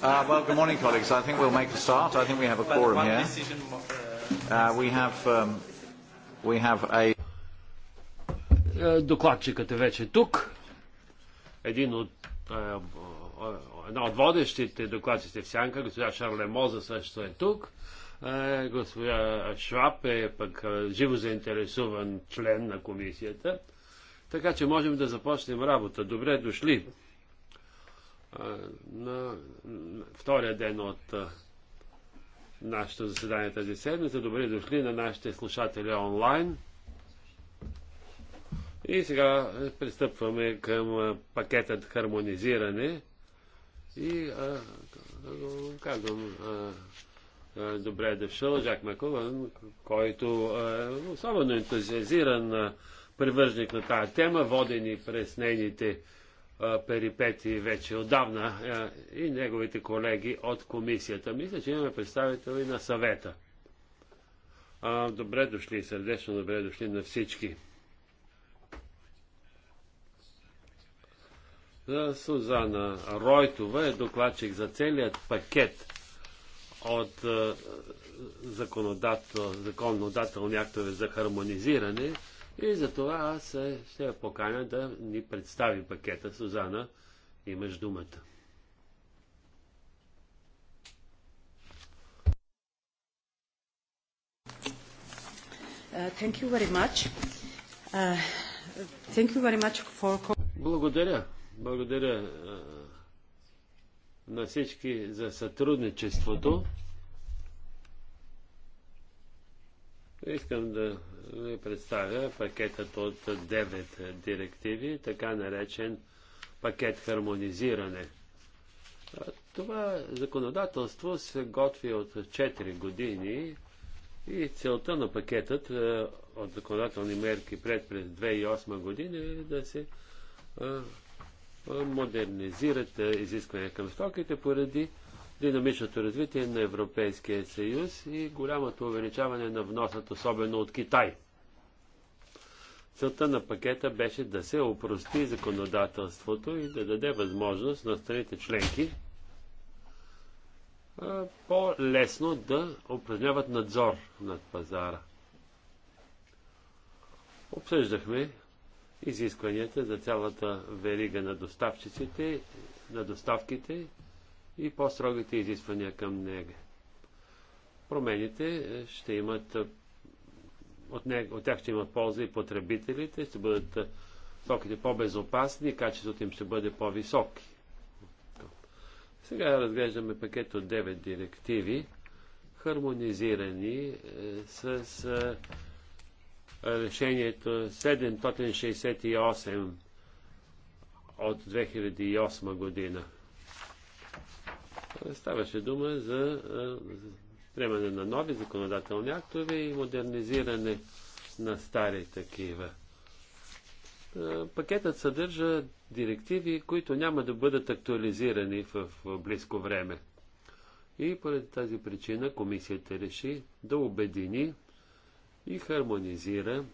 Uh, well, good morning, colleagues. I think we'll make a start. I think we have a quorum here. Uh, uh, we have, um, we have a... Е, докладчикът е вече тук. Един от, е, е, една от водещите докладчици в Сянка, госпожа Шарле Моза също е тук. Госпожа Шваб е пък живо заинтересуван член на комисията. Така че можем да започнем работа. Добре дошли на втория ден от нашето заседание тази седмица. Добре дошли на нашите слушатели онлайн. И сега пристъпваме към пакетът хармонизиране. И казвам, добре е дошъл Жак Макован, който е особено ентузиазиран привържник на тази тема, водени през нейните перипети вече отдавна и неговите колеги от комисията. Мисля, че имаме представители на съвета. Добре дошли, сърдечно добре дошли на всички. Сузана Ройтова е докладчик за целият пакет от законодател, законодателни актове за хармонизиране и затова аз ще я поканя да ни представи пакета. Сузана, имаш думата. Uh, uh, Благодаря. Благодаря uh, на всички за сътрудничеството. Искам да ви представя пакетът от 9 директиви, така наречен пакет хармонизиране. Това законодателство се готви от 4 години и целта на пакетът е, от законодателни мерки пред през 2008 година е да се модернизират изисквания към стоките поради динамичното развитие на Европейския съюз и голямото увеличаване на вносът, особено от Китай. Целта на пакета беше да се опрости законодателството и да даде възможност на страните членки по-лесно да упражняват надзор над пазара. Обсъждахме изискванията за цялата верига на доставчиците, на доставките и по-строгите изисквания към него. Промените ще имат от, не, от тях ще имат полза и потребителите, ще бъдат стоките по-безопасни и качеството им ще бъде по-високи. Сега разглеждаме пакет от 9 директиви, хармонизирани е, с решението 768 от 2008 година. Ставаше дума за приемане на нови законодателни актове и модернизиране на стари такива. Пакетът съдържа директиви, които няма да бъдат актуализирани в близко време. И поради тази причина комисията реши да обедини и хармонизира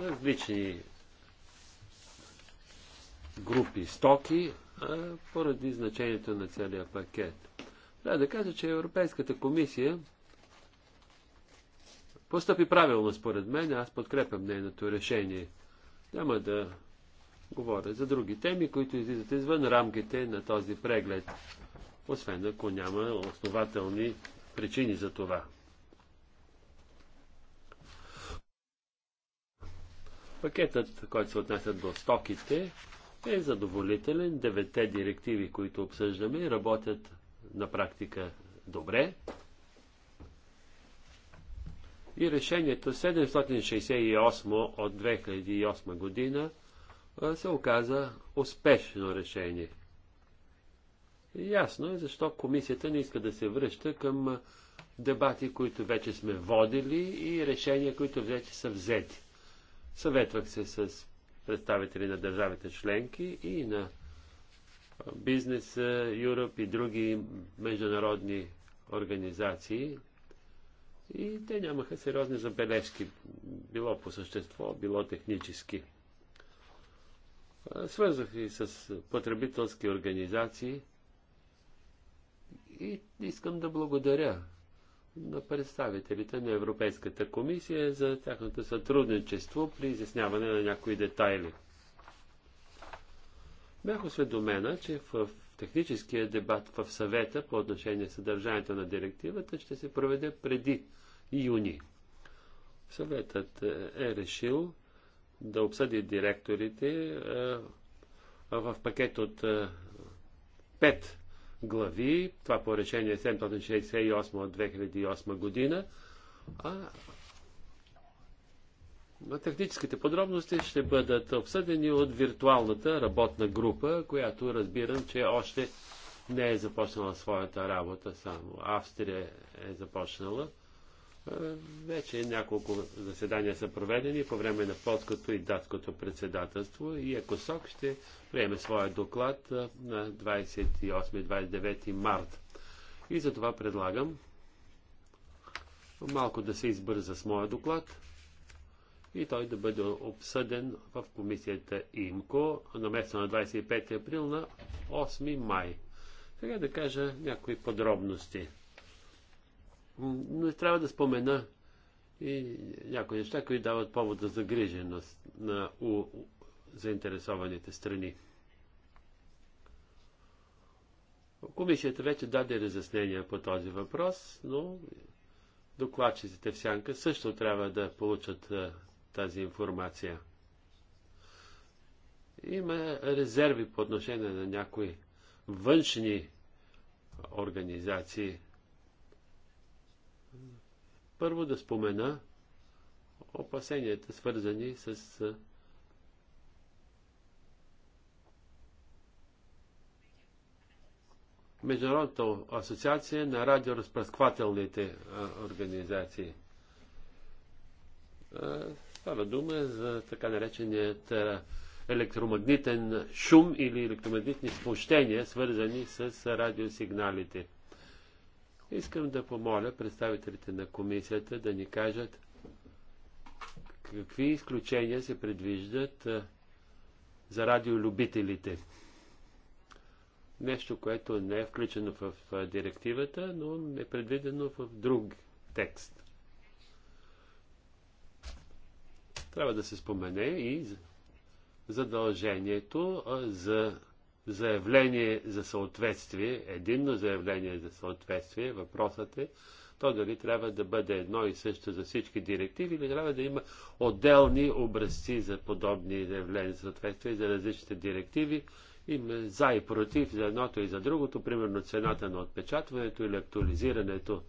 различни групи стоки поради значението на целия пакет. Трябва да кажа, че Европейската комисия постъпи правилно според мен, аз подкрепям нейното решение. Няма да говоря за други теми, които излизат извън рамките на този преглед, освен ако няма основателни причини за това. Пакетът, който се отнася до стоките, е задоволителен. Девете директиви, които обсъждаме, работят на практика добре. И решението 768 от 2008 година се оказа успешно решение. Ясно е защо комисията не иска да се връща към дебати, които вече сме водили и решения, които вече са взети. Съветвах се с представители на държавите членки и на бизнес Юроп и други международни организации. И те нямаха сериозни забележки, било по същество, било технически. Свързах и с потребителски организации и искам да благодаря на представителите на Европейската комисия за тяхното сътрудничество при изясняване на някои детайли. Бях осведомена, че в техническия дебат в съвета по отношение съдържанието на директивата ще се проведе преди юни. Съветът е, е решил да обсъди директорите е, в пакет от е, пет глави, това по решение 768 от 2008 година, а, но техническите подробности ще бъдат обсъдени от виртуалната работна група, която разбирам, че още не е започнала своята работа само. Австрия е започнала. Е, вече няколко заседания са проведени по време на полското и датското председателство и ЕКОСОК ще приеме своя доклад е, на 28-29 март. И за това предлагам малко да се избърза с моя доклад и той да бъде обсъден в комисията ИМКО на место на 25 април на 8 май. Сега да кажа някои подробности но трябва да спомена и някои неща, които дават повод за загриженост на у, заинтересованите страни. Комисията вече даде разяснения по този въпрос, но докладчиците в сянка също трябва да получат а, е, тази информация. Има резерви по отношение на някои външни организации, първо да спомена опасенията, свързани с Международната асоциация на радиоразпръсквателните организации. Става дума за така нареченият електромагнитен шум или електромагнитни смущения, свързани с радиосигналите. Искам да помоля представителите на комисията да ни кажат какви изключения се предвиждат за радиолюбителите. Нещо, което не е включено в директивата, но е предвидено в друг текст. Трябва да се спомене и задължението за заявление за съответствие, единно заявление за съответствие, въпросът е то дали трябва да бъде едно и също за всички директиви или трябва да има отделни образци за подобни заявления за съответствие за различните директиви. Има за и против за едното и за другото, примерно цената на отпечатването или актуализирането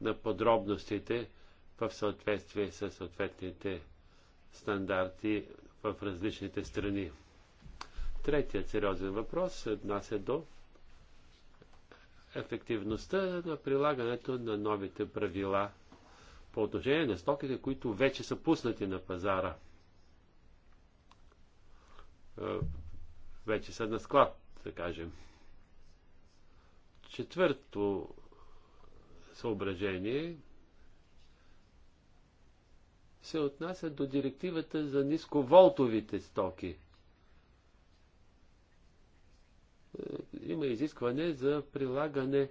на подробностите в съответствие с съответните стандарти в различните страни. Третият сериозен въпрос се отнася до ефективността на прилагането на новите правила по отношение на стоките, които вече са пуснати на пазара. Е, вече са на склад, да кажем. Четвърто съображение се отнася до директивата за нисковолтовите стоки. има изискване за прилагане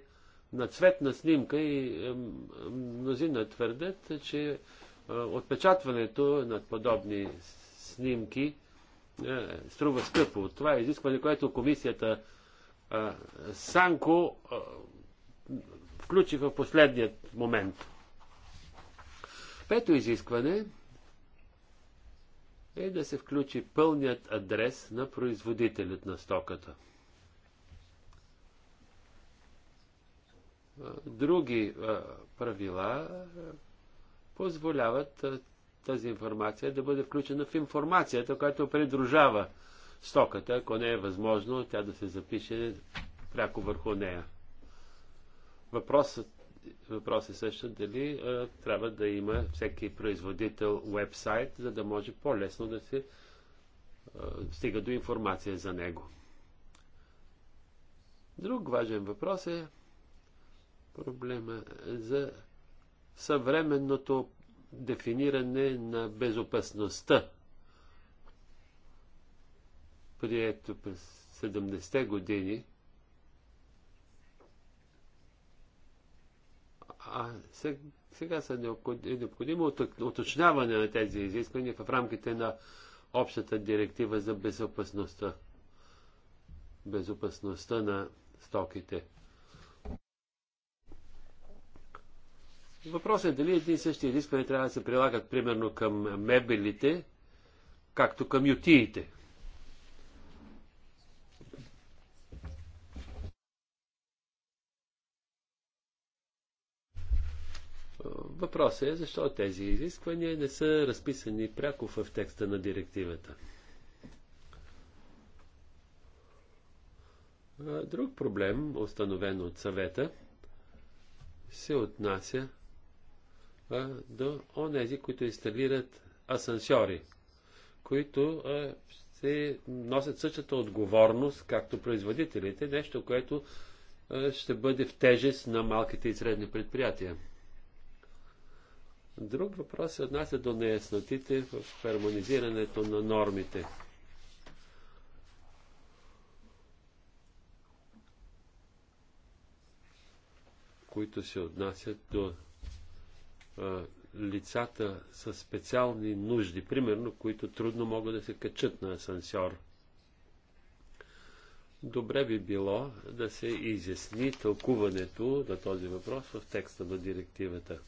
на цветна снимка и мнозина твърдят, че е, отпечатването на подобни снимки е, струва скъпо. Това е изискване, което комисията е, Санко включи в последният момент. Пето изискване е да се включи пълният адрес на производителят на стоката. други правила позволяват тази информация да бъде включена в информацията, която придружава стоката, ако не е възможно тя да се запише пряко върху нея. Въпросът, въпрос е също дали а, трябва да има всеки производител вебсайт, за да може по-лесно да се а, стига до информация за него. Друг важен въпрос е проблема за съвременното дефиниране на безопасността, прието през 70-те години. А сега, са е необходимо, необходимо уточняване на тези изисквания в рамките на общата директива за безопасността. Безопасността на стоките. Въпросът е дали едни и същи изисквания нали, трябва да се прилагат примерно към мебелите, както към ютиите. Въпросът е защо тези изисквания не са разписани пряко в текста на директивата. Друг проблем, установен от съвета, се отнася а, до онези, които инсталират асансьори, които а, ще носят същата отговорност, както производителите, нещо, което а, ще бъде в тежест на малките и средни предприятия. Друг въпрос се отнася до неяснотите в хармонизирането на нормите. които се отнасят до лицата с специални нужди, примерно, които трудно могат да се качат на асансьор. Добре би било да се изясни тълкуването на този въпрос в текста на директивата.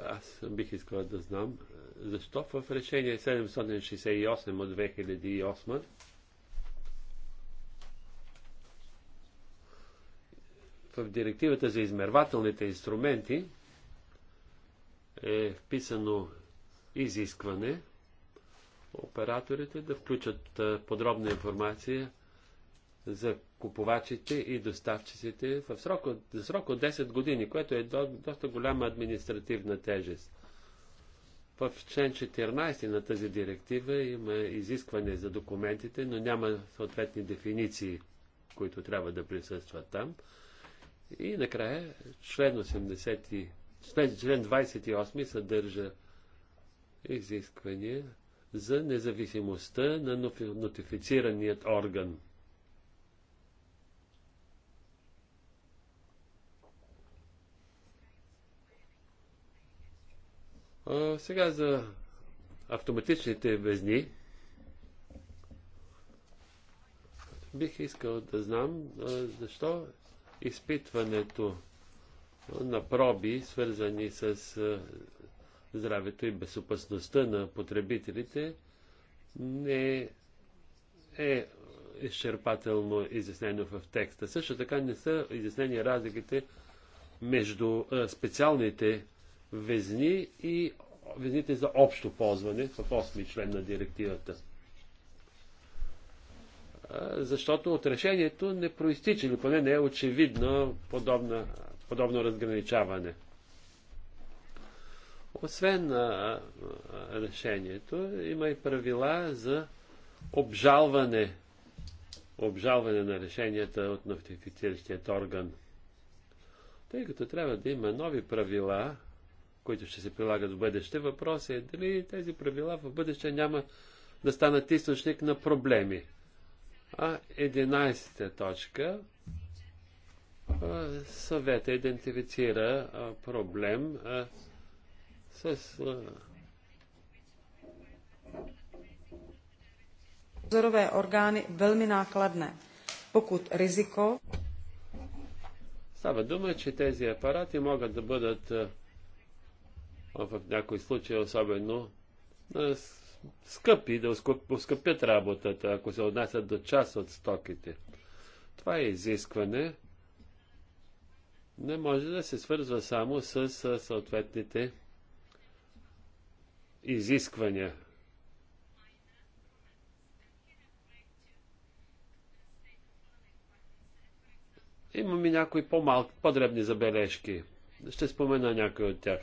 Аз бих искал да знам защо в решение 768 от 2008 в директивата за измервателните инструменти е вписано изискване операторите да включат подробна информация за купувачите и доставчиците в срок от, за срок от 10 години, което е до, доста голяма административна тежест. В член 14 на тази директива има изискване за документите, но няма съответни дефиниции, които трябва да присъстват там. И накрая член Член, член 28 съдържа изисквания за независимостта на нотифицираният орган. сега за автоматичните везни. Бих искал да знам защо изпитването на проби, свързани с здравето и безопасността на потребителите, не е изчерпателно изяснено в текста. Също така не са изяснени разликите между специалните везни и везните за общо ползване в 8 член на директивата. Защото от решението не проистича, или поне не е очевидна подобна подобно разграничаване. Освен а, решението, има и правила за обжалване, обжалване на решенията от нотифициращият орган. Тъй като трябва да има нови правила, които ще се прилагат в бъдеще, въпросът е дали тези правила в бъдеще няма да станат източник на проблеми. А 11 точка съвета идентифицира проблем с Зорове органи велми накладне. Покут ризико. Става дума, че тези апарати могат да бъдат в някои случаи особено скъпи, да ускъпят работата, ако се отнасят до част от стоките. Това е изискване, не може да се свързва само с съответните изисквания. Имам и някои по-малки, по-дребни забележки. Ще спомена някои от тях.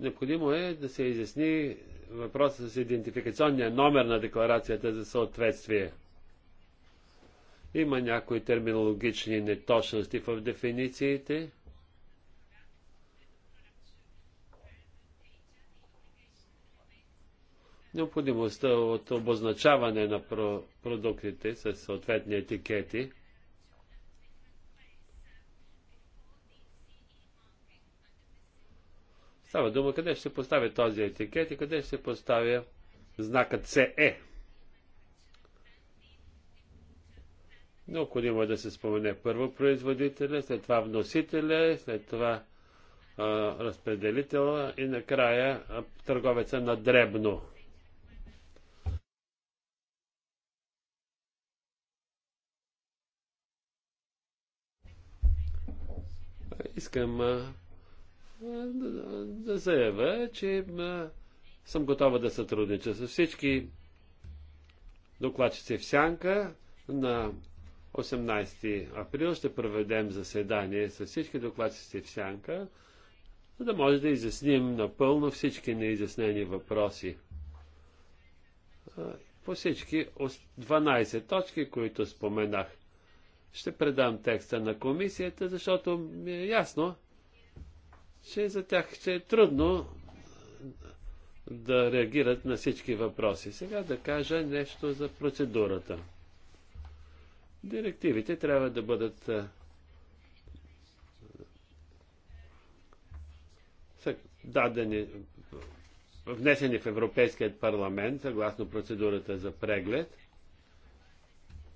Необходимо е да се изясни въпроса с идентификационния номер на декларацията за съответствие. Има някои терминологични неточности в дефинициите. Необходимостта от обозначаване на продуктите с съответни етикети – Става дума къде ще се поставя този етикет и къде ще се поставя знака CE. Е. Необходимо е да се спомене първо производителя, след това вносителя, след това а, разпределителя и накрая а, търговеца на дребно. Искам да заявя, че съм готова да сътруднича с всички докладчици в Сянка. На 18 април ще проведем заседание с всички докладчици в Сянка, за да може да изясним напълно всички неизяснени въпроси. По всички 12 точки, които споменах, ще предам текста на комисията, защото ми е ясно, че за тях ще е трудно да реагират на всички въпроси. Сега да кажа нещо за процедурата. Директивите трябва да бъдат дадени, внесени в Европейският парламент, съгласно процедурата за преглед.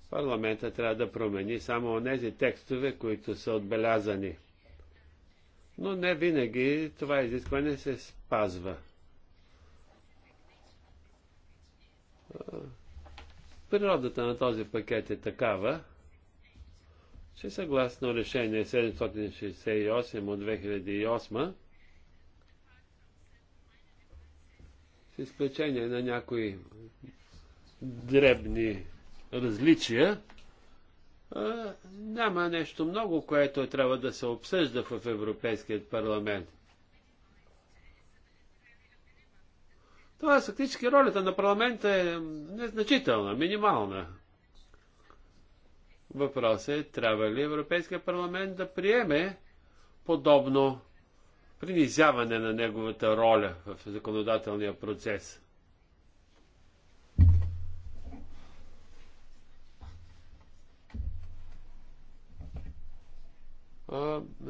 Парламента трябва да промени само онези текстове, които са отбелязани – но не винаги това изискване се спазва. Природата на този пакет е такава, че съгласно решение 768 от 2008, с изключение на някои дребни различия, няма нещо много, което трябва да се обсъжда в Европейският парламент. Това е фактически ролята на парламента е незначителна, минимална. Въпросът е, трябва ли Европейския парламент да приеме подобно принизяване на неговата роля в законодателния процес?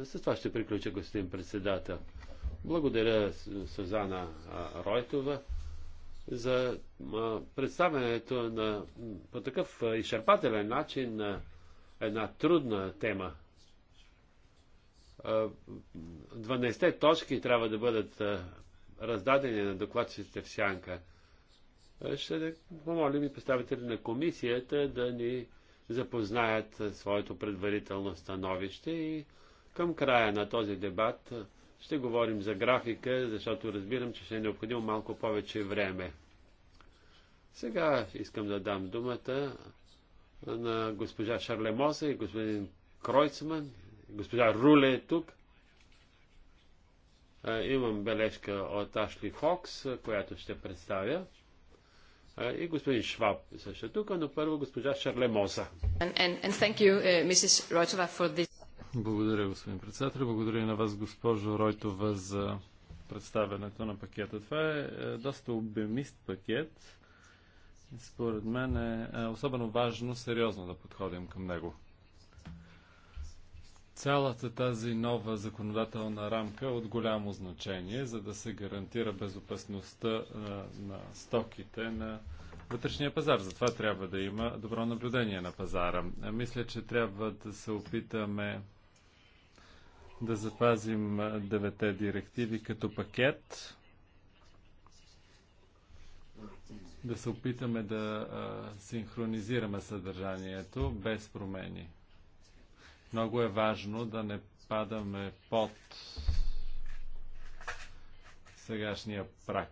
С това ще приключа, господин председател. Благодаря Сузана Ройтова за представянето на по такъв изчерпателен начин на една трудна тема. 12-те точки трябва да бъдат раздадени на докладчиците в сянка. Ще помолим и представители на комисията да ни запознаят е, своето предварително становище и към края на този дебат е, ще говорим за графика, защото разбирам, че ще е необходимо малко повече време. Сега искам да дам думата е, на госпожа Шарлемоса и господин Кройцман. Госпожа Руле е тук. Имам бележка от Ашли Фокс, която ще представя. И господин Шваб е също тук, но първо госпожа Шарле Моза. Uh, Благодаря, господин председател. Благодаря и на вас, госпожо Ройтова, за представянето на пакета. Това е, е доста обемист пакет. Според мен е, е особено важно сериозно да подходим към него. Цялата тази нова законодателна рамка е от голямо значение, за да се гарантира безопасността на, на стоките на вътрешния пазар. Затова трябва да има добро наблюдение на пазара. Мисля, че трябва да се опитаме да запазим девете директиви като пакет. Да се опитаме да синхронизираме съдържанието без промени. Много е важно да не падаме под сегашния прак.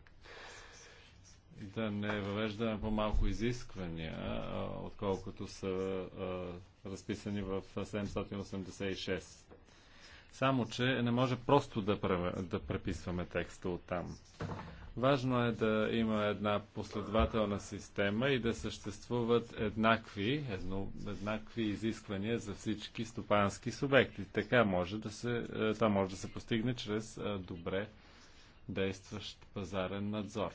Да не въвеждаме по-малко изисквания, отколкото са разписани в 786. Само, че не може просто да, да преписваме текста от там. Важно е да има една последователна система и да съществуват еднакви, едно, еднакви изисквания за всички стопански субекти. Така може да се, е, това може да се постигне чрез е, добре действащ пазарен надзор.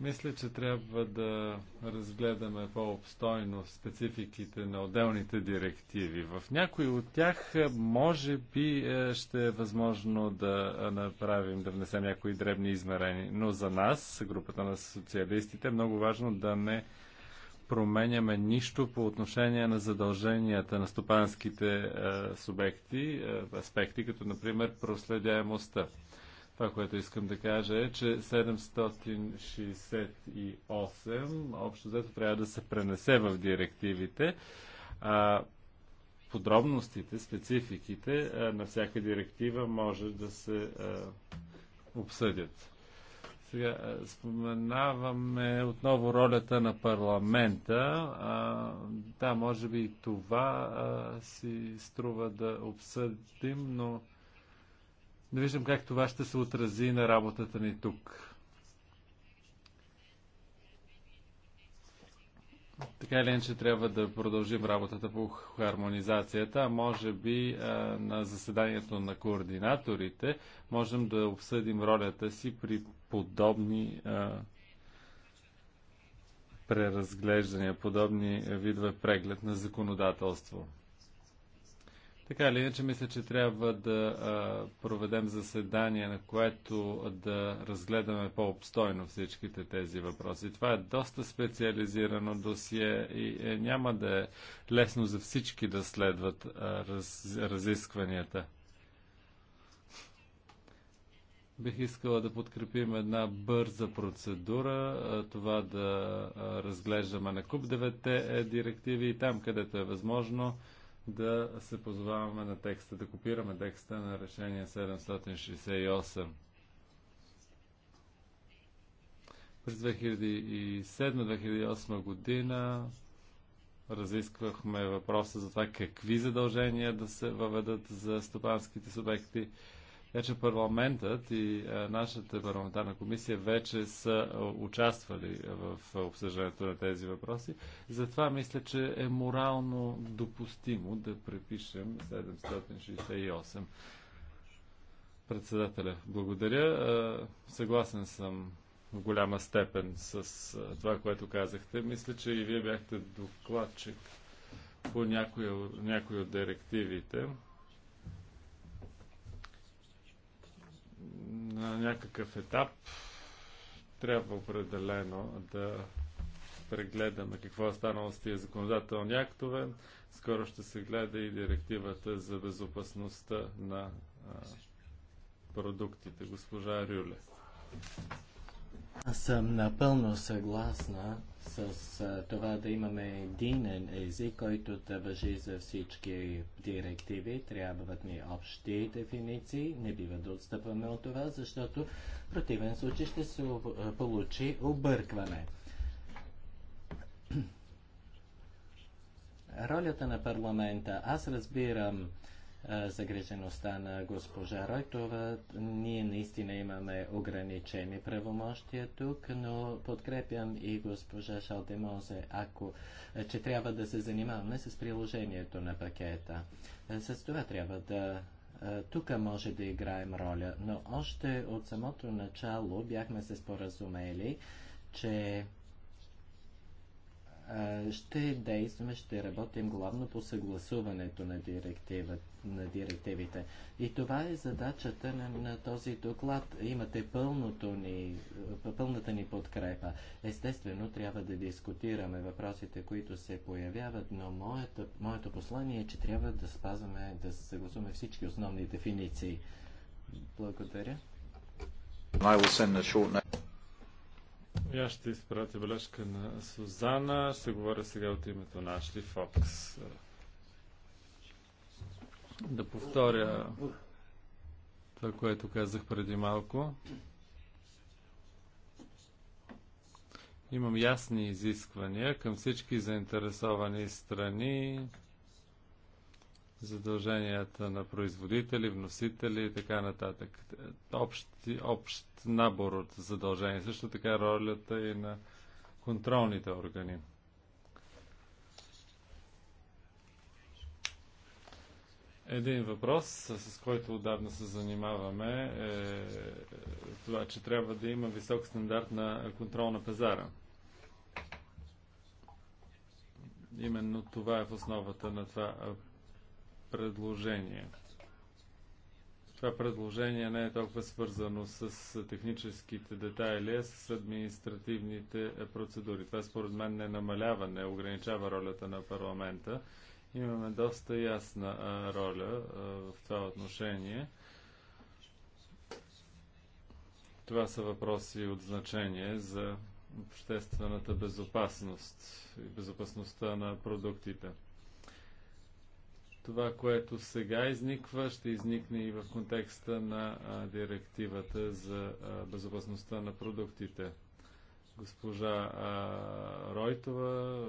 Мисля, че трябва да разгледаме по-обстойно спецификите на отделните директиви. В някои от тях е, може би е, ще е възможно да направим, да внесем някои дребни измерения. Но за нас, групата на социалистите, е много важно да не променяме нищо по отношение на задълженията на стопанските е, субекти, аспекти, като например проследяемостта. Това, което искам да кажа е, че 768 общо взето трябва да се пренесе в директивите. А, подробностите, спецификите а, на всяка директива може да се а, обсъдят. Сега споменаваме отново ролята на парламента. А, да, може би и това а, си струва да обсъдим, но да виждам как това ще се отрази на работата ни тук. Така или иначе трябва да продължим работата по хармонизацията, а може би а, на заседанието на координаторите можем да обсъдим ролята си при подобни а, преразглеждания, подобни видове преглед на законодателство. Така или иначе, мисля, че трябва да а, проведем заседание, на което да разгледаме по-обстойно всичките тези въпроси. Това е доста специализирано досие и е, няма да е лесно за всички да следват а, раз, разискванията. Бих искала да подкрепим една бърза процедура, това да разглеждаме на куп 9 е, директиви и там, където е възможно, да се позоваваме на текста, да копираме текста на решение 768. През 2007-2008 година разисквахме въпроса за това какви задължения да се въведат за стопанските субекти така е, че парламентът и е, нашата парламентарна комисия вече са е, участвали в обсъждането на тези въпроси. Затова мисля, че е морално допустимо да препишем 768 председателя. Благодаря. Съгласен съм в голяма степен с това, което казахте. Мисля, че и вие бяхте докладчик по някои от директивите. на някакъв етап трябва определено да прегледаме какво е станало с тия законодателни актове. Скоро ще се гледа и директивата за безопасността на а, продуктите. Госпожа Рюле. Аз съм напълно съгласна с това да имаме единен език, който да въжи за всички директиви. Трябват ни общи дефиниции. Не бива да отстъпваме от това, защото в противен случай ще се получи объркване. Ролята на парламента. Аз разбирам загрижеността на госпожа Ройтова. Ние наистина имаме ограничени правомощия тук, но подкрепям и госпожа Шалдемозе, ако, че трябва да се занимаваме с приложението на пакета. С това трябва да тук може да играем роля, но още от самото начало бяхме се споразумели, че ще действаме, ще работим главно по съгласуването на, на директивите. И това е задачата на, на този доклад. Имате пълното ни, пълната ни подкрепа. Естествено, трябва да дискутираме въпросите, които се появяват, но моето, моето послание е, че трябва да спазваме, да съгласуваме всички основни дефиниции. Благодаря. И аз ще изпратя бележка на Сузана. Ще говоря сега от името на Ашли Фокс. Да повторя това, което казах преди малко. Имам ясни изисквания към всички заинтересовани страни, задълженията на производители, вносители и така нататък. Общ, общ набор от задължения. Също така ролята и на контролните органи. Един въпрос, с който отдавна се занимаваме, е това, че трябва да има висок стандарт на контрол на пазара. Именно това е в основата на това предложение. Това предложение не е толкова свързано с техническите детайли, а с административните процедури. Това според мен не намалява, не ограничава ролята на парламента. Имаме доста ясна роля в това отношение. Това са въпроси от значение за обществената безопасност и безопасността на продуктите това, което сега изниква, ще изникне и в контекста на а, директивата за а, безопасността на продуктите. Госпожа а, Ройтова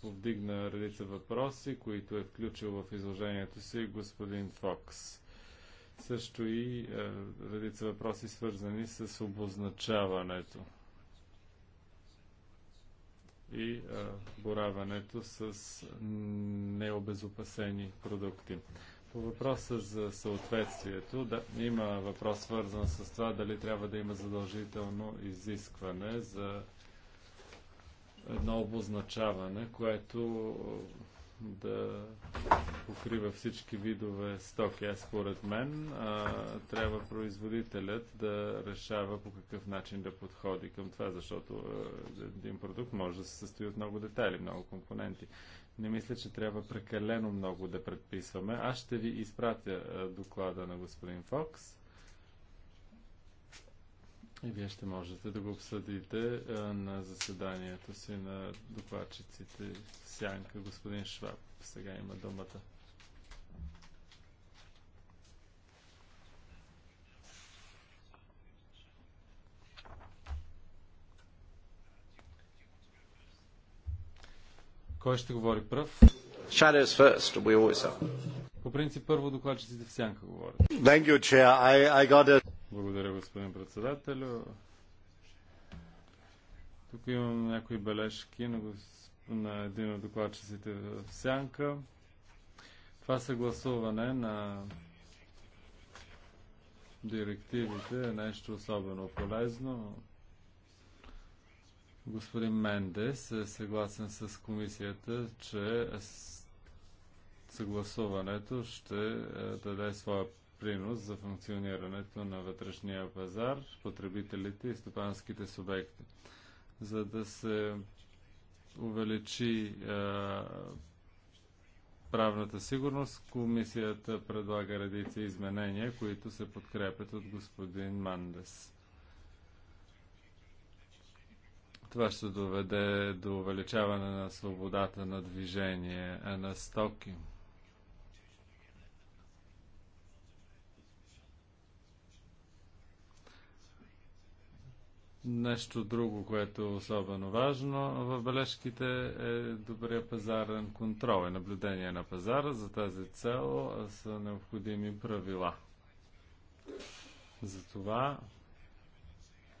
повдигна редица въпроси, които е включил в изложението си господин Фокс. Също и редица въпроси, свързани с обозначаването и бораването с необезопасени продукти. По въпроса за съответствието, да, има въпрос свързан с това дали трябва да има задължително изискване за едно обозначаване, което да покрива всички видове стоки. А според мен а, трябва производителят да решава по какъв начин да подходи към това, защото а, един продукт може да се състои от много детайли, много компоненти. Не мисля, че трябва прекалено много да предписваме. Аз ще ви изпратя а, доклада на господин Фокс и вие ще можете да го обсъдите на заседанието си на докладчиците Сянка, господин Шваб. Сега има думата. Кой ще говори пръв? Shadows first, we always По принцип първо докладчиците в сянка говорят. Thank you, Chair. I, I got a... Благодаря, господин председател. Тук имам някои бележки на, на един от докладчиците в Сянка. Това съгласуване на директивите е нещо особено полезно. Господин Мендес е съгласен с комисията, че съгласуването ще е, даде своя принос за функционирането на вътрешния пазар, потребителите и стопанските субекти. За да се увеличи е, правната сигурност, комисията предлага редица изменения, които се подкрепят от господин Мандес. Това ще доведе до увеличаване на свободата на движение на стоки. Нещо друго, което е особено важно в бележките е добрия пазарен контрол и наблюдение на пазара. За тази цел са необходими правила. Затова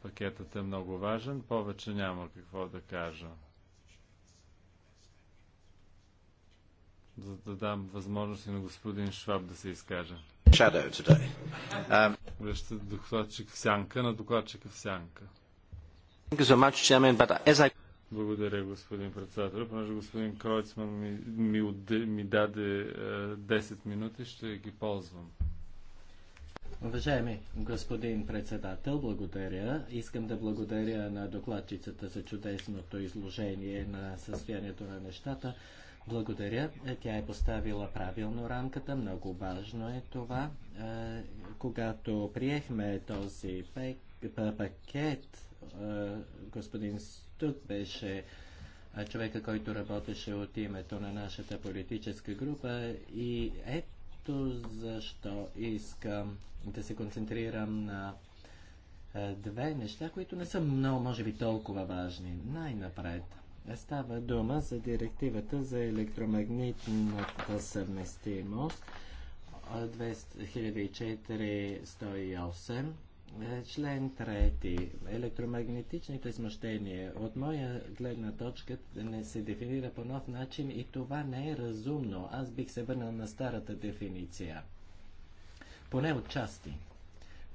пакетът е много важен. Повече няма какво да кажа. За да дам възможност и на господин Шваб да се изкаже. Shadow today. Um... Връща докладчик в сянка на докладчика в сянка. Благодаря, господин председател. Понеже господин Кройцман ми, ми, ми даде 10 е, минути, ще ги ползвам. Уважаеми господин председател, благодаря. Искам да благодаря на докладчицата за чудесното изложение на състоянието на нещата. Благодаря. Тя е поставила правилно рамката. Много важно е това. Е, когато приехме този пакет, е, господин Стук беше е, човека, който работеше от името на нашата политическа група и ето защо искам да се концентрирам на е, две неща, които не са много, може би, толкова важни. Най-напред става дума за директивата за електромагнитната съвместимост 2004-108 е, член 3. Електромагнетичните смущения. От моя гледна точка не се дефинира по нов начин и това не е разумно. Аз бих се върнал на старата дефиниция. Поне от части.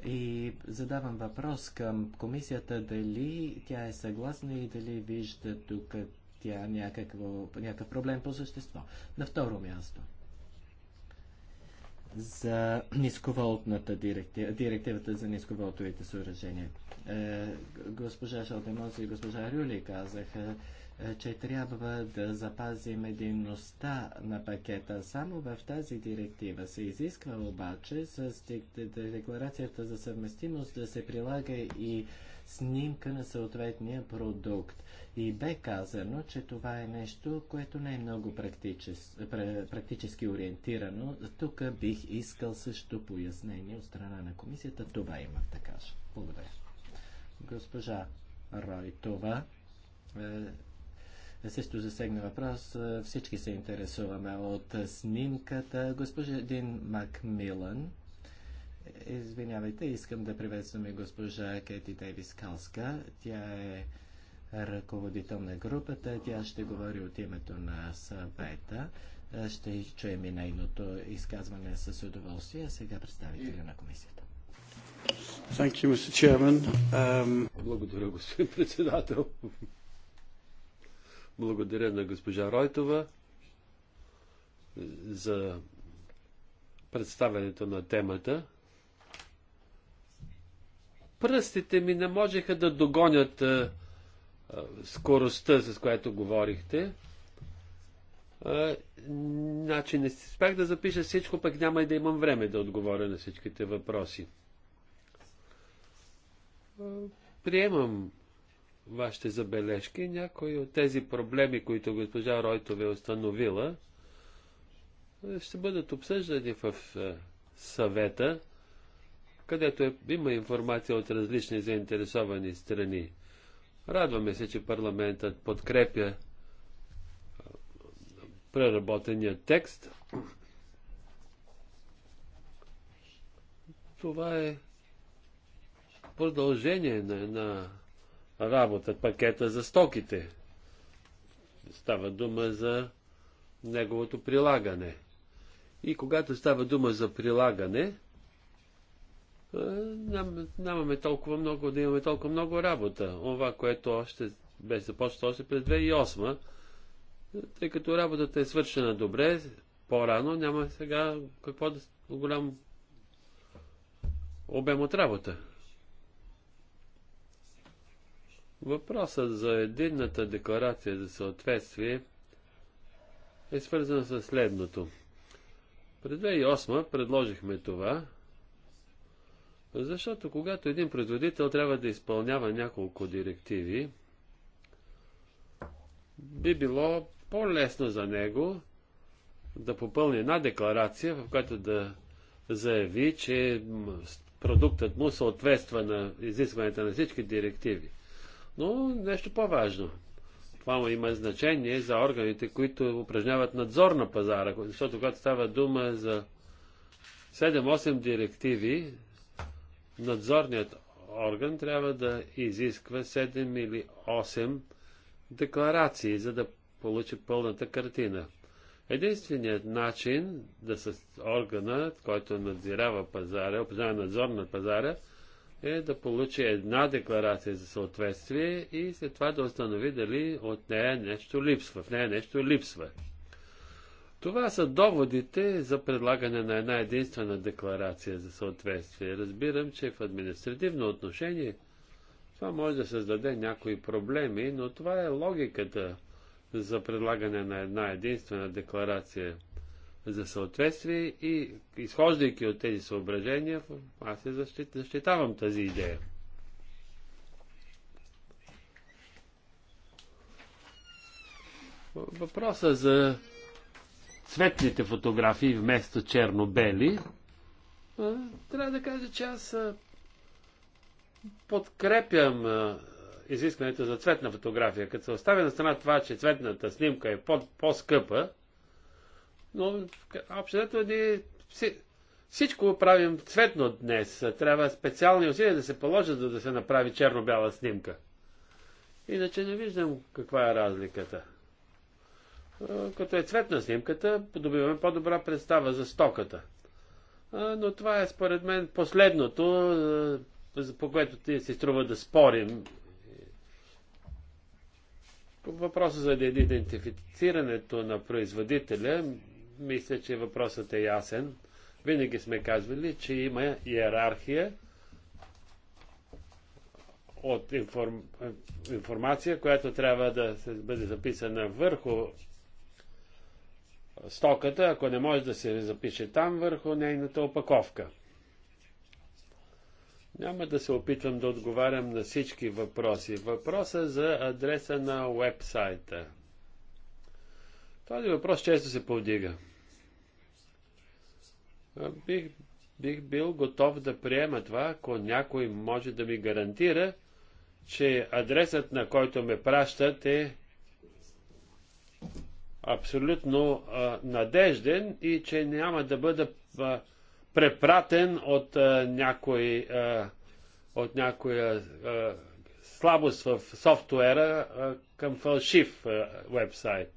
И задавам въпрос към комисията дали тя е съгласна и дали вижда тук тя някакво, някакъв проблем по същество. На второ място – за нисковолтната директива, директивата за нисковолтовите съоръжения. Е, госпожа Шалтемоз и госпожа Рюли казаха, е, че трябва да запазим единността на пакета. Само в тази директива се изисква обаче с декларацията за съвместимост да се прилага и снимка на съответния продукт. И бе казано, че това е нещо, което не е много практически, практически ориентирано. Тук бих искал също пояснение от страна на комисията. Това имах да кажа. Благодаря. Госпожа Ройтова е, също засегна въпрос. Е, всички се интересуваме от снимката. Госпожа Дин Макмилан, извинявайте, искам да приветствам и госпожа Кети Дейвис Калска. Тя е ръководител на групата. Тя ще говори от името на съвета. Е, ще чуем и нейното изказване с удоволствие. Сега представителя на комисията. Thank you, Mr. Chairman. Um... Благодаря, господин председател. Благодаря на госпожа Ройтова за представянето на темата. Пръстите ми не можеха да догонят скоростта, с която говорихте. значи не спех да запиша всичко, пък няма и да имам време да отговоря на всичките въпроси. Приемам вашите забележки. Някои от тези проблеми, които госпожа Ройтове е установила, ще бъдат обсъждани в е, съвета, където е, има информация от различни заинтересовани страни. Радваме се, че парламентът подкрепя е, преработения текст. Това е продължение на една работа, пакета за стоките. Става дума за неговото прилагане. И когато става дума за прилагане, нямаме, толкова много, да имаме толкова много работа. Това, което още бе започнато още през 2008, тъй като работата е свършена добре, по-рано няма сега какво да, голям обем от работа. Въпросът за единната декларация за съответствие е свързан с следното. През 2008 предложихме това, защото когато един производител трябва да изпълнява няколко директиви, би било по-лесно за него да попълни една декларация, в която да заяви, че продуктът му съответства на изискването на всички директиви. Но нещо по-важно. Това има значение за органите, които упражняват надзор на пазара, защото когато става дума за 7-8 директиви, надзорният орган трябва да изисква 7 или 8 декларации, за да получи пълната картина. Единственият начин да с органа, който надзирава пазара, упражнява надзор на пазара, е да получи една декларация за съответствие и след това да установи дали от нея нещо липсва, в нея нещо липсва. Това са доводите за предлагане на една единствена декларация за съответствие. Разбирам, че в административно отношение това може да създаде някои проблеми, но това е логиката за предлагане на една единствена декларация за съответствие и изхождайки от тези съображения, аз се защит, защитавам тази идея. Въпроса за цветните фотографии вместо черно-бели, трябва да кажа, че аз подкрепям изискването за цветна фотография. Като се оставя на страна това, че цветната снимка е по- по-скъпа, но общото е всичко правим цветно днес. Трябва специални усилия да се положат, за да се направи черно-бяла снимка. Иначе не виждам каква е разликата. Като е цветна снимката, добиваме по-добра представа за стоката. Но това е според мен последното, по което ти се струва да спорим. Въпросът за идентифицирането на производителя мисля, че въпросът е ясен. Винаги сме казвали, че има иерархия от информ... информация, която трябва да се бъде записана върху стоката, ако не може да се запише там, върху нейната опаковка. Няма да се опитвам да отговарям на всички въпроси. Въпроса за адреса на уебсайта. Този въпрос често се повдига. Бих, бих бил готов да приема това, ако някой може да ми гарантира, че адресът, на който ме пращат е абсолютно а, надежден и че няма да бъда а, препратен от а, някой а, от някоя а, слабост в софтуера а, към фалшив вебсайт.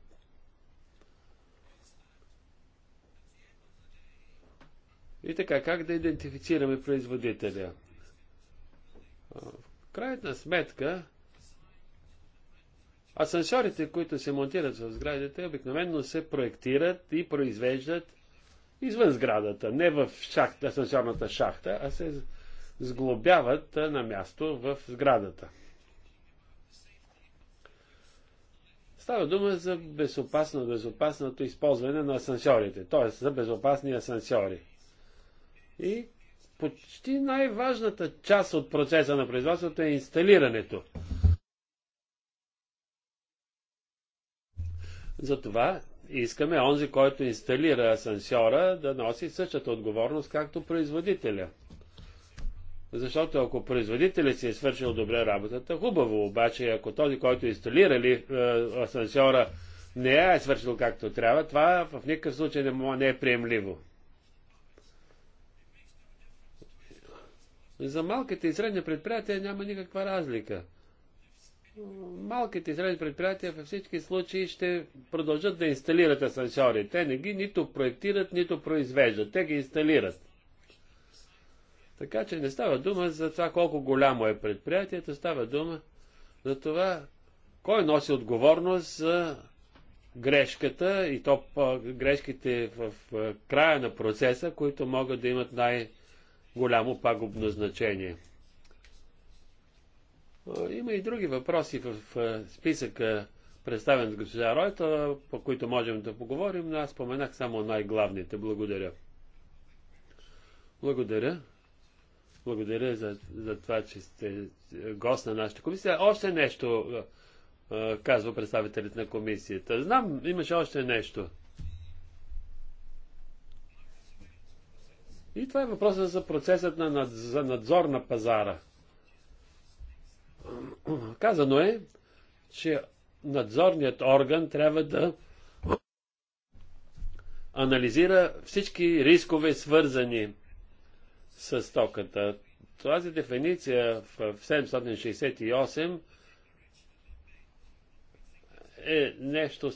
И така, как да идентифицираме производителя? В крайна сметка, асансьорите, които се монтират в сградите, обикновено се проектират и произвеждат извън сградата, не в шахта, асансьорната шахта, а се сглобяват на място в сградата. Става дума за безопасно, безопасното използване на асансьорите, т.е. за безопасни асансьори. И почти най-важната част от процеса на производството е инсталирането. Затова искаме онзи, който инсталира асансьора, да носи същата отговорност, както производителя. Защото ако производителят си е свършил добре работата, хубаво, обаче ако този, който инсталира ли е, асансьора, не е свършил както трябва, това в никакъв случай не е приемливо. За малките и средни предприятия няма никаква разлика. Малките и средни предприятия във всички случаи ще продължат да инсталират асансьори. Те не ги нито проектират, нито произвеждат. Те ги инсталират. Така че не става дума за това колко голямо е предприятието, става дума за това кой носи отговорност за грешката и то грешките в края на процеса, които могат да имат най- голямо пагубно значение. Има и други въпроси в списъка, представен с госпожа Ройта, по които можем да поговорим, но аз споменах само най-главните. Благодаря. Благодаря. Благодаря за, за това, че сте гост на нашата комисия. Още нещо, казва представителят на комисията. Знам, имаше още нещо. И това е въпросът за процесът на, над, за надзор на пазара. Казано е, че надзорният орган трябва да анализира всички рискове, свързани с стоката. Тази дефиниция в 768 е нещо,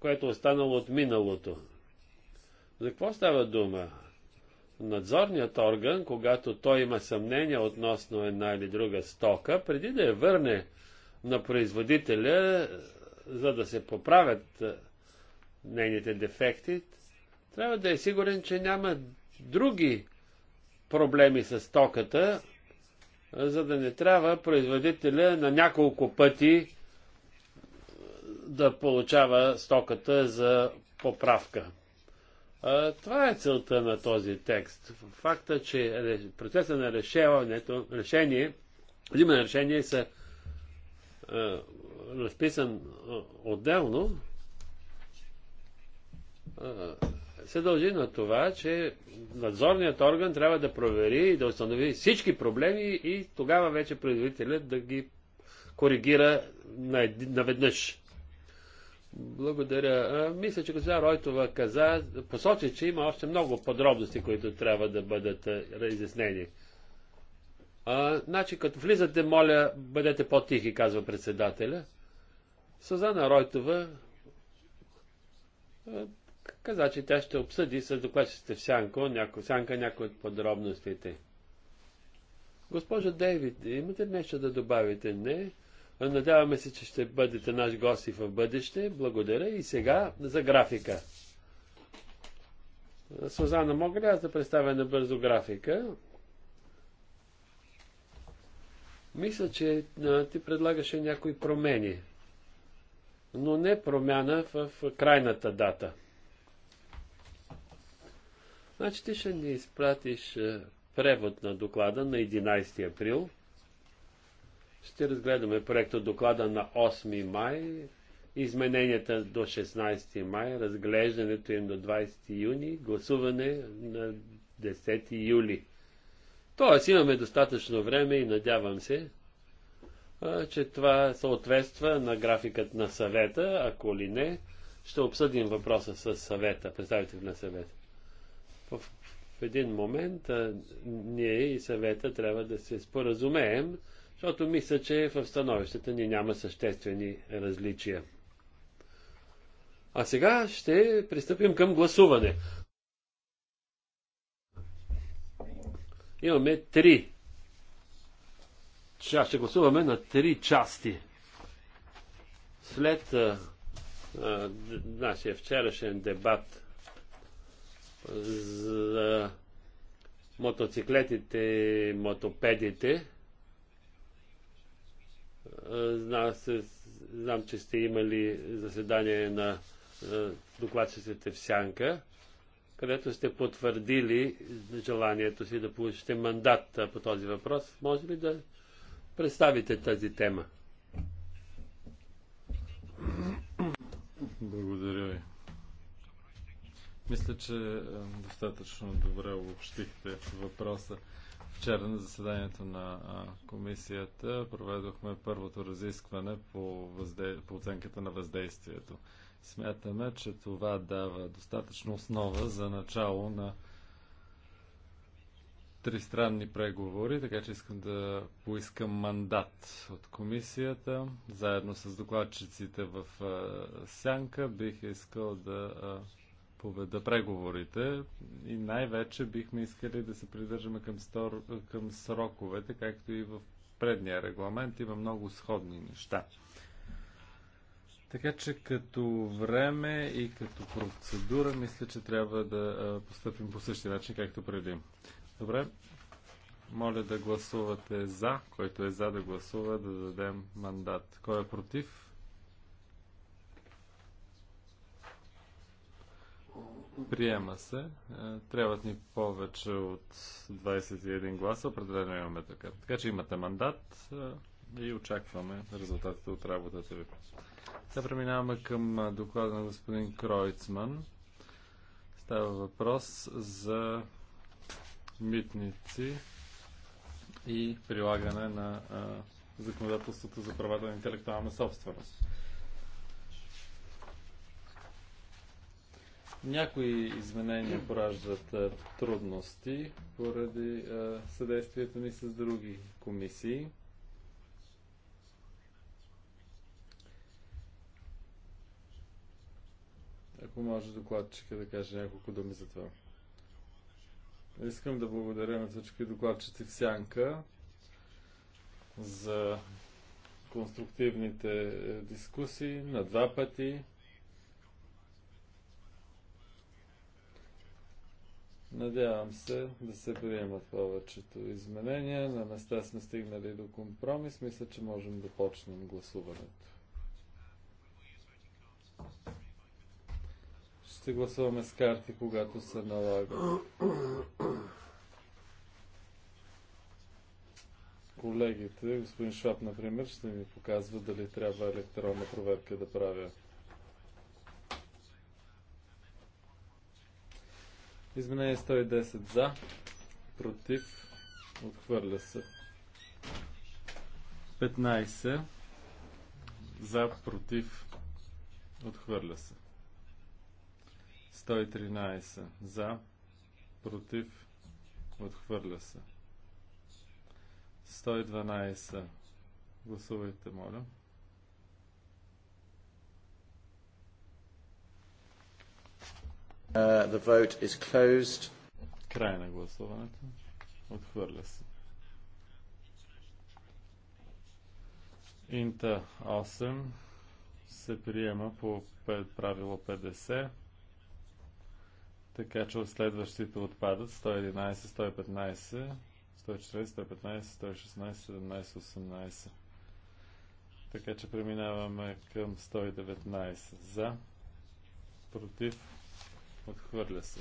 което е останало от миналото. За какво става дума? надзорният орган, когато той има съмнение относно една или друга стока, преди да я върне на производителя, за да се поправят е, нейните дефекти, трябва да е сигурен, че няма други проблеми с стоката, е, за да не трябва производителя на няколко пъти е, да получава стоката за поправка това е целта на този текст. Факта, че процеса на решението, решение, взимане решение са разписан отделно, се дължи на това, че надзорният орган трябва да провери и да установи всички проблеми и тогава вече производителят да ги коригира наведнъж. Благодаря. Мисля, че госпожа Ройтова каза, посочи, че има още много подробности, които трябва да бъдат разяснени. А, значи, като влизате, моля, бъдете по-тихи, казва председателя. Сузана Ройтова каза, че тя ще обсъди с докладчиците в Сянко, няко, Сянка някои от подробностите. Госпожа Дейвид, имате нещо да добавите? Не. Надяваме се, че ще бъдете наш гости в бъдеще. Благодаря и сега за графика. Сузана, мога ли аз да представя набързо графика? Мисля, че ти предлагаше някои промени, но не промяна в крайната дата. Значи ти ще ни изпратиш превод на доклада на 11 април. Ще разгледаме проекта доклада на 8 май, измененията до 16 май, разглеждането им до 20 юни, гласуване на 10 юли. Тоест имаме достатъчно време и надявам се, че това съответства на графикът на съвета, ако ли не, ще обсъдим въпроса с съвета, представител на съвета. В, в един момент а, ние и съвета трябва да се споразумеем защото мисля, че в становищата ни няма съществени различия. А сега ще пристъпим към гласуване. Имаме три. ще гласуваме на три части. След а, а, нашия вчерашен дебат за мотоциклетите и мотопедите, знам, че сте имали заседание на докладчиците в Сянка, където сте потвърдили желанието си да получите мандат по този въпрос. Може ли да представите тази тема? Благодаря ви. Мисля, че достатъчно добре обобщихте въпроса. Вчера на заседанието на комисията проведохме първото разискване по, възде... по оценката на въздействието. Смятаме, че това дава достатъчно основа за начало на тристранни преговори, така че искам да поискам мандат от комисията. Заедно с докладчиците в Сянка бих искал да поведа преговорите и най-вече бихме искали да се придържаме към, стор... към сроковете, както и в предния регламент има много сходни неща. Така че като време и като процедура, мисля, че трябва да поступим по същия начин, както преди. Добре, моля да гласувате за, който е за да гласува, да дадем мандат. Кой е против? Приема се. Е, трябват ни повече от 21 гласа. Определено имаме така. Така че имате мандат е, и очакваме резултатите от работата ви. Сега преминаваме към е, доклада на господин Кройцман. Става въпрос за митници и прилагане на законодателството за правата на интелектуална собственост. Някои изменения пораждат е, трудности поради е, съдействието ни с други комисии. Ако може докладчика да каже няколко думи за това. Искам да благодаря на всички докладчици в Сянка за конструктивните е, дискусии на два пъти. Надявам се да се приемат повечето изменения. На места сме стигнали до компромис. Мисля, че можем да почнем гласуването. Ще гласуваме с карти, когато се налага. Колегите, господин Шап, например, ще ми показва дали трябва електронна проверка да правя. Изменение 110 за, против, отхвърля се. 15 за, против, отхвърля се. 113 за, против, отхвърля се. 112. Гласувайте, моля. Uh, the vote is closed. Край на гласуването. Отхвърля се. Инта 8 се приема по правило 50. Така че от следващите отпадат 111, 115, 140, 115, 116, 17, 18. Така че преминаваме към 119 за, против Отхвърля се.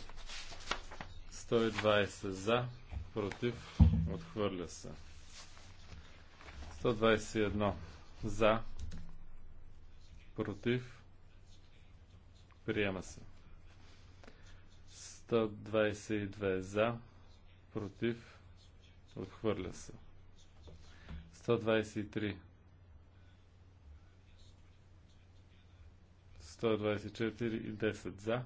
120 за. Против. Отхвърля се. 121 за. Против. Приема се. 122 за. Против. Отхвърля се. 123. 124 и 10 за.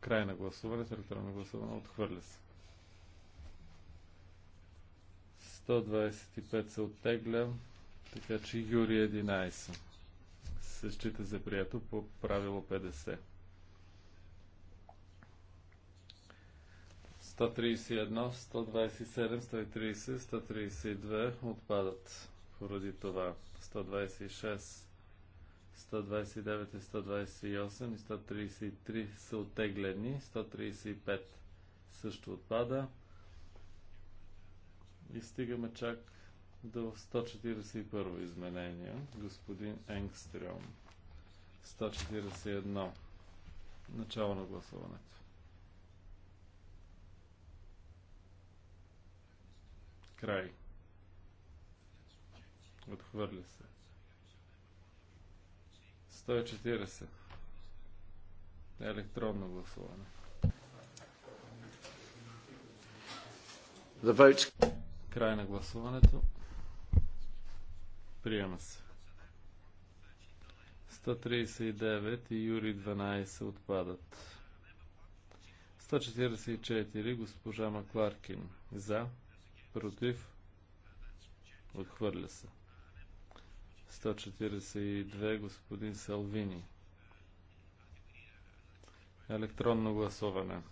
Край на с Електронно гласуване. Отхвърля се. 125 се оттегля. Така че Юри 11 се счита за прието по правило 50. 131, 127, 130, 132 отпадат поради това. 126 129 и 128 и 133 са оттеглени. 135 също отпада. И стигаме чак до 141 изменение. Господин Енгстрем. 141. Начало на гласуването. Край. Отхвърля се. 140. Електронно гласуване. The vote. Край на гласуването. Приема се. 139 и Юри 12 отпадат. 144 госпожа Макларкин. За. Против. Отхвърля се. 142 господин Салвини. Електронно гласуване.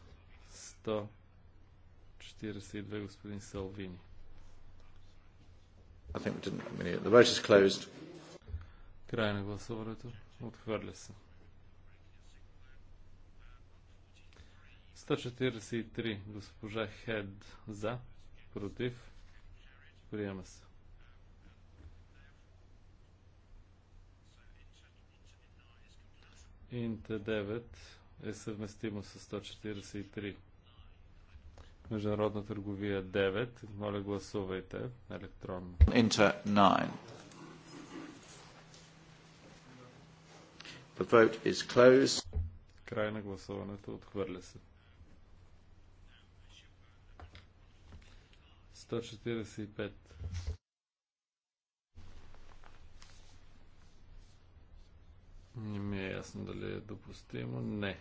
142 господин Салвини. I think we didn't mean it. The vote is closed. Край на гласуването. Отхвърля се. 143. Госпожа Хед за. Против. Приема се. int 9 е съвместимо с 143. Международна търговия 9. Моля гласувайте електронно. Инта 9. The vote is closed. Край на гласуването отхвърля се. 145. Не ми е ясно дали е допустимо. Не.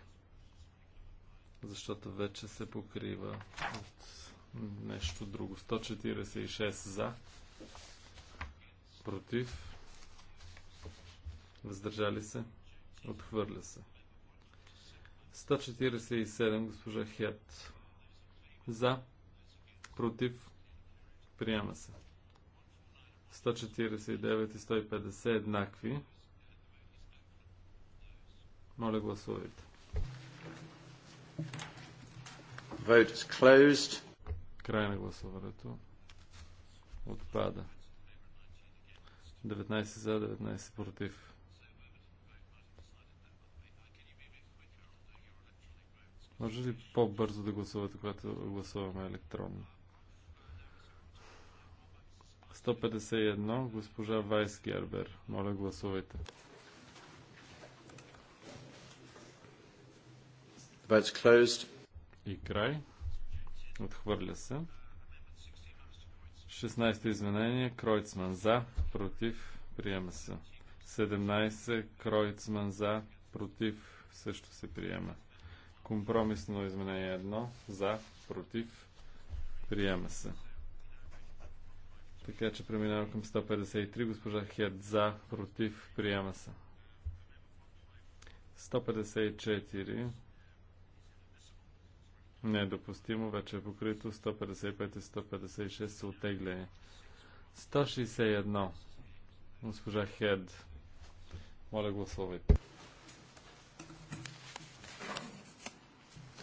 Защото вече се покрива от нещо друго. 146 за. Против. Въздържали се. Отхвърля се. 147 госпожа Хет. За. Против. Приема се. 149 и 150 еднакви. Моля гласувайте. Vote is closed. Край на гласуването. Отпада. 19 за, 19 против. Може ли по-бързо да гласувате, когато гласуваме електронно? 151, госпожа Вайс Гербер. Моля, гласувайте. Vote's closed. И край. Отхвърля се. 16 изменение. Кройцман за. Против. Приема се. 17. Кройцман за. Против. Също се приема. Компромисно изменение 1. За. Против. Приема се. Така че преминавам към 153. Госпожа Хед за. Против. Приема се. 154 не е допустимо, вече е покрито. 155 и 156 са отегляни. 161. Госпожа Хед. Моля гласувайте.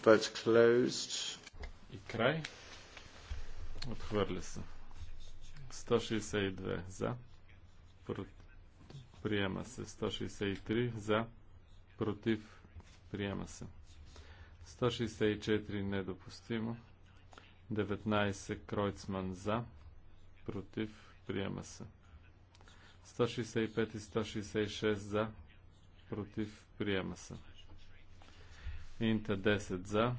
That's closed. И край. Отхвърля се. 162 за. Приема се. 163 за. Против. Приема се. 164 недопустимо. 19 Кройцман за. Против. Приема се. 165 и 166 за. Против. Приема се. Инта 10 за.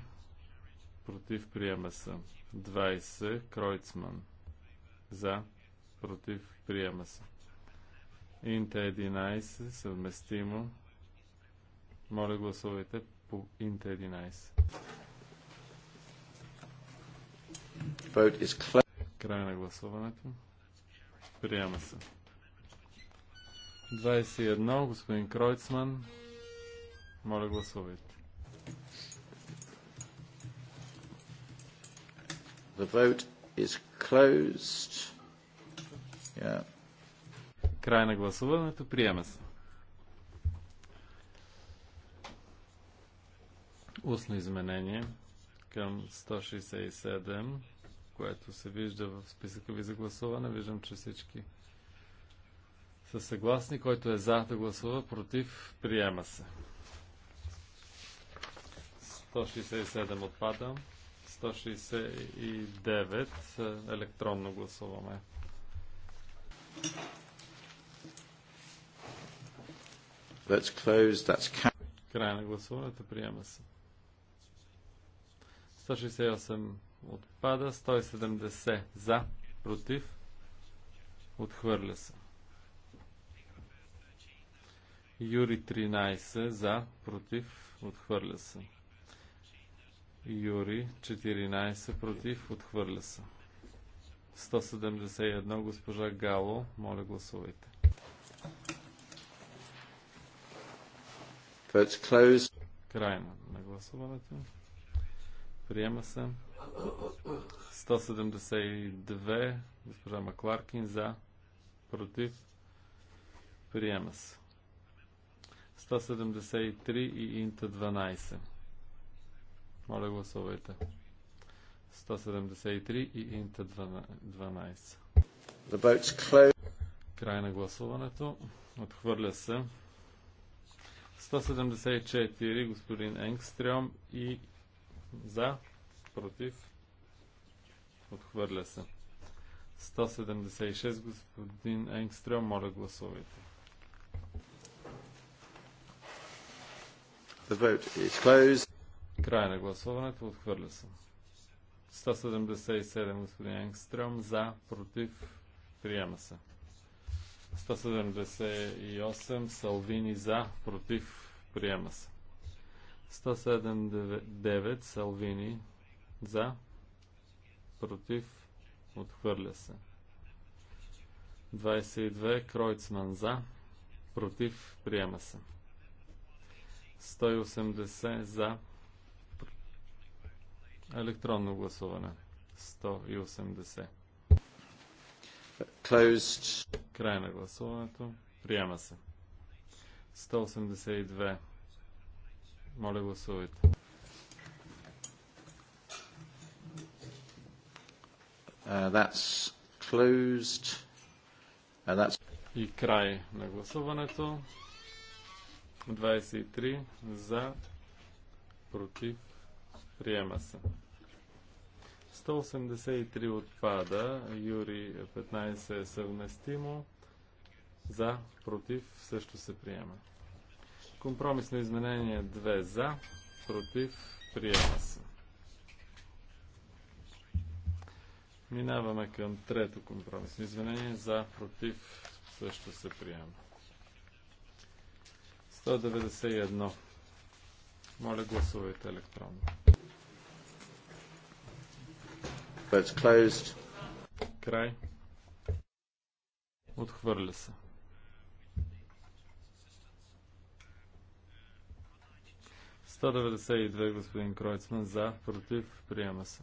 Против. Приема се. 20 Кройцман за. Против. Приема се. Инта 11 съвместимо. Моля гласувайте по 11. Край на гласуването. Приема се. 21. Господин Кройцман. Моля гласувайте. The vote is closed. Yeah. Край на гласуването. Приема се. устно изменение към 167, което се вижда в списъка ви за гласуване. Виждам, че всички са съгласни. Който е за да гласува, против, приема се. 167 отпада. 169 е, електронно гласуваме. That's... Край на гласуването приема се. 168 отпада, 170 за, против, отхвърля се. Юри 13 за, против, отхвърля се. Юри 14 против, отхвърля се. 171 госпожа Гало, моля гласувайте. Край на гласуването. Приема се. 172. Госпожа Макларкин за. Против. Приема се. 173 и Инта 12. Моля гласувайте. 173 и Инта 12. The boat's closed. Край на гласуването. Отхвърля се. 174 господин Енгстрем и за. Против. Отхвърля се. 176 господин Енгстрел, моля гласувайте. The vote is closed. Край на гласуването, отхвърля се. 177 господин Енгстрем, за, против, приема се. 178 Салвини за, против, приема се. 179 Салвини за, против, отхвърля се. 22 Кройцман за, против, приема се. 180 за електронно гласуване. 180. Closed. Край на гласуването. Приема се. 182 моля гласувайте. Uh, that's closed. Uh, that's... И край на гласуването. 23 за, против, приема се. 183 отпада, Юри 15 е съвместимо, за, против, също се приема. Компромисно изменение 2 за, против, приема се. Минаваме към трето компромисно изменение за, против, също се приема. 191. Моля гласувайте електронно. That's closed. Край. Отхвърля се. 192 господин Кройцман за, против, приема се.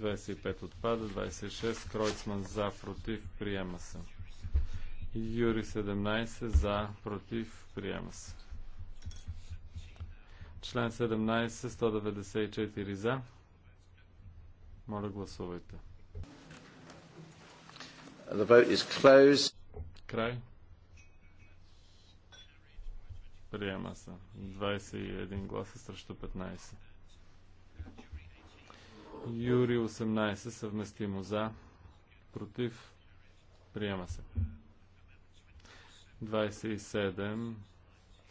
25 отпада, 26 Кройцман за, против, приема се. Юри 17 за, против, приема се. Член 17, 194 за. Моля гласувайте. The vote is closed. Край. Приема се. 21 гласа срещу 15. Юри 18 съвместимо за. Против. Приема се. 27,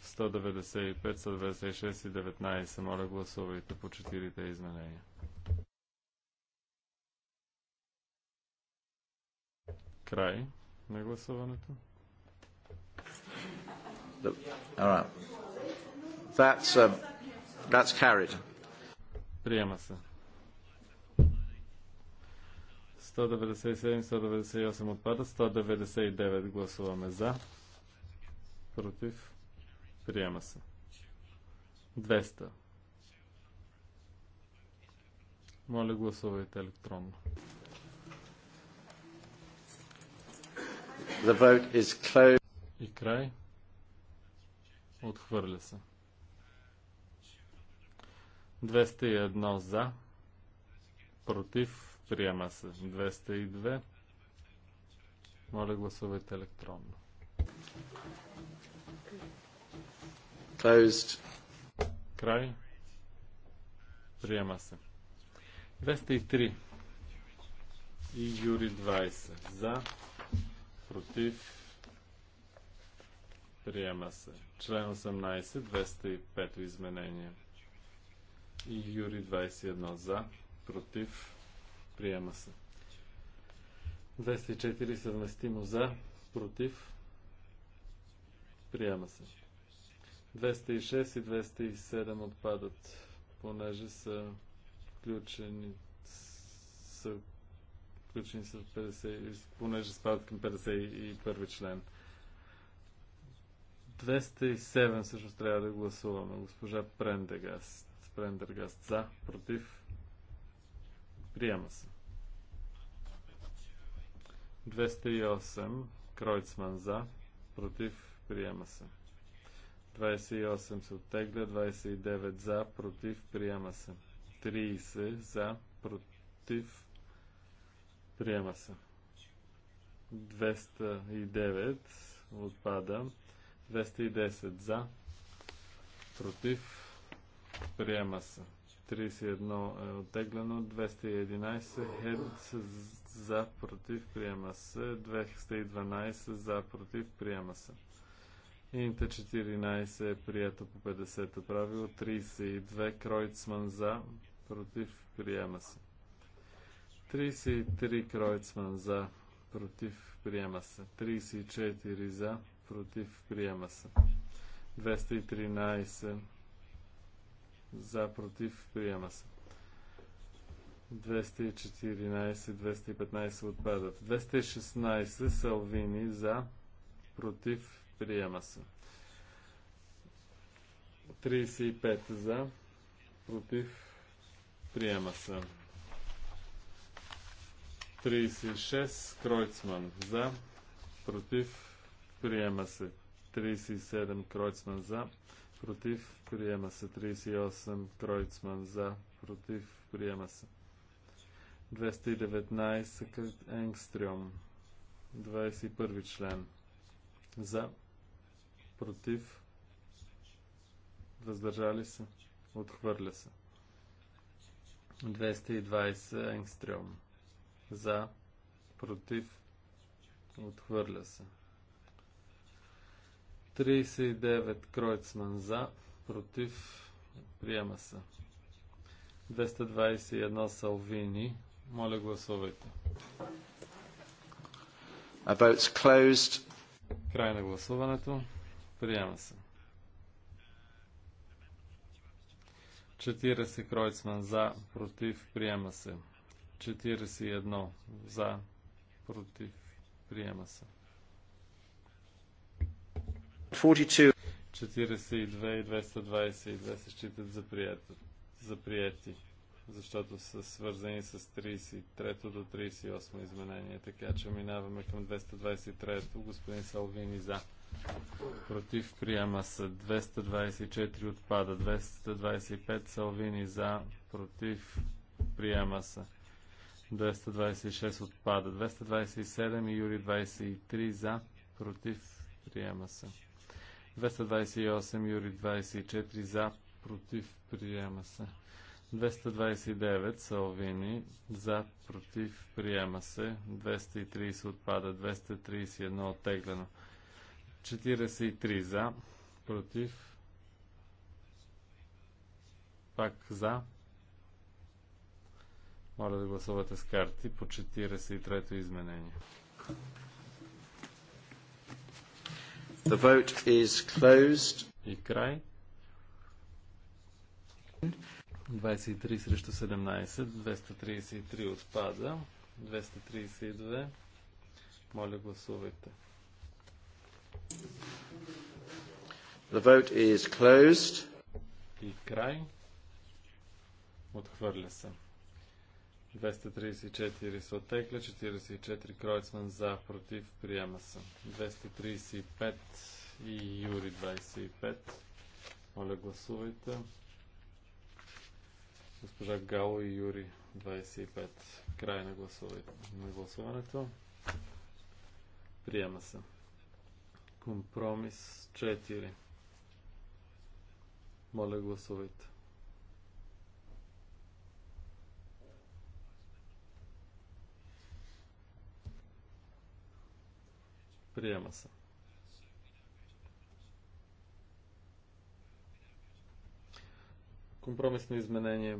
195, 196 и 19. Моля гласувайте по четирите изменения. Край на гласуването all right. That's, um, that's carried. Приема се. 197, 198 отпада, 199 гласуваме за, против, приема се. 200. Моля, гласувайте електронно. The vote is closed. И край. Отхвърля се. 201 за. Против. Приема се. 202. Моля гласувайте електронно. Closed. Край. Приема се. 203 и Юри 20 за. Против. Приема се. Член 18, 205 изменение. И Юри 21 за. Против. Приема се. 204 съвместимо за. Против. Приема се. 206 и 207 отпадат, понеже са включени са включени са 50, понеже спадат към 51 член. 208 207 всъщност трябва да гласуваме. Госпожа Прендегаст. Прендергаст за, против. Приема се. 208 Кройцман за, против. Приема се. 28 се оттегля, 29 за, против. Приема се. 30 за, против. Приема се. 209 отпада. 210 за, против, приема се. 31 е оттеглено, 211 хед за, против, приема се. 212 за, против, приема се. Инта 14 е прието по 50-то правило, 32 Кройцман за, против, приема се. 33 Кройцман за, против, приема се. 34 за, против, приема се. 213 за, против, приема се. 214, 215 отпадат. 216 Салвини за, против, приема се. 35 за, против, приема се. 36 Кройцман за, против, Приема се 37 Кройцман за, против. Приема се 38 Кройцман за, против. Приема се 219 Енгстрюм. 21 член. За, против, въздържали се, отхвърля се. 220 Енгстрюм. За, против, отхвърля се. 39 Кройцман за, против, приема се. 221 Салвини. Моля гласувайте. closed. Край на гласуването. Приема се. 40 Кройцман за, против, приема се. 41 за, против, приема се. 42 и 222 се считат за, приятел, за прияти, защото са свързани с 33 до 38 изменение. Така че минаваме към 223. то Господин Салвини за. Против приема са 224 отпада. 225 Салвини за. Против приема са. 226 отпада. 227 и Юри 23 за. Против приема са. 228 юри 24 за, против, приема се. 229 Салвини за, против, приема се. 230 отпада, 231 оттеглено. 43 за, против, пак за. Моля да гласувате с карти по 43-то изменение. The vote is closed. И край. 23 срещу 17, 233 отпада, 232. Моля гласувайте. The vote is closed. И край. Отхвърля се. 23. 234 се оттегля, 44 Кройцман за, против, приема се. 235 и Юри 25. Моля гласувайте. Госпожа Гало и Юри 25. Край на, на гласуването. Приема се. Компромис 4. Моля гласувайте. Приема се. Компромисно изменение.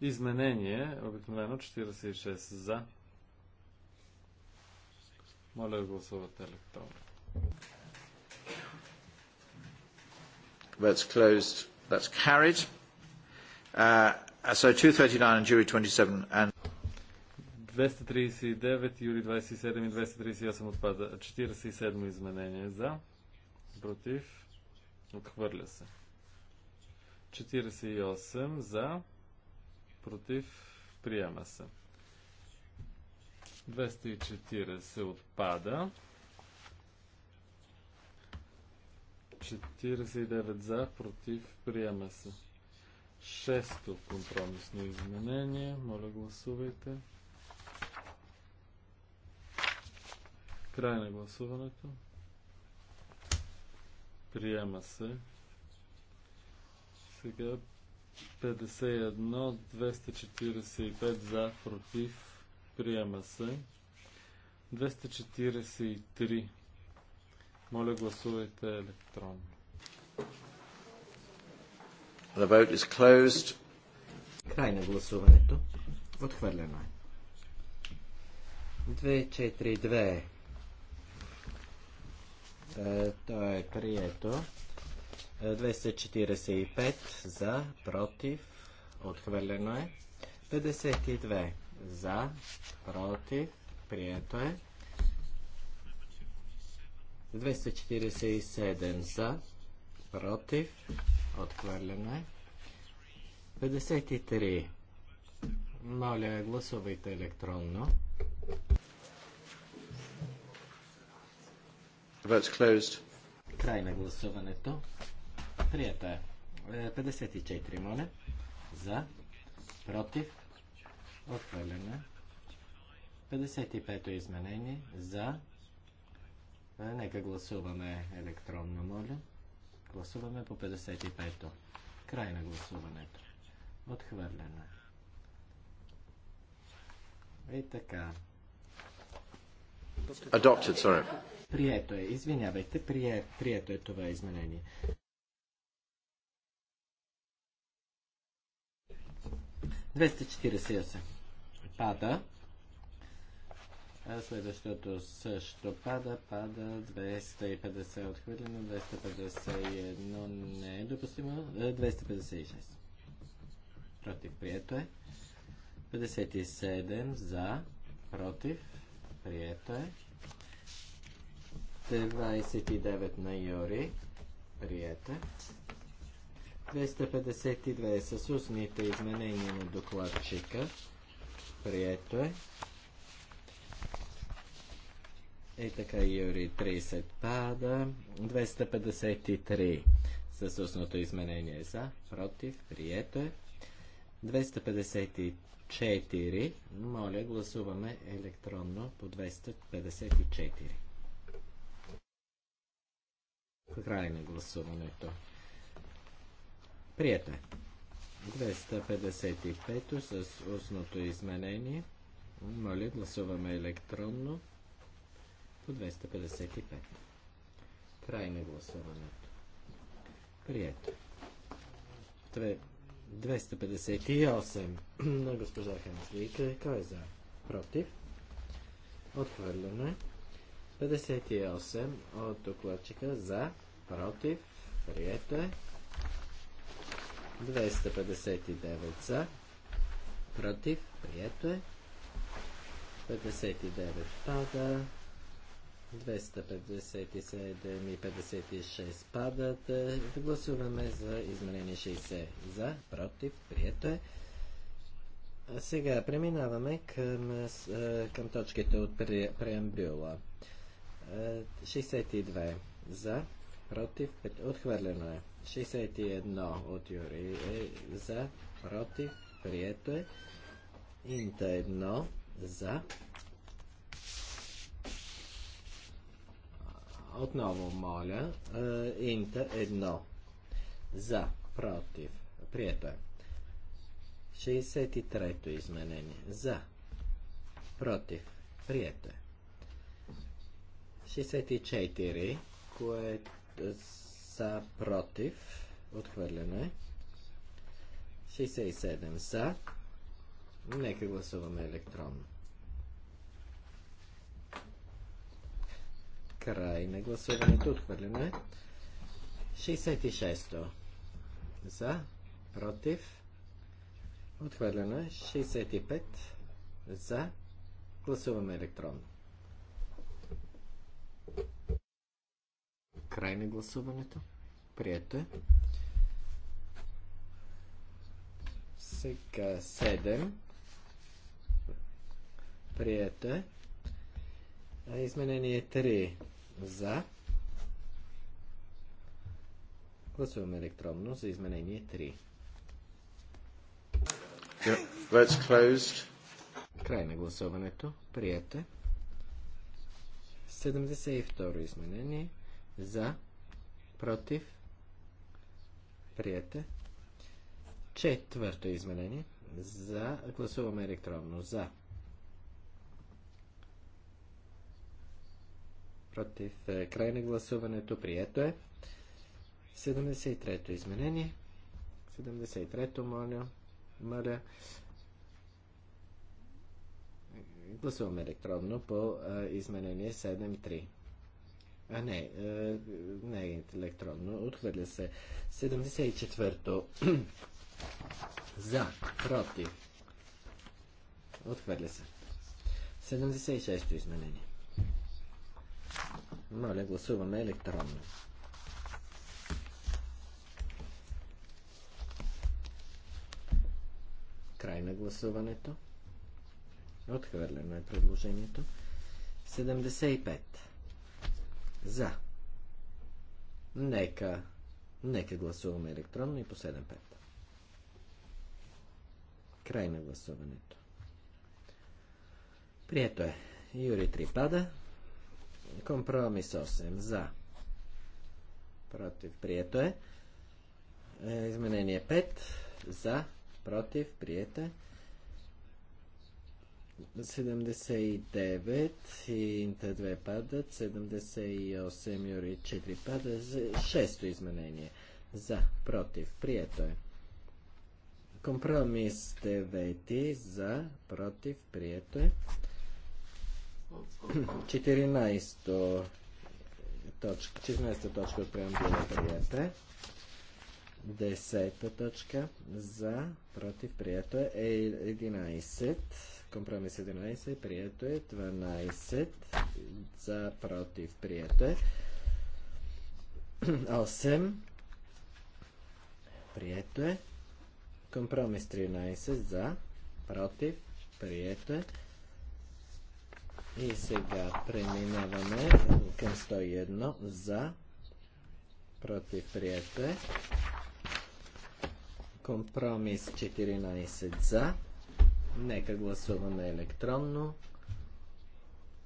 Изменение обикновено 46 за. Моля да гласувате електронно. That's closed. That's carried. Uh, so 239 and jury 27 and 239, юли 27 и 238 отпада. 47 изменение за, против, отхвърля се. 48 за, против, приема се. 240 отпада. 49 за, против, приема се. Шесто компромисно изменение. Моля гласувайте. Край на гласуването. Приема се. Сега 51, 245 за, против. Приема се. 243. Моля, гласувайте електронно. The vote is closed. Край на гласуването. Отхвърлено е. 2. Е, То е прието. 245 е, за, против, отхвърлено е. 52 за, против, прието е. 247 за, против, отхвърлено е. 53. Моля, гласувайте електронно. Край на гласуването. Прията е. 54, е, моля. За. Против. Отхвърлено. 55-то изменение. За. Е, нека гласуваме електронно, моля. Гласуваме по 55-то. Край на гласуването. Отхвърлено. И така. Adopted, sorry. Прието е, извинявайте, прие, прието е това изменение. пада. А следващото също пада, пада 250 отхвърлено, 251 не е допустимо, 256. Против прието е. 57 за, против Прието е. 29 на Юри. Прието е. 252 с устните изменения на докладчика. Прието е. И е така Юри 30 пада. 253 с устното изменение за. Против. Прието е. 254. Моля, гласуваме електронно по 254. Край на гласуването. Прието 255 е. с устното изменение. Моля, гласуваме електронно по 255. Край на гласуването. Прието. Е. 258 на госпожа Хенслик. Кой е за? Против. Отхвърляме. 58 от докладчика за. Против. Прието е. 259 за. Против. Прието е. 59 пада. 257 и 56 падат. Е, гласуваме за изменение 60 за, против, прието е. сега преминаваме към, е, към точките от преамбюла. 62 е, за, против, отхвърлено е. 61 от Юри е за, против, прието е. Инта 1 за, Отново моля, е, Инта едно. За, против, прието е. 63-то изменение. За, против, прието е. 64, което са против, отхвърлено е. 67 са. Нека гласуваме електронно. Край на гласуването. Отхвърлено е. 66-то. За. Против. Отхвърлено е. 65. За. Гласуваме електронно. Край на гласуването. Прието е. Сега 7. Прието е. Изменение 3 за. Гласуваме електронно за изменение 3. Vote's closed. Край на гласуването. Приете. 72 изменение. За. Против. Приете. Четвърто изменение. За. Гласуваме електронно. За. против, е, край на гласуването, прието е. 73-то изменение. 73-то, моля, моля. Гласуваме електронно по а, е, изменение 3 А не, а, е, не е електронно, отхвърля се. 74-то. За, против. Отхвърля се. 76-то изменение. Моля, гласуваме електронно. Край на гласуването. Отхвърлено е предложението. 75. За. Нека. Нека гласуваме електронно и по 75. Край на гласуването. Прието е. Юри 3 пада. Компромис 8 за. Против. Прието е. е изменение 5 за. Против. Прието е. 79 и Инта 2 падат, 78 Юри 4 пада, 6 изменение. За, против, прието е. Компромис 9 за, против, прието е. 14 точка, точка от преамбюла е прията. 10 точка за, против, прието е 11. Е, компромис 11, прието е 12 за, против, прието е 8. Прието е. Компромис 13 за, против, прието е и сега преминаваме към 101 за против прието е. Компромис 14 за. Нека гласуваме електронно.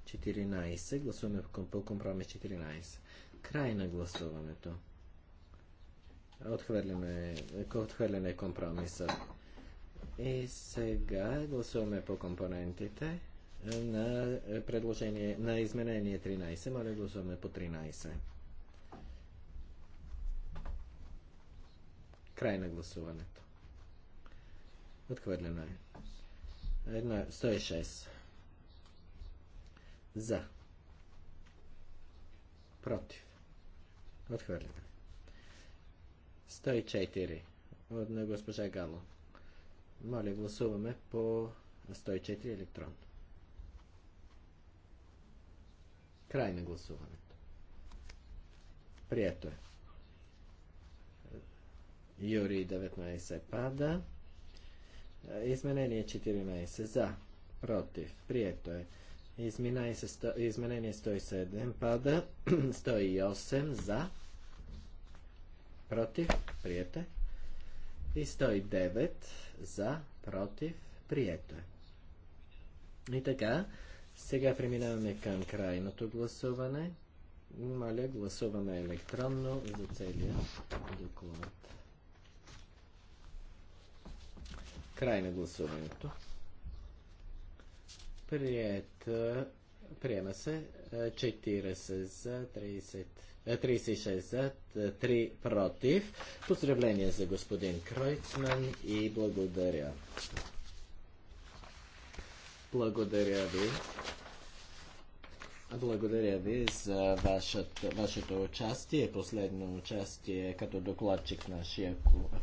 14. Гласуваме по компромис 14. Край на гласуването. Отхвърляме, отхвърляме компромиса. И сега гласуваме по компонентите на, предложение, на изменение 13. Моля, гласуваме по 13. Край на гласуването. Отхвърлено е. Едно, 106. Е- За. Против. Отхвърлено. 104 е. от на госпожа Гало. Моля, гласуваме по 104 електронно. Край на гласуването. Прието е. Юри 19 пада. Изменение 14 за. Против. Прието е. Изменение 107 пада. 108 за. Против. Прието е. И 109 за. Против. Прието е. И така. Сега преминаваме към крайното гласуване. Моля, гласуваме електронно за целия доклад. Край на гласуването. Прият, приема се 40 за 30, 36 за 3 против. Поздравления за господин Кройцман и благодаря. Благодаря ви. Благодаря ви за вашето, вашето участие, последно участие като докладчик в, нашия,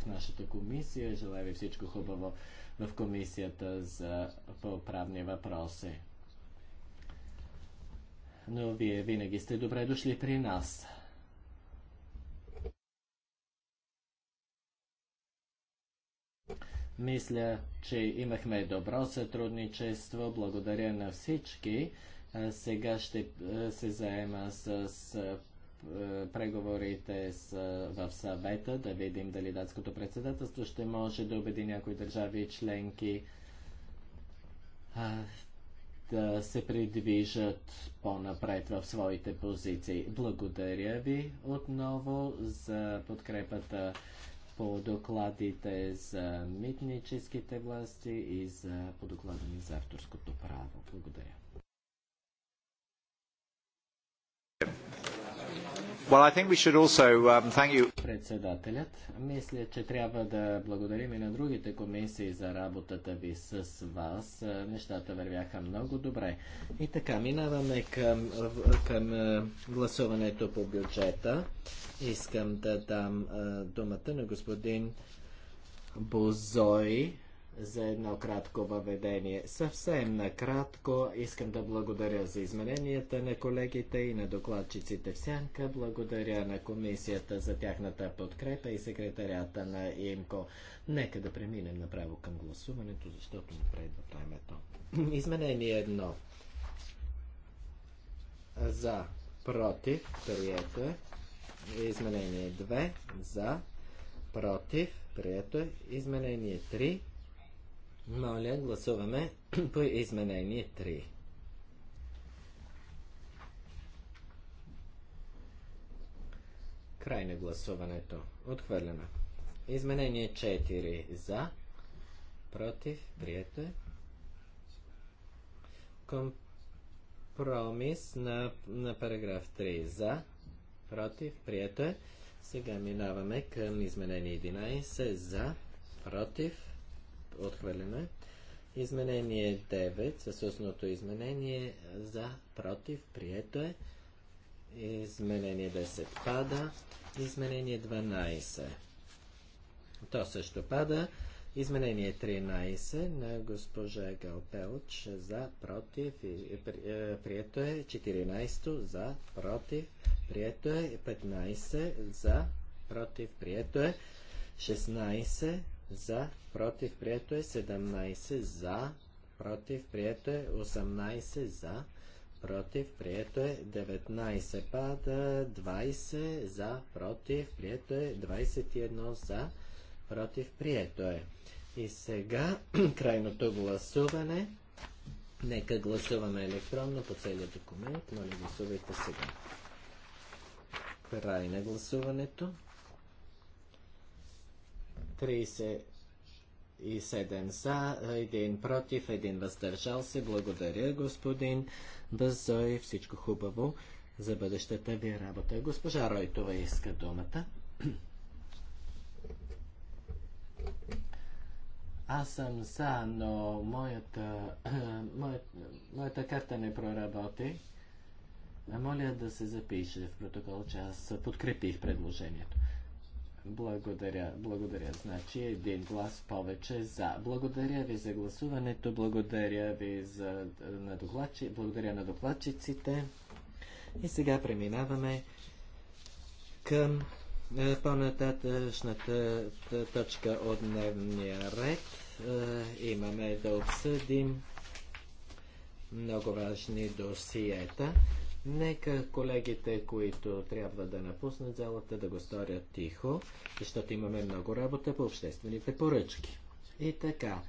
в нашата комисия. Желая ви всичко хубаво в комисията за по-правни въпроси. Но вие винаги сте добре дошли при нас. Мисля, че имахме добро сътрудничество. Благодаря на всички. Сега ще се заема с преговорите с, в съвета, да видим дали датското председателство ще може да убеди някои държави и членки а, да се придвижат по-напред в своите позиции. Благодаря ви отново за подкрепата по докладите за митническите власти и за, по докладите за авторското право. Благодаря. Um, Председателят, мисля, че трябва да благодарим и на другите комисии за работата ви с вас. Е, нещата вървяха много добре. И така, минаваме към, към е, гласуването по бюджета. Искам да дам е, думата на господин Бозой за едно кратко въведение. Съвсем накратко искам да благодаря за измененията на колегите и на докладчиците в Сянка. Благодаря на комисията за тяхната подкрепа и секретарята на ИМКО. Нека да преминем направо към гласуването, защото напредва времето. Изменение едно. За, против, прието е. Изменение 2, за, против, прието е. Изменение 3, моля, гласуваме по изменение 3. Край на гласуването. Отхвърлено. Изменение 4 за. Против. Прието е. Компромис на, на параграф 3 за. Против. Прието е. Сега минаваме към изменение 11 за. Против. Отхвърляме. Изменение 9 с изменение за, против, прието е. Изменение 10 пада. Изменение 12. То също пада. Изменение 13 на госпожа Галпелч за против и е, прието е 14 за против прието е 15 за против прието е 16 за, против, прието е 17 за, против, прието е 18 за, против, прието е 19 пада, 20 за, против, прието е 21 за, против, прието е. И сега крайното гласуване. Нека гласуваме електронно по целият документ. Моля, гласувайте сега. Край на гласуването. 37 за, 1 против, 1 въздържал се. Благодаря, господин Базой. Всичко хубаво за бъдещата ви работа. Госпожа Ройтова иска думата. Аз съм за, но моята, моята, моята карта не проработи. Моля да се запише в протокол, че аз подкрепих предложението. Благодаря, благодаря. Значи един глас повече за. Благодаря ви за гласуването, благодаря ви за, на, докладчи, благодаря на докладчиците. И сега преминаваме към е, по-нататъчната точка от дневния ред. Е, имаме да обсъдим много важни досиета. Нека колегите, които трябва да напуснат залата, да го сторят тихо, защото имаме много работа по обществените поръчки. И така,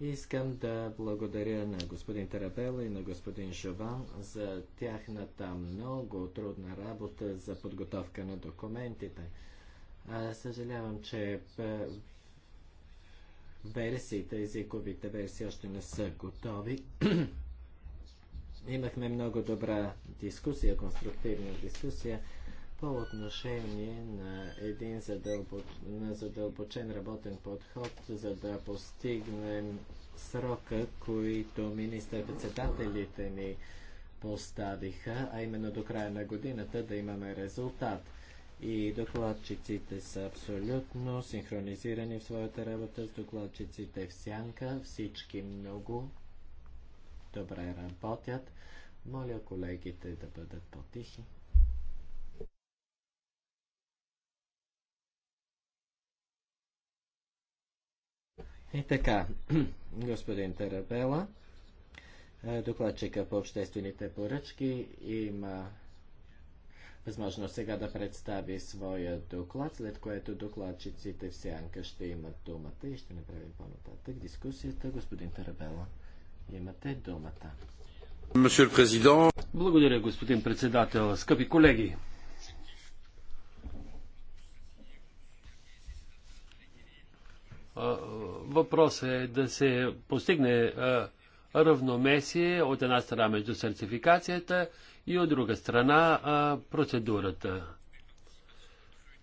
искам да благодаря на господин Тарабела и на господин Жован за тяхната много трудна работа за подготовка на документите. А, съжалявам, че версиите, езиковите версии още не са готови. Имахме много добра дискусия, конструктивна дискусия по отношение на един задълбоч... на задълбочен работен подход, за да постигнем срока, които министър-председателите ни поставиха, а именно до края на годината да имаме резултат. И докладчиците са абсолютно синхронизирани в своята работа с докладчиците в сянка. Всички много добре работят. Моля колегите да бъдат по-тихи. И така, господин Тарабела, е, докладчика по обществените поръчки има възможност сега да представи своя доклад, след което докладчиците в сянка ще имат думата и ще направим по-нататък дискусията. Господин Тарабела. Имате думата. Благодаря, господин председател. Скъпи колеги, въпросът е да се постигне равномесие от една страна между сертификацията и от друга страна процедурата.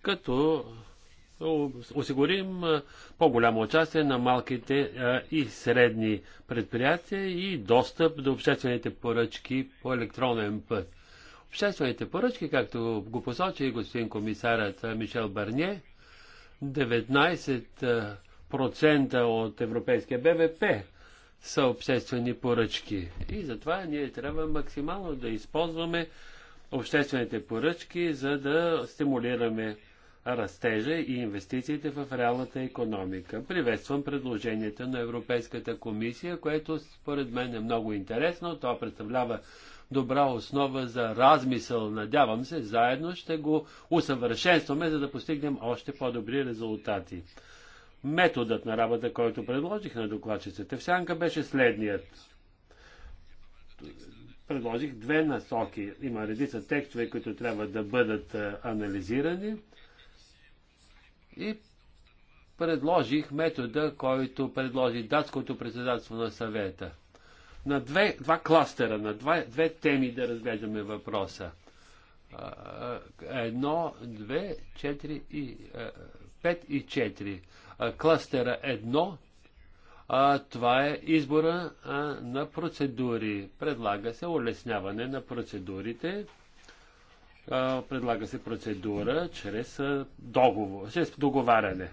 Като осигурим по-голямо участие на малките и средни предприятия и достъп до обществените поръчки по електронен път. Обществените поръчки, както го посочи и господин комисарът Мишел Барние, 19% от европейския БВП са обществени поръчки. И затова ние трябва максимално да използваме обществените поръчки, за да стимулираме растежа и инвестициите в реалната економика. Приветствам предложението на Европейската комисия, което според мен е много интересно. То представлява добра основа за размисъл, надявам се. Заедно ще го усъвършенстваме, за да постигнем още по-добри резултати. Методът на работа, който предложих на докладчицата в Сянка, беше следният. Предложих две насоки. Има редица текстове, които трябва да бъдат анализирани и предложих метода, който предложи датското председателство на съвета. На две, два кластера, на два, две теми да разглеждаме въпроса. Едно, две, четири и пет и четири. Кластера едно, а, това е избора а, на процедури. Предлага се улесняване на процедурите предлага се процедура чрез договор, чрез договаряне.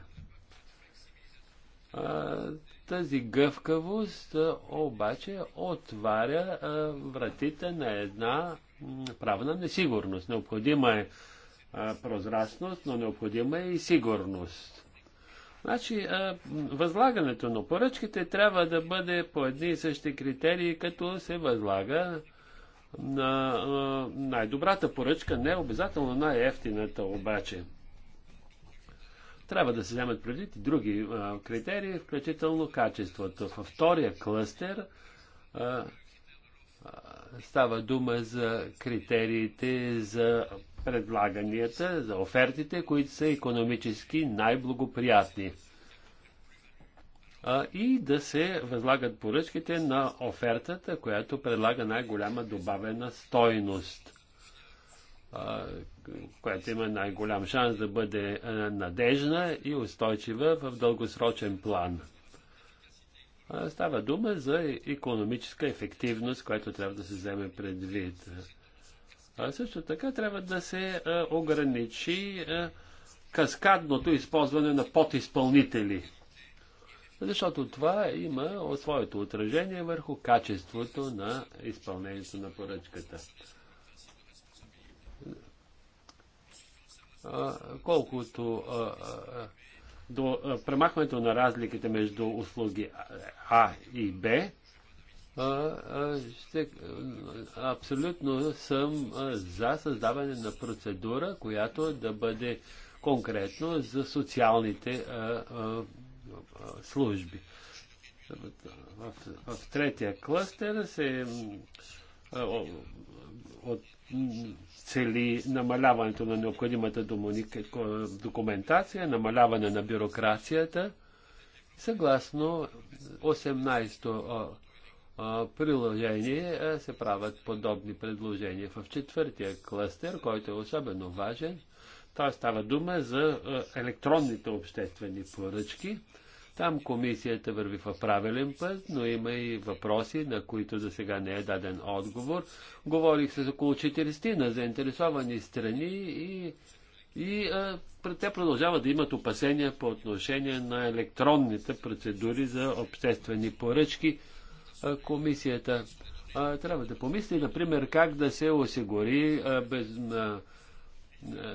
Тази гъвкавост обаче отваря вратите на една правна несигурност. Необходима е прозрачност, но необходима е и сигурност. Значи, възлагането на поръчките трябва да бъде по едни и същи критерии, като се възлага на най-добрата поръчка, не е обязателно най-ефтината обаче. Трябва да се вземат предвид и други а, критерии, включително качеството. Във втория клъстер а, а, става дума за критериите за предлаганията, за офертите, които са економически най-благоприятни а, и да се възлагат поръчките на офертата, която предлага най-голяма добавена стойност, а, която има най-голям шанс да бъде а, надежна и устойчива в дългосрочен план. А, става дума за економическа ефективност, която трябва да се вземе предвид. А също така трябва да се а, ограничи а, каскадното използване на подизпълнители защото това има своето отражение върху качеството на изпълнението на поръчката. Колкото до премахването на разликите между услуги А и Б, ще, абсолютно съм за създаване на процедура, която да бъде конкретно за социалните служби. В, в, в третия клъстер се от, цели намаляването на необходимата документация, намаляване на бюрокрацията, съгласно 18-то приложение се правят подобни предложения. В четвъртия клъстер, който е особено важен, това става дума за е, електронните обществени поръчки. Там комисията върви в правилен път, но има и въпроси, на които за сега не е даден отговор. Говорих с около 40 на заинтересовани страни и, и а, е, те продължават да имат опасения по отношение на електронните процедури за обществени поръчки. А, е, комисията а, трябва да помисли, например, как да се осигури а, без. А,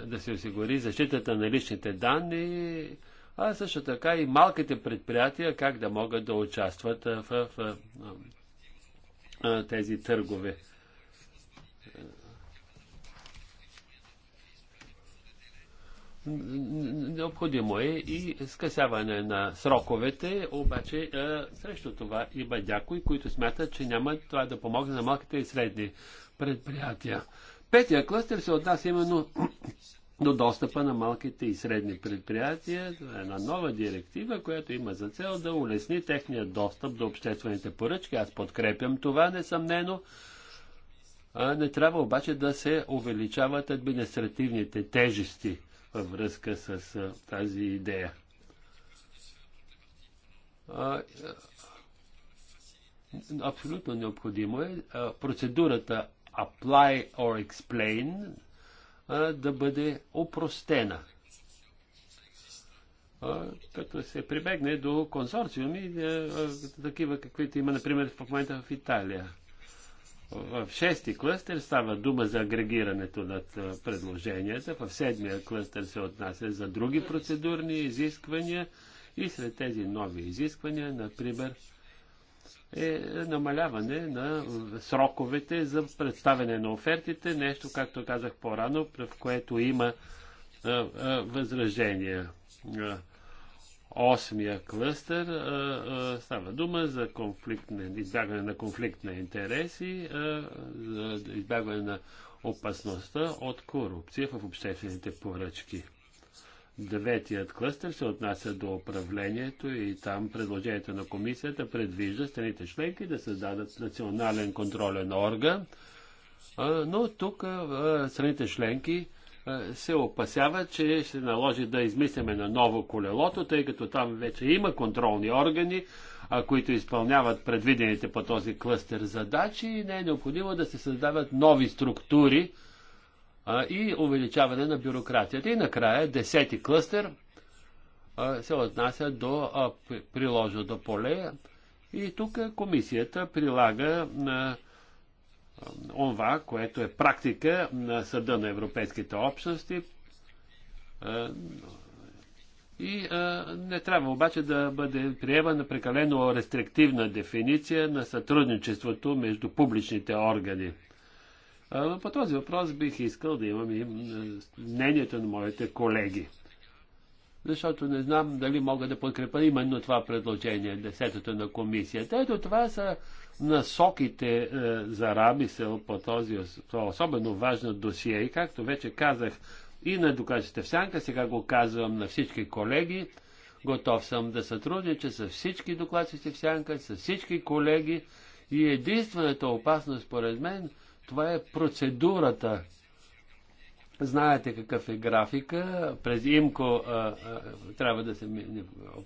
да се осигури защитата на личните данни, а също така и малките предприятия как да могат да участват в, в, в, тези търгове. Необходимо е и скъсяване на сроковете, обаче срещу това има някои, които смятат, че няма това да помогне на малките и средни предприятия. Петия клъстер се отнася именно до достъпа на малките и средни предприятия, е една нова директива, която има за цел да улесни техния достъп до обществените поръчки. Аз подкрепям това, несъмнено. Не трябва обаче да се увеличават административните тежести във връзка с тази идея. Абсолютно необходимо е процедурата apply or explain да бъде опростена. Като се прибегне до консорциуми, такива каквито има, например, в момента в Италия. В шести клъстер става дума за агрегирането над предложенията, в седмия клъстер се отнася за други процедурни изисквания и след тези нови изисквания, например, е намаляване на сроковете за представяне на офертите, нещо, както казах по-рано, в което има възражения. Осмия клъстър става дума за конфликт на, избягване на конфликт на интереси, за избягване на опасността от корупция в обществените поръчки. Деветият клъстър се отнася до управлението и там предложението на комисията предвижда страните членки да създадат национален контролен орган, но тук страните членки се опасяват, че ще наложи да измисляме на ново колелото, тъй като там вече има контролни органи, които изпълняват предвидените по този клъстер задачи и не е необходимо да се създават нови структури, а, и увеличаване на бюрокрацията. И накрая, десети клъстер а, се отнася до а, приложното поле. И тук комисията прилага на онва, което е практика на Съда на Европейските общности. и а, не трябва обаче да бъде приемана прекалено рестриктивна дефиниция на сътрудничеството между публичните органи. По този въпрос бих искал да имам и мнението на моите колеги. Защото не знам дали мога да подкрепа именно това предложение, десетото на комисията. Ето това са насоките е, за рамисел по този особено важно досие. И както вече казах и на докладчите в Сянка, сега го казвам на всички колеги, готов съм да сътруднича с всички докладчици в Сянка, с всички колеги. И единствената опасност, според мен, това е процедурата. Знаете какъв е графика. През имко а, а, трябва да се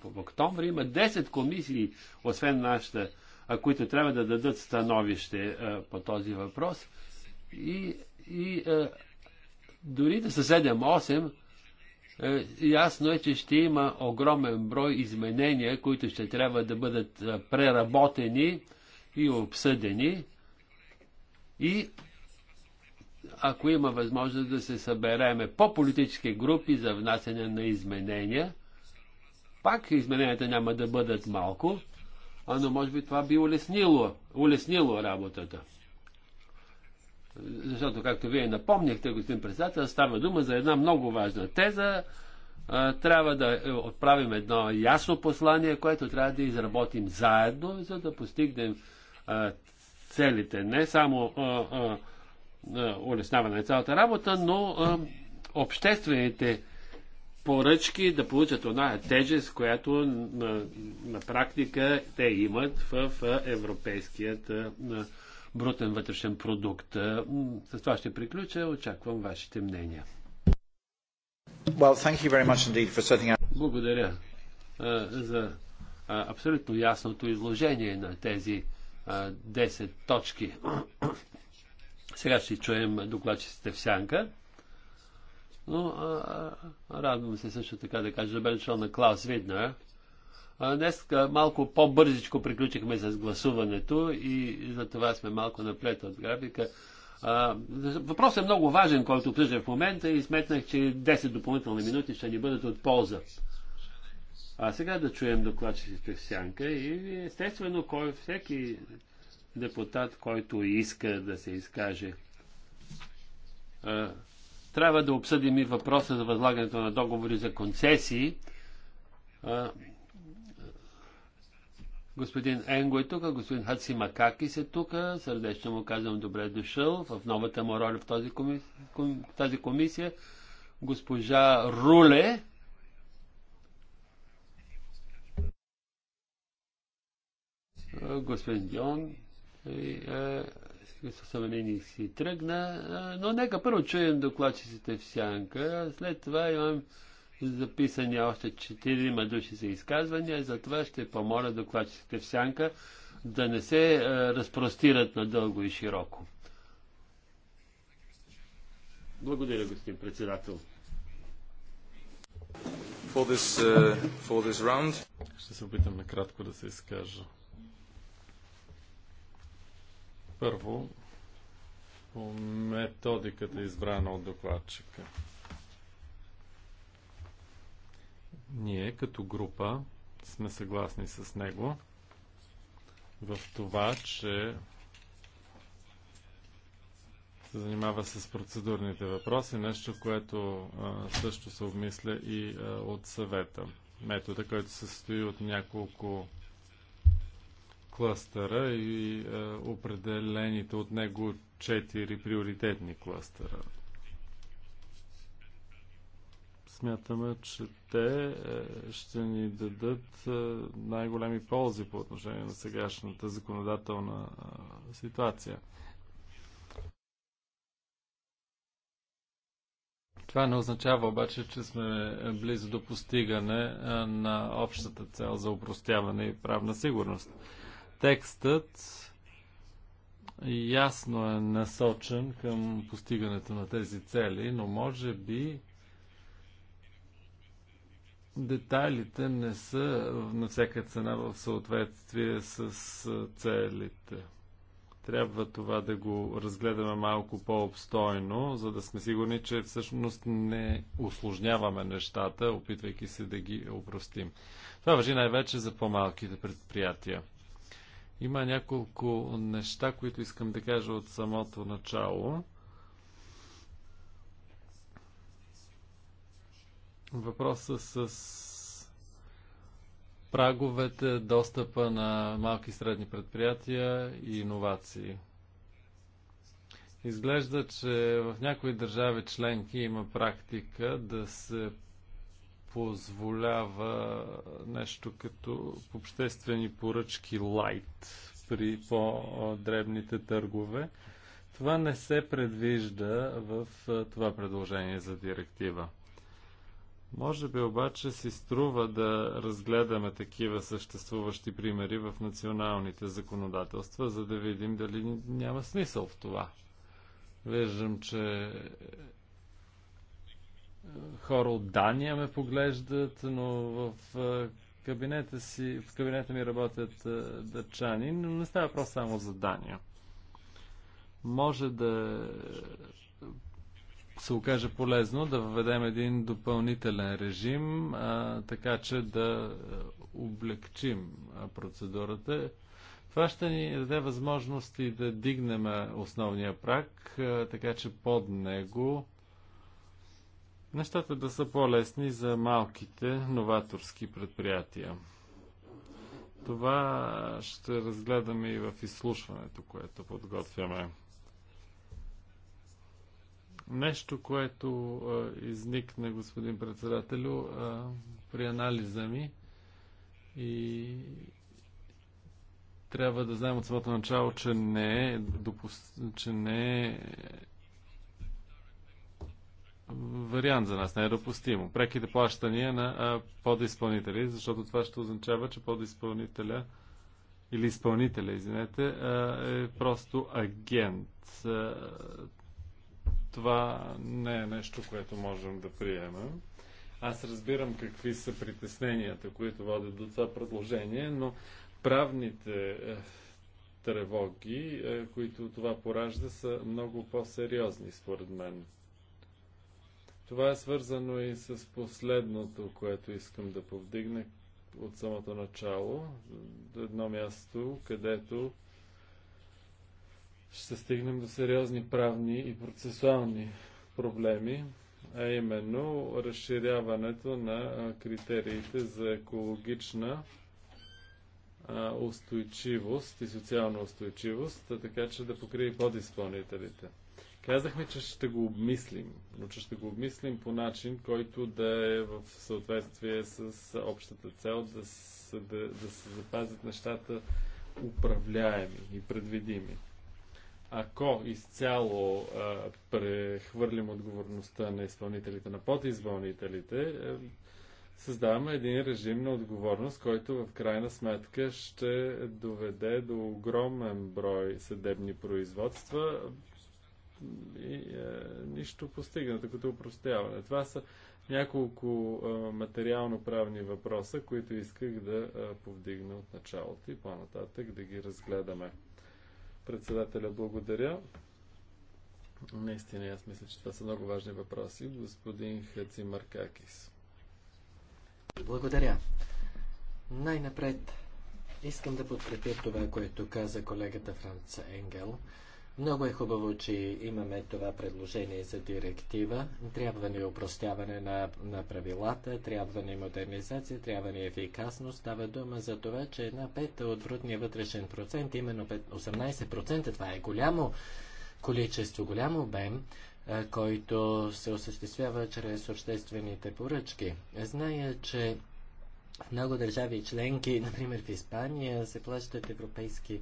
в октомври. Има 10 комисии, освен нашата, а, които трябва да дадат становище а, по този въпрос. И, и а, дори да са 7-8, ясно е, че ще има огромен брой изменения, които ще трябва да бъдат преработени и обсъдени. И ако има възможност да се събереме по политически групи за внасяне на изменения, пак измененията няма да бъдат малко, а но може би това би улеснило, улеснило работата. Защото, както вие напомняхте, господин председател, става дума за една много важна теза. Трябва да отправим едно ясно послание, което трябва да изработим заедно, за да постигнем целите. Не само а, а, а, улесняване на цялата работа, но а, обществените поръчки да получат една тежест, която на, на практика те имат в европейският на брутен вътрешен продукт. С това ще приключа. Очаквам вашите мнения. Well, thank you very much indeed for setting out... Благодаря а, за а, абсолютно ясното изложение на тези 10 точки. Сега ще чуем докладчиците в сянка. Но а, а, радвам се също така да кажа, добре дошъл на Клаус Видна. днес малко по-бързичко приключихме с гласуването и за това сме малко напред от графика. Въпросът е много важен, който обсъждам в момента и сметнах, че 10 допълнителни минути ще ни бъдат от полза. А сега да чуем докладчиците в сянка и естествено кой, всеки депутат, който иска да се изкаже, трябва да обсъдим и въпроса за възлагането на договори за концесии. Господин Енго е тук, господин Макакис е тук. Сърдечно му казвам добре дошъл в новата му роля в този тази комисия. Госпожа Руле господин Дион е, е, Съвенени си тръгна, е, но нека първо чуем докладчиците в сянка, след това имам записани още 4 души за изказвания, затова ще помоля докладчиците в сянка да не се разпростират надълго и широко. Благодаря, господин председател. For this, uh, for this round. Ще се опитам накратко да се изкажа. Първо, по методиката избрана от докладчика. Ние като група сме съгласни с него в това, че се занимава с процедурните въпроси, нещо, което а, също се обмисля и а, от съвета. Метода, който се състои от няколко клъстъра и е, определените от него четири приоритетни кластера. Смятаме, че те е, ще ни дадат е, най-големи ползи по отношение на сегашната законодателна ситуация. Това не означава обаче, че сме близо до постигане на общата цел за упростяване и правна сигурност текстът ясно е насочен към постигането на тези цели, но може би детайлите не са на всяка цена в съответствие с целите. Трябва това да го разгледаме малко по-обстойно, за да сме сигурни, че всъщност не усложняваме нещата, опитвайки се да ги опростим. Това въжи най-вече за по-малките предприятия. Има няколко неща, които искам да кажа от самото начало. Въпросът с праговете, достъпа на малки и средни предприятия и иновации. Изглежда, че в някои държави членки има практика да се позволява нещо като обществени поръчки лайт при по-дребните търгове. Това не се предвижда в това предложение за директива. Може би обаче си струва да разгледаме такива съществуващи примери в националните законодателства, за да видим дали няма смисъл в това. Виждам, че хора от Дания ме поглеждат, но в кабинета, си, в кабинета ми работят дъчани, но не става просто само за Дания. Може да се окаже полезно да въведем един допълнителен режим, а, така че да облегчим процедурата. Това ще ни даде възможност и да дигнем основния прак, а, така че под него нещата да са по-лесни за малките новаторски предприятия. Това ще разгледаме и в изслушването, което подготвяме. Нещо, което а, изникне, господин председателю, а, при анализа ми и трябва да знаем от самото начало, че не е, допус... че не е вариант за нас, не е допустимо. Преките плащания на подизпълнители, защото това ще означава, че подизпълнителя или изпълнителя, извинете, е просто агент. Това не е нещо, което можем да приемем. Аз разбирам какви са притесненията, които водят до това предложение, но правните е, тревоги, е, които това поражда, са много по-сериозни, според мен. Това е свързано и с последното, което искам да повдигне от самото начало. до Едно място, където ще стигнем до сериозни правни и процесуални проблеми, а именно разширяването на критериите за екологична устойчивост и социална устойчивост, така че да покрие подизпълнителите. Казахме, че ще го обмислим, но че ще го обмислим по начин, който да е в съответствие с общата цел да се, да, да се запазят нещата управляеми и предвидими. Ако изцяло а, прехвърлим отговорността на изпълнителите, на подизпълнителите, е, създаваме един режим на отговорност, който в крайна сметка ще доведе до огромен брой съдебни производства и, е, нищо постигнато като упростяване. Това са няколко е, материално-правни въпроса, които исках да е, повдигна от началото и по-нататък да ги разгледаме. Председателя, благодаря. Наистина, аз мисля, че това са много важни въпроси. Господин Хаци Маркакис. Благодаря. Най-напред искам да подкрепя това, което каза колегата Франца Енгел. Много е хубаво, че имаме това предложение за директива. Трябва ни упростяване на, на правилата, трябва ни модернизация, трябва ни ефикасност. Става дума за това, че една пета от брутния вътрешен процент, именно 18%, това е голямо количество, голям обем, който се осъществява чрез обществените поръчки. Зная, че в много държави членки, например в Испания, се плащат европейски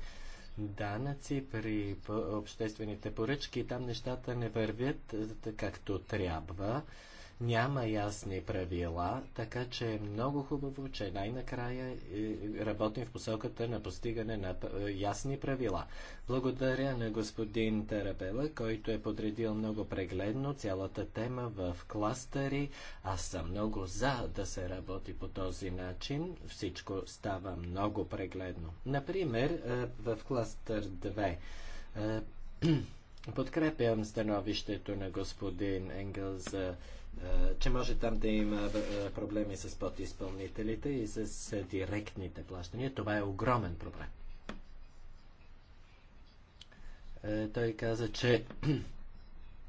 данъци, при обществените поръчки. Там нещата не вървят както трябва няма ясни правила, така че е много хубаво, че най-накрая е, работим в посоката на постигане на е, ясни правила. Благодаря на господин Тарабела, който е подредил много прегледно цялата тема в кластери. Аз съм много за да се работи по този начин. Всичко става много прегледно. Например, е, в кластер 2 подкрепям становището на господин Енгел за е, че може там да има е, проблеми с подизпълнителите и с директните плащания. Това е огромен проблем. Е, той каза, че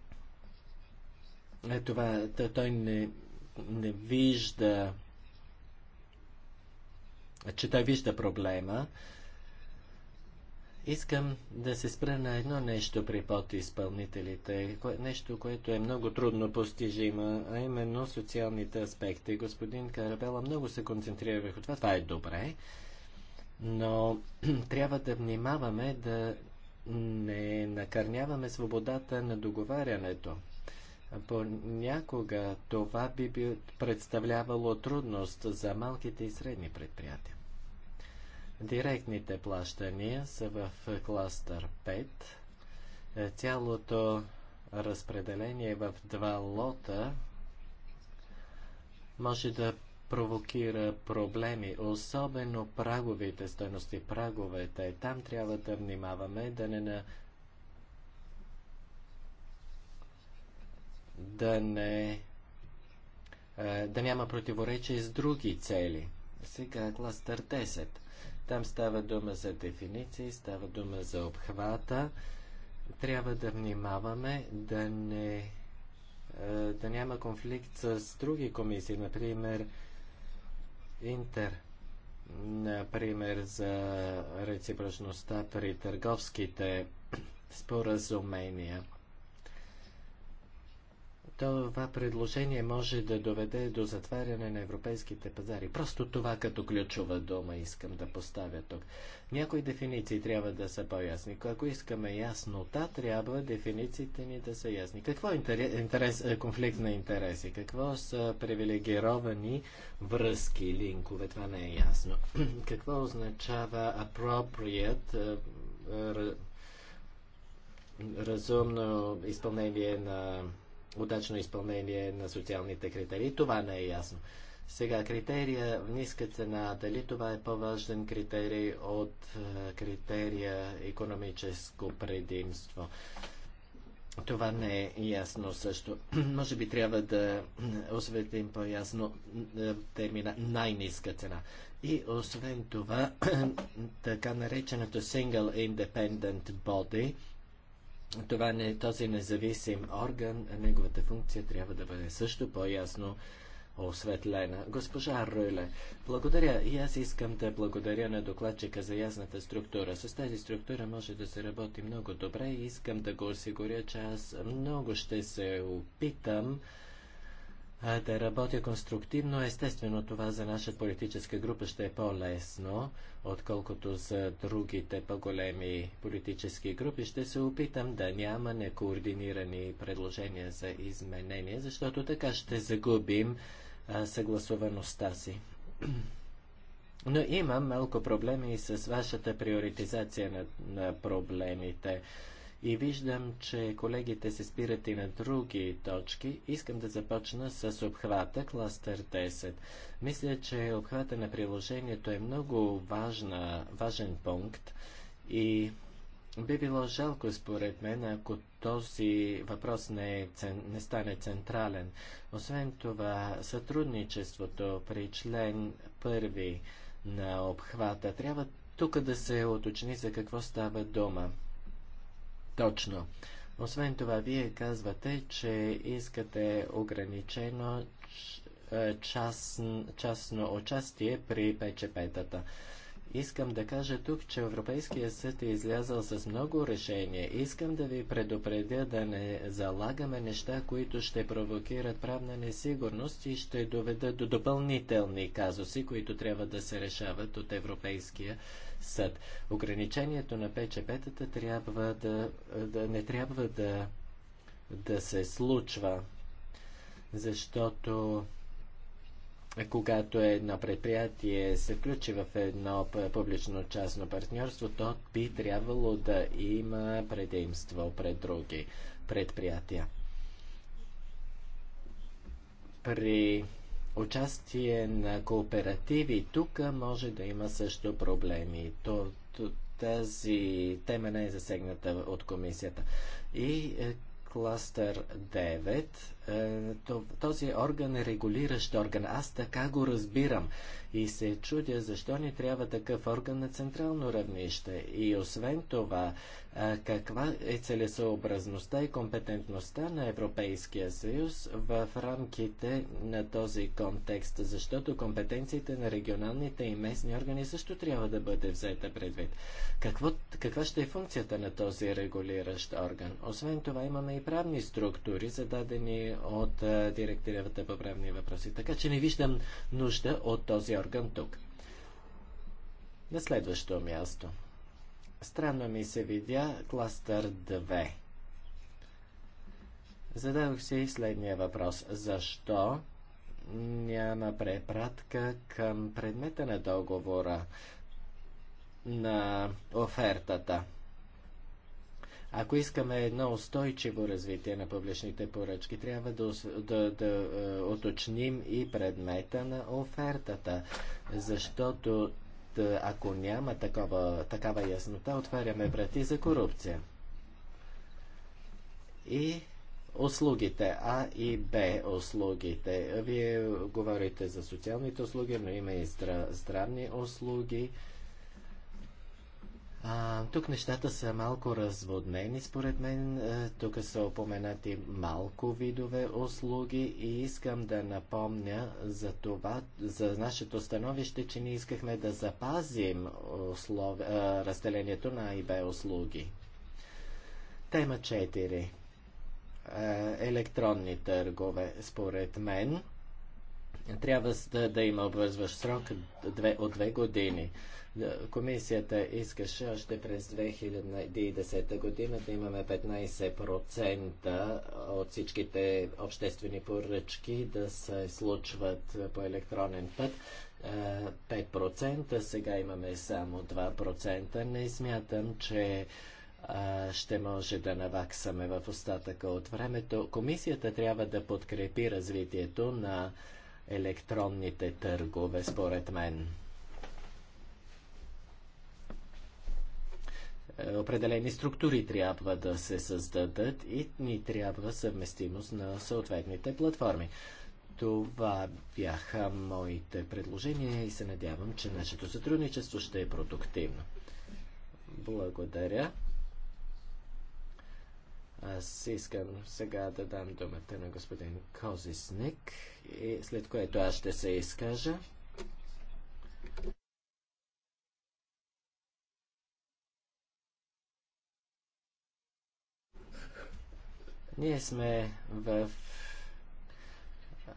това, той не, не вижда, че той вижда проблема, Искам да се спра на едно нещо при подизпълнителите, нещо, което е много трудно постижимо, а именно социалните аспекти. Господин Карабела много се концентрира върху това. Това е добре, но трябва да внимаваме да не накърняваме свободата на договарянето. Понякога това би представлявало трудност за малките и средни предприятия. Директните плащания са в кластър 5. Е, цялото разпределение е в два лота може да провокира проблеми, особено праговите стойности, праговете. Там трябва да внимаваме да не на... да не е, да няма противоречие с други цели. Сега кластър 10. Там става дума за дефиниции, става дума за обхвата. Трябва да внимаваме да не е, да няма конфликт с други комисии, например Интер, например за реципрочността при търговските споразумения това предложение може да доведе до затваряне на европейските пазари. Просто това като ключова дума искам да поставя тук. Някои дефиниции трябва да са по-ясни. Ако искаме яснота, трябва дефинициите ни да са ясни. Какво е интерес, е, конфликт на интереси? Какво са привилегировани връзки, линкове? Това не е ясно. Какво означава appropriate е, е, разумно изпълнение на удачно изпълнение на социалните критерии. Това не е ясно. Сега критерия в ниска цена, дали това е по-важен критерий от е, критерия економическо предимство? Това не е ясно също. Може би трябва да е, осветим по-ясно е, термина най-ниска цена. И освен това, така нареченото Single Independent Body – това не, този независим орган, неговата функция трябва да бъде също по-ясно осветлена. Госпожа Ройле, благодаря и аз искам да благодаря на докладчика за ясната структура. С тази структура може да се работи много добре и искам да го осигуря, че аз много ще се опитам да работя конструктивно. Естествено, това за наша политическа група ще е по-лесно, отколкото за другите по-големи политически групи. Ще се опитам да няма некоординирани предложения за изменения, защото така ще загубим а, съгласуваността си. Но имам малко проблеми и с вашата приоритизация на, на проблемите и виждам, че колегите се спират и на други точки. Искам да започна с обхвата Cluster 10. Мисля, че обхвата на приложението е много важна, важен пункт и би било жалко според мен, ако този въпрос не, е, не стане централен. Освен това, сътрудничеството при член първи на обхвата трябва тук да се уточни за какво става дома точно. Освен това, вие казвате, че искате ограничено е, частно, участие при ПЧП-тата. Искам да кажа тук, че Европейския съд е излязъл с много решения. Искам да ви предупредя да не залагаме неща, които ще провокират правна несигурност и ще доведат до допълнителни казуси, които трябва да се решават от Европейския съд. Ограничението на ПЧП-тата трябва да, да, не трябва да, да се случва, защото когато едно предприятие се включи в едно публично-частно партньорство, то би трябвало да има предимство пред други предприятия. При участие на кооперативи тук може да има също проблеми. То, то, тази тема не е засегната от комисията. И е, кластър 9 е, този орган е регулиращ орган. Аз така го разбирам и се чудя защо ни трябва такъв орган на централно равнище. И освен това, е, каква е целесообразността и компетентността на Европейския съюз в рамките на този контекст, защото компетенциите на регионалните и местни органи също трябва да бъде взета предвид. Какво, каква ще е функцията на този регулиращ орган? Освен това, имаме и правни структури, зададени от е, директивата по правни въпроси. Така че не виждам нужда от този орган тук. На следващо място. Странно ми се видя кластър 2. Зададох се и следния въпрос. Защо няма препратка към предмета на договора на офертата? Ако искаме едно устойчиво развитие на публичните поръчки, трябва да, да, да оточним е, и предмета на офертата, защото ако няма такова, такава яснота, отваряме врати за корупция. И услугите, А и Б услугите. Вие говорите за социалните услуги, но има и здравни услуги. А, тук нещата са малко разводнени, според мен. Е, тук са опоменати малко видове услуги и искам да напомня за това, за нашето становище, че ние искахме да запазим услов... а, е, разделението на А и Б услуги. Тема 4. Е, електронни търгове, според мен, трябва да, да има обвързващ срок две, от две години. Комисията искаше още през 2010 година да имаме 15% от всичките обществени поръчки да се случват по електронен път. 5%, е, сега имаме само 2%. Не смятам, че е, ще може да наваксаме в остатъка от времето. Комисията трябва да подкрепи развитието на електронните търгове, според мен. Е, определени структури трябва да се създадат и ни трябва съвместимост на съответните платформи. Това бяха моите предложения и се надявам, че нашето сътрудничество ще е продуктивно. Благодаря. Аз искам сега да дам думата на господин Козисник, и след което аз ще се изкажа. Ние сме в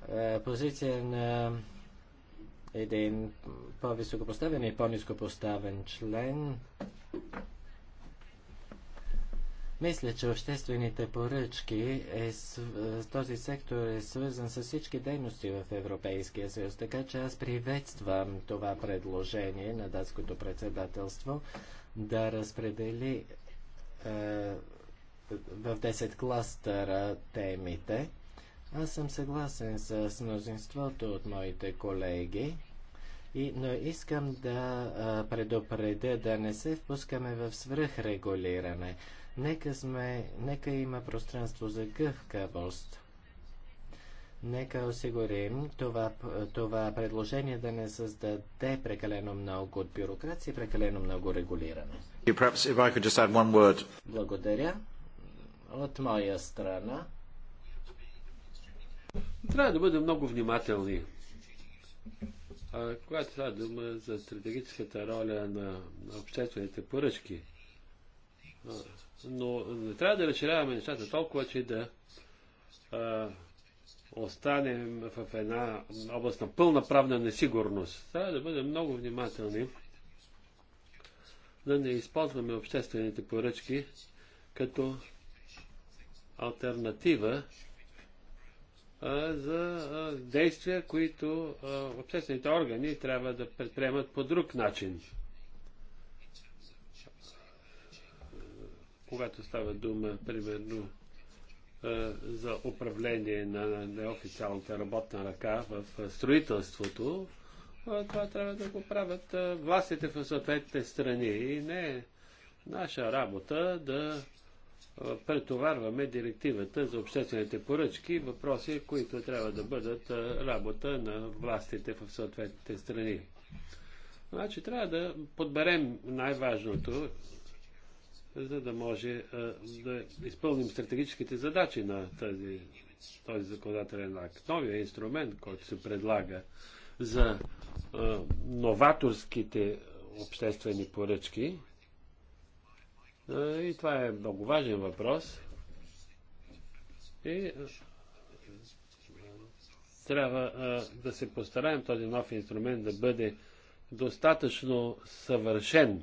е, позиция на един по-високопоставен и по-низкопоставен член. Мисля, че обществените поръчки е, е, този сектор е свързан с всички дейности в Европейския съюз, така че аз приветствам това предложение на датското председателство да разпредели е, в 10 кластера темите. Аз съм съгласен с мнозинството от моите колеги, и, но искам да а, предупредя да не се впускаме в свръхрегулиране. Нека, сме, нека има пространство за гъвкавост. Нека осигурим това, това предложение да не създаде прекалено много от бюрокрация и прекалено много регулиране. Благодаря от моя страна. Трябва да бъдем много внимателни. А, когато става дума за стратегическата роля на, на обществените поръчки, а, но не трябва да разширяваме нещата толкова, че да а, останем в една област на пълна правна несигурност. Трябва да бъдем много внимателни да не използваме обществените поръчки като альтернатива за действия, които обществените органи трябва да предприемат по друг начин. Когато става дума, примерно, за управление на неофициалната работна ръка в строителството, това трябва да го правят властите в съответните страни. И не е наша работа да претоварваме директивата за обществените поръчки, въпроси, които трябва да бъдат работа на властите в съответните страни. Значи трябва да подберем най-важното, за да може да изпълним стратегическите задачи на тази, този законодателен акт. Новия инструмент, който се предлага за новаторските обществени поръчки, и това е много важен въпрос. И трябва а, да се постараем този нов инструмент да бъде достатъчно съвършен,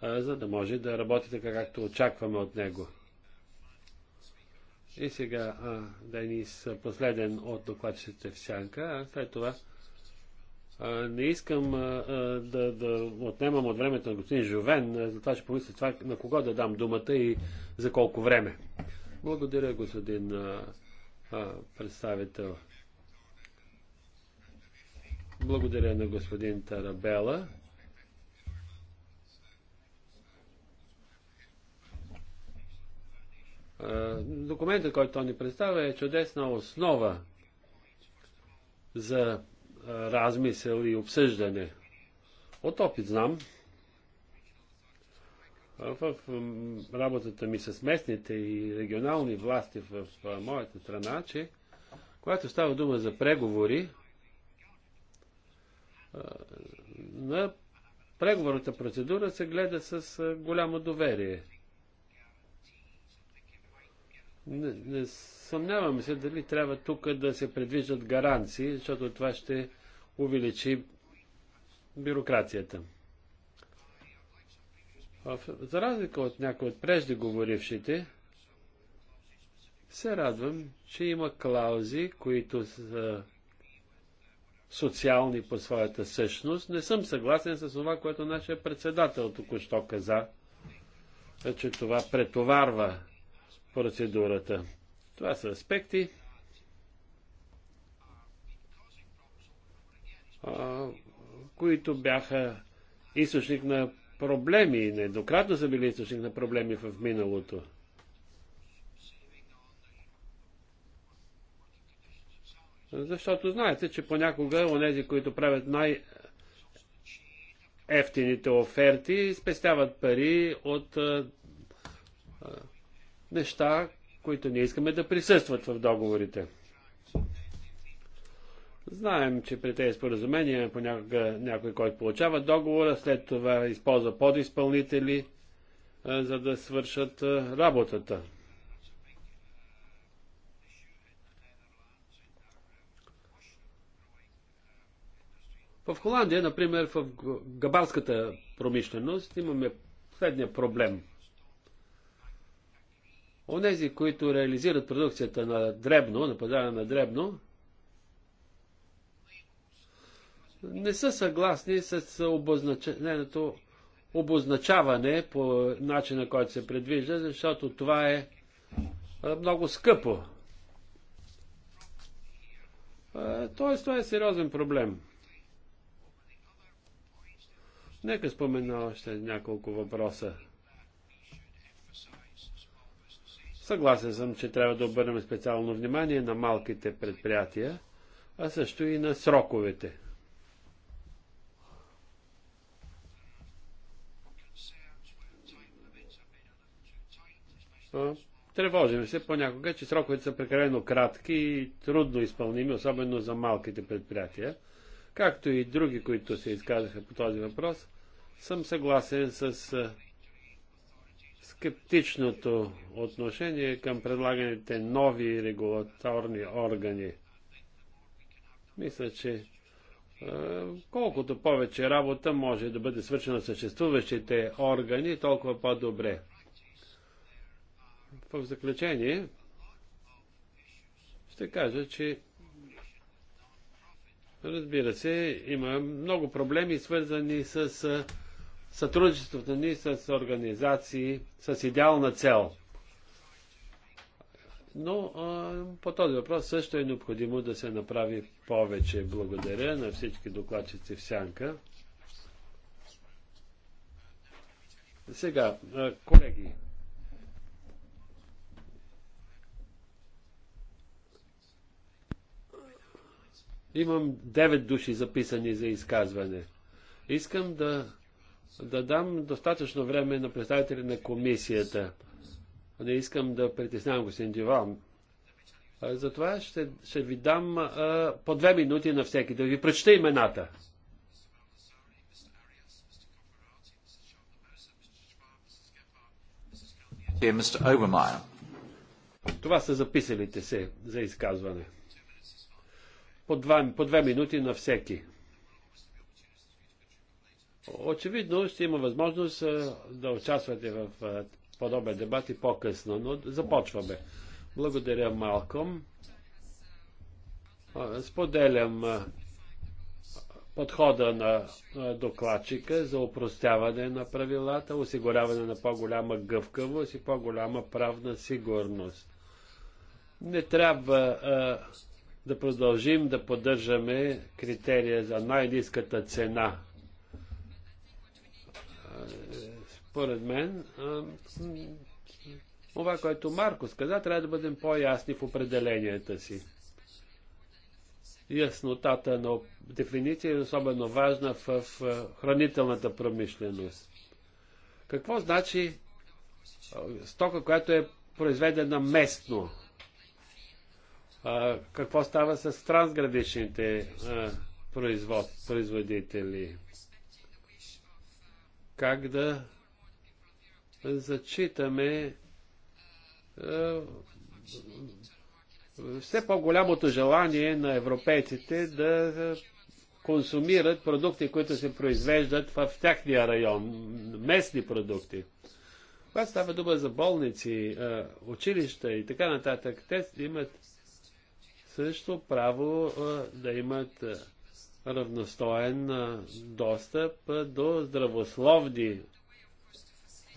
а, за да може да работи така, както очакваме от него. И сега а, Денис, последен от докладчите в Сянка, а след това не искам да, да отнемам от времето на господин Жовен, затова ще помисля това на кого да дам думата и за колко време. Благодаря, господин представител. Благодаря на господин Тарабела. Документът, който той ни представя, е чудесна основа за размисел и обсъждане. От опит знам, в работата ми с местните и регионални власти в моята страна, че когато става дума за преговори, на преговорната процедура се гледа с голямо доверие – не, не съмнявам се дали трябва тук да се предвиждат гаранции, защото това ще увеличи бюрокрацията. За разлика от някои от преждеговорившите, се радвам, че има клаузи, които са социални по своята същност. Не съм съгласен с това, което нашия председател току-що каза, че това претоварва процедурата. Това са аспекти, които бяха източник на проблеми, недократно са били източник на проблеми в миналото. Защото знаете, че понякога онези, които правят най- ефтините оферти, спестяват пари от а, а, неща, които не искаме да присъстват в договорите. Знаем, че при тези споразумения понякога някой, който получава договора, след това използва подиспълнители, за да свършат работата. В Холандия, например, в габарската промишленост имаме следния проблем – Онези, които реализират продукцията на дребно, на пазара на дребно, не са съгласни с обозначението обозначаване по начина, който се предвижда, защото това е много скъпо. Тоест, това е сериозен проблем. Нека спомена още няколко въпроса. Съгласен съм, че трябва да обърнем специално внимание на малките предприятия, а също и на сроковете. Тревожим се понякога, че сроковете са прекалено кратки и трудно изпълними, особено за малките предприятия. Както и други, които се изказаха по този въпрос, съм съгласен с скептичното отношение към предлаганите нови регулаторни органи. Мисля, че е, колкото повече работа може да бъде свършена съществуващите органи, толкова по-добре. В заключение ще кажа, че разбира се, има много проблеми свързани с е, сътрудничеството ни с организации с идеална цел. Но а, по този въпрос също е необходимо да се направи повече. Благодаря на всички докладчици в Сянка. Сега, а, колеги, Имам 9 души записани за изказване. Искам да да дам достатъчно време на представители на комисията. Не искам да притеснявам господин Диван. Затова ще, ще ви дам а, по две минути на всеки, да ви прочета имената. Това са записалите се за изказване. По, два, по две минути на всеки. Очевидно ще има възможност да участвате в подобен дебат и по-късно, но започваме. Благодаря, Малком. Споделям подхода на докладчика за упростяване на правилата, осигуряване на по-голяма гъвкавост и по-голяма правна сигурност. Не трябва а, да продължим да поддържаме критерия за най-низката цена Според мен, това, което Маркос каза, трябва да бъдем по-ясни в определенията си. Яснотата на дефиниция е особено важна в хранителната промишленост. Какво значи стока, която е произведена местно? какво става с трансграничните производители? Как да зачитаме е, все по-голямото желание на европейците да консумират продукти, които се произвеждат в тяхния район, местни продукти. Когато става дума за болници, е, училища и така нататък, те имат също право е, да имат равностоен достъп до здравословни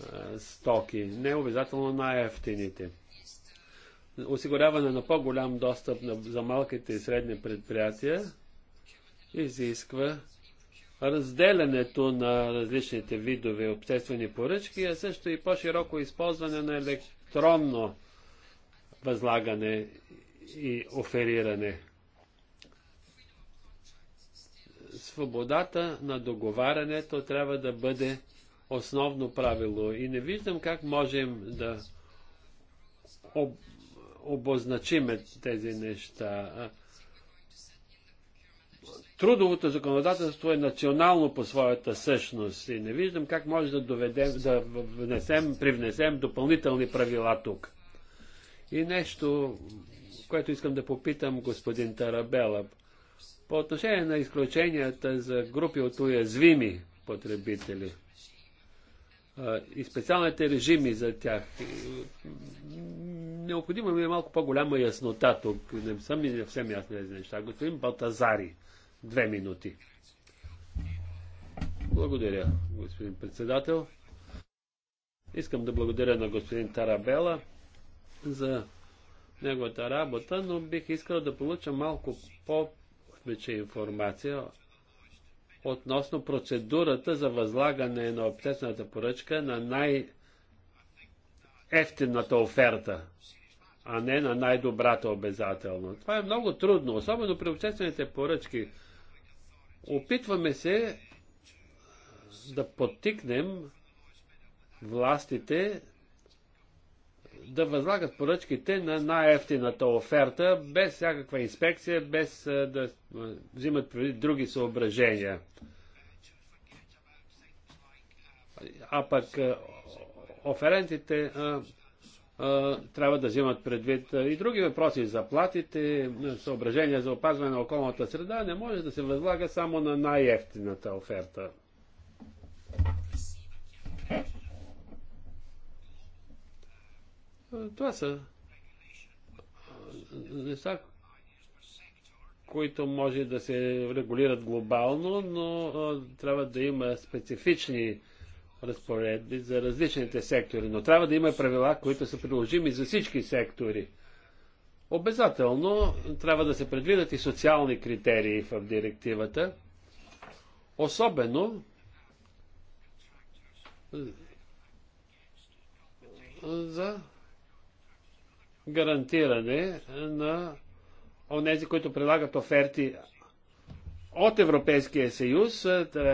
е, стоки, не е обязателно най-ефтините. Осигуряване на по-голям достъп на, за малките и средни предприятия изисква разделянето на различните видове обществени поръчки, а също и по-широко използване на електронно възлагане и офериране. Свободата на договарянето трябва да бъде основно правило и не виждам как можем да об, обозначиме тези неща. Трудовото законодателство е национално по своята същност и не виждам как може да, доведем, да внесем, привнесем допълнителни правила тук. И нещо, което искам да попитам господин Тарабела. По отношение на изключенията за групи от уязвими потребители – и специалните режими за тях. Необходима ми е малко по-голяма яснота тук. Не съм ми съвсем ясни тези неща. Господин Балтазари, две минути. Благодаря, господин председател. Искам да благодаря на господин Тарабела за неговата работа, но бих искал да получа малко по-вече информация относно процедурата за възлагане на обществената поръчка на най-ефтината оферта, а не на най-добрата обязателно. Това е много трудно, особено при обществените поръчки. Опитваме се да подтикнем властите да възлагат поръчките на най-ефтината оферта, без всякаква инспекция, без да взимат преди други съображения. А пък оферентите а, а, трябва да взимат предвид и други въпроси, заплатите, съображения за опазване на околната среда, не може да се възлага само на най-ефтината оферта. Е, това са е, неща, които може да се регулират глобално, но е, трябва да има специфични разпоредби за различните сектори. Но трябва да има правила, които са приложими за всички сектори. Обязателно трябва да се предвидят и социални критерии в директивата, особено за гарантиране на онези, които прилагат оферти от Европейския съюз,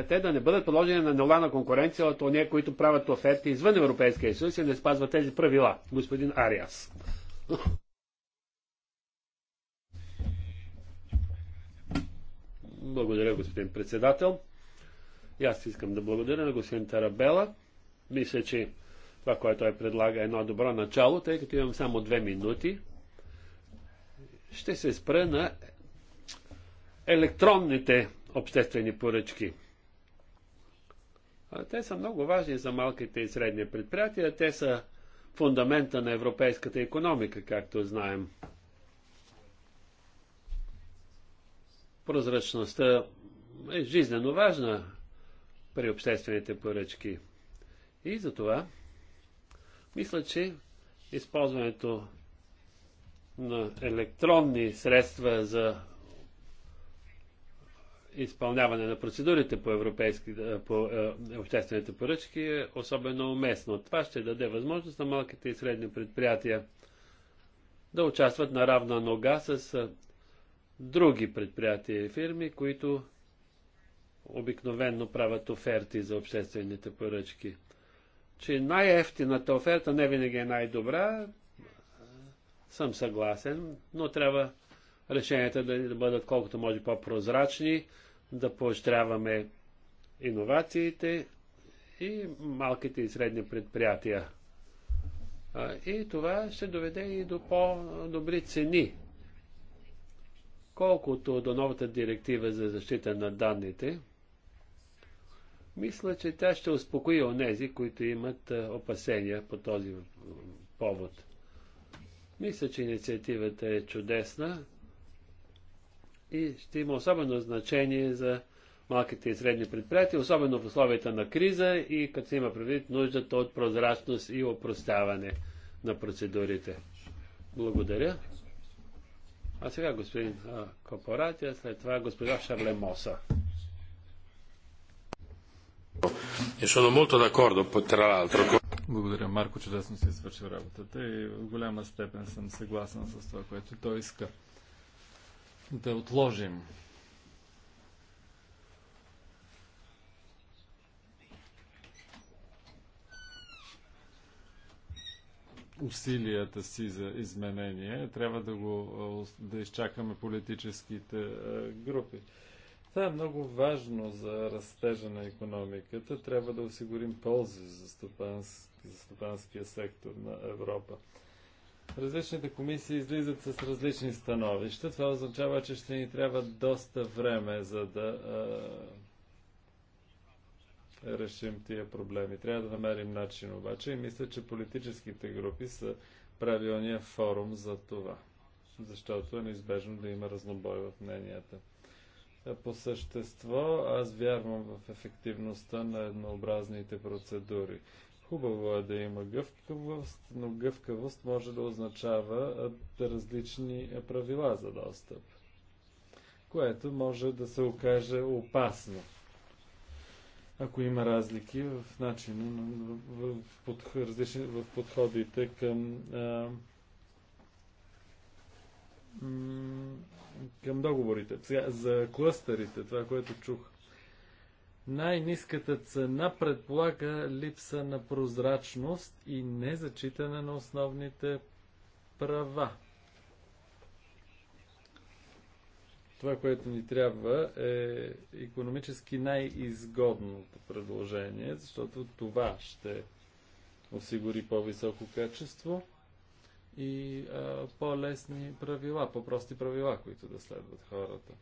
те да не бъдат положени на нова конкуренция от ония, които правят оферти извън Европейския съюз и не спазват тези правила. Господин Ариас. Благодаря, господин председател. И аз искам да благодаря на господин Тарабела. Мисля, че това, което той предлага, е едно добро начало, тъй като имам само две минути. Ще се спра на електронните обществени поръчки. Те са много важни за малките и средни предприятия. Те са фундамента на европейската економика, както знаем. Прозрачността е жизненно важна при обществените поръчки. И това. Мисля, че използването на електронни средства за изпълняване на процедурите по, европейски, по е, обществените поръчки е особено уместно. Това ще даде възможност на малките и средни предприятия да участват на равна нога с други предприятия и фирми, които обикновенно правят оферти за обществените поръчки че най-ефтината оферта не винаги е най-добра, съм съгласен, но трябва решенията да, да бъдат колкото може по-прозрачни, да поощряваме иновациите и малките и средни предприятия. И това ще доведе и до по-добри цени. Колкото до новата директива за защита на данните, мисля, че тя ще успокои онези, които имат опасения по този повод. Мисля, че инициативата е чудесна и ще има особено значение за малките и средни предприятия, особено в условията на криза и като се има предвид нуждата от прозрачност и опростяване на процедурите. Благодаря. А сега господин Копоратия, след това госпожа Шарлемоса. Благодаря, Марко. Чудесно си свършил работата и в голяма степен съм съгласен с това, което той иска. Да отложим усилията си за изменение. Трябва да, го, да изчакаме политическите е, групи. Това е много важно за растежа на економиката. Трябва да осигурим ползи за, стопански, за стопанския сектор на Европа. Различните комисии излизат с различни становища. Това означава, че ще ни трябва доста време, за да а, решим тия проблеми. Трябва да намерим начин обаче и мисля, че политическите групи са правилния форум за това, защото е неизбежно да има разнобой в мненията. По същество, аз вярвам в ефективността на еднообразните процедури. Хубаво е да има гъвкавост, но гъвкавост може да означава различни правила за достъп, което може да се окаже опасно ако има разлики в начина, в, в, в, в подходите към а, към договорите. Сега, за клъстерите, това, което чух. Най-низката цена предполага липса на прозрачност и незачитане на основните права. Това, което ни трябва е економически най-изгодното предложение, защото това ще осигури по-високо качество и по-лесни правила, по-прости правила, които да следват хората.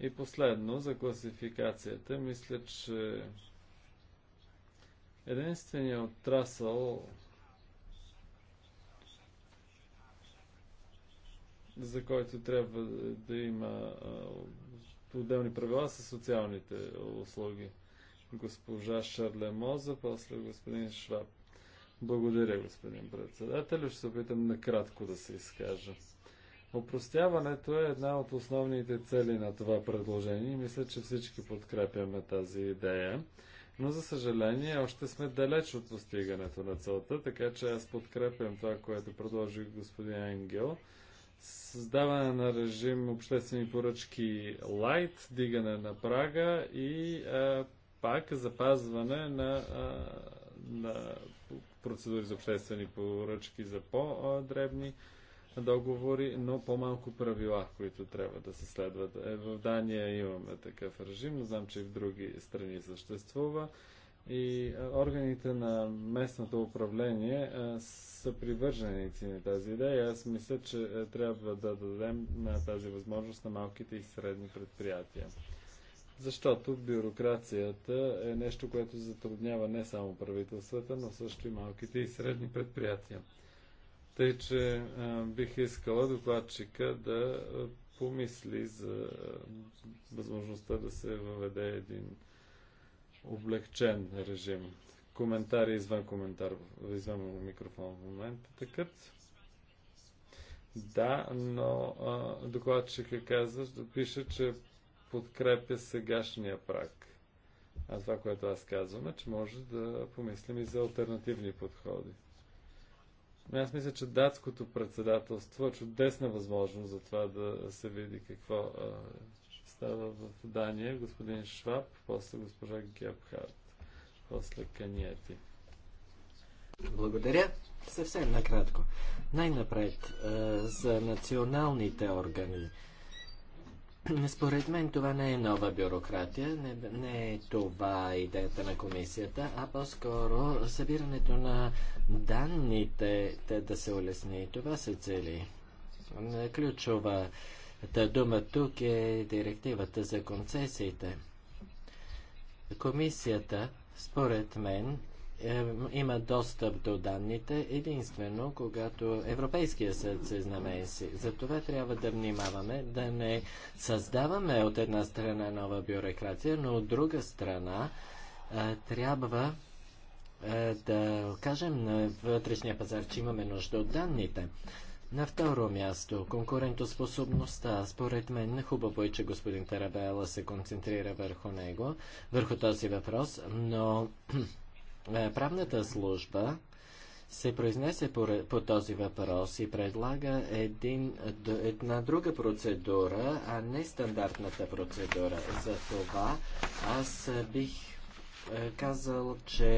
И последно, за класификацията, мисля, че единственият отрасъл, за който трябва да има отделни правила са социалните услуги. Госпожа Шарлемоза, после господин Шваб. Благодаря, господин председател. Ще се опитам накратко да се изкажа. Опростяването е една от основните цели на това предложение и мисля, че всички подкрепяме тази идея. Но, за съжаление, още сме далеч от постигането на целта, така че аз подкрепям това, което предложи господин Ангел. Създаване на режим обществени поръчки лайт, дигане на прага и а, пак запазване на, а, на процедури за обществени поръчки за по-дребни договори, но по-малко правила, които трябва да се следват. Е, в Дания имаме такъв режим, но знам, че и в други страни съществува. И е, органите на местното управление е, са привърженици на тази идея. Аз мисля, че е, трябва да дадем на тази възможност на малките и средни предприятия защото бюрокрацията е нещо, което затруднява не само правителствата, но също и малките и средни предприятия. Тъй, че а, бих искала докладчика да помисли за възможността да се въведе един облегчен режим. Коментари извън коментар, извън микрофон в момента такът. Да, но а, докладчика казва, пише, че подкрепя сегашния прак. А това, което аз казвам, е, че може да помислим и за альтернативни подходи. Но Аз мисля, че датското председателство е чудесна възможност за това да се види какво а, става в Дания. Господин Шваб, после госпожа Гебхарт, после Каниети. Благодаря. Съвсем накратко. Най-напред за националните органи. Според мен това не е нова бюрократия, не, не е това идеята на комисията, а по-скоро събирането на данните те да се улесни. Това се цели. Ключова дума тук е директивата за концесиите. Комисията, според мен, има достъп до данните единствено, когато Европейския съд се знамеси. За това трябва да внимаваме да не създаваме от една страна нова бюрокрация, но от друга страна е, трябва е, да кажем на вътрешния пазар, че имаме нужда от данните. На второ място, конкурентоспособността. Според мен хубаво е, че господин Тарабела се концентрира върху него, върху този въпрос, но Е, правната служба се произнесе по, по този въпрос и предлага един, една друга процедура, а не стандартната процедура. За това аз бих е, казал, че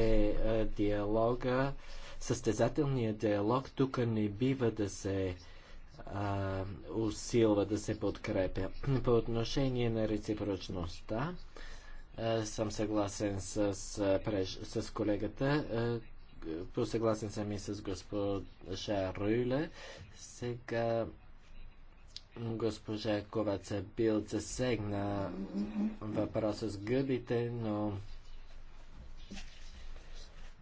е, диалога, състезателният диалог тук не бива да се а, усилва да се подкрепя. По отношение на реципрочността, е, съм съгласен с, е, с колегата. Посъгласен е, съм и с госпожа Руйле. Сега госпожа Коваца бил засегна въпроса с гъбите, но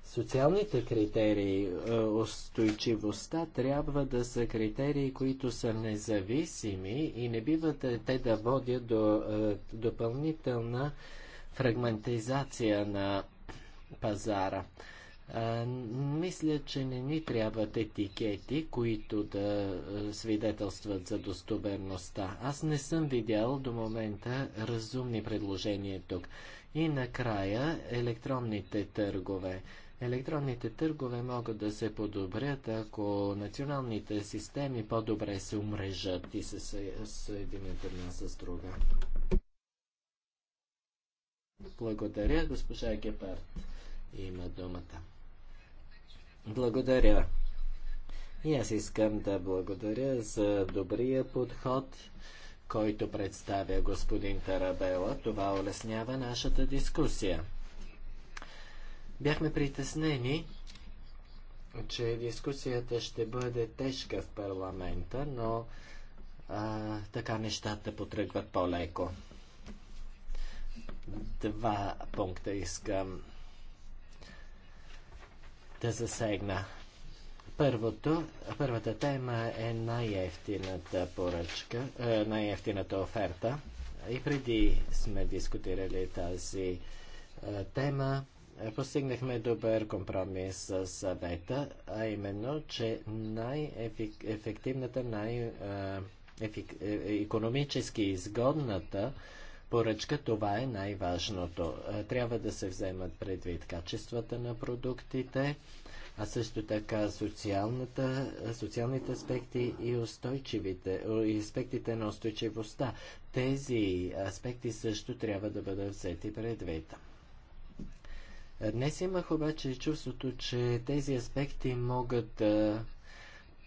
социалните критерии, устойчивостта трябва да са критерии, които са независими и не бива те да водят до допълнителна фрагментизация на пазара. А, мисля, че не ни трябват етикети, които да свидетелстват за достоверността. Аз не съм видял до момента разумни предложения тук. И накрая електронните търгове. Електронните търгове могат да се подобрят, ако националните системи по-добре се умрежат и се съединят една с друга. Благодаря, госпожа Гепард. Има думата. Благодаря. И аз искам да благодаря за добрия подход, който представя господин Тарабела. Това улеснява нашата дискусия. Бяхме притеснени, че дискусията ще бъде тежка в парламента, но а, така нещата потръгват по-леко. Два пункта искам да засегна. първата тема е най-ефтината поръчка, е, най-ефтината оферта. И преди сме дискутирали тази е, тема. Е, постигнахме добър компромис с съвета, а именно, че най-ефективната, най-економически е, е, изгодната поръчка, това е най-важното. Е, трябва да се вземат предвид качествата на продуктите, а също така е, социалните аспекти и, устойчивите, е, и аспектите на устойчивостта. Тези аспекти също трябва да бъдат взети предвид. Днес имах обаче чувството, че тези аспекти могат да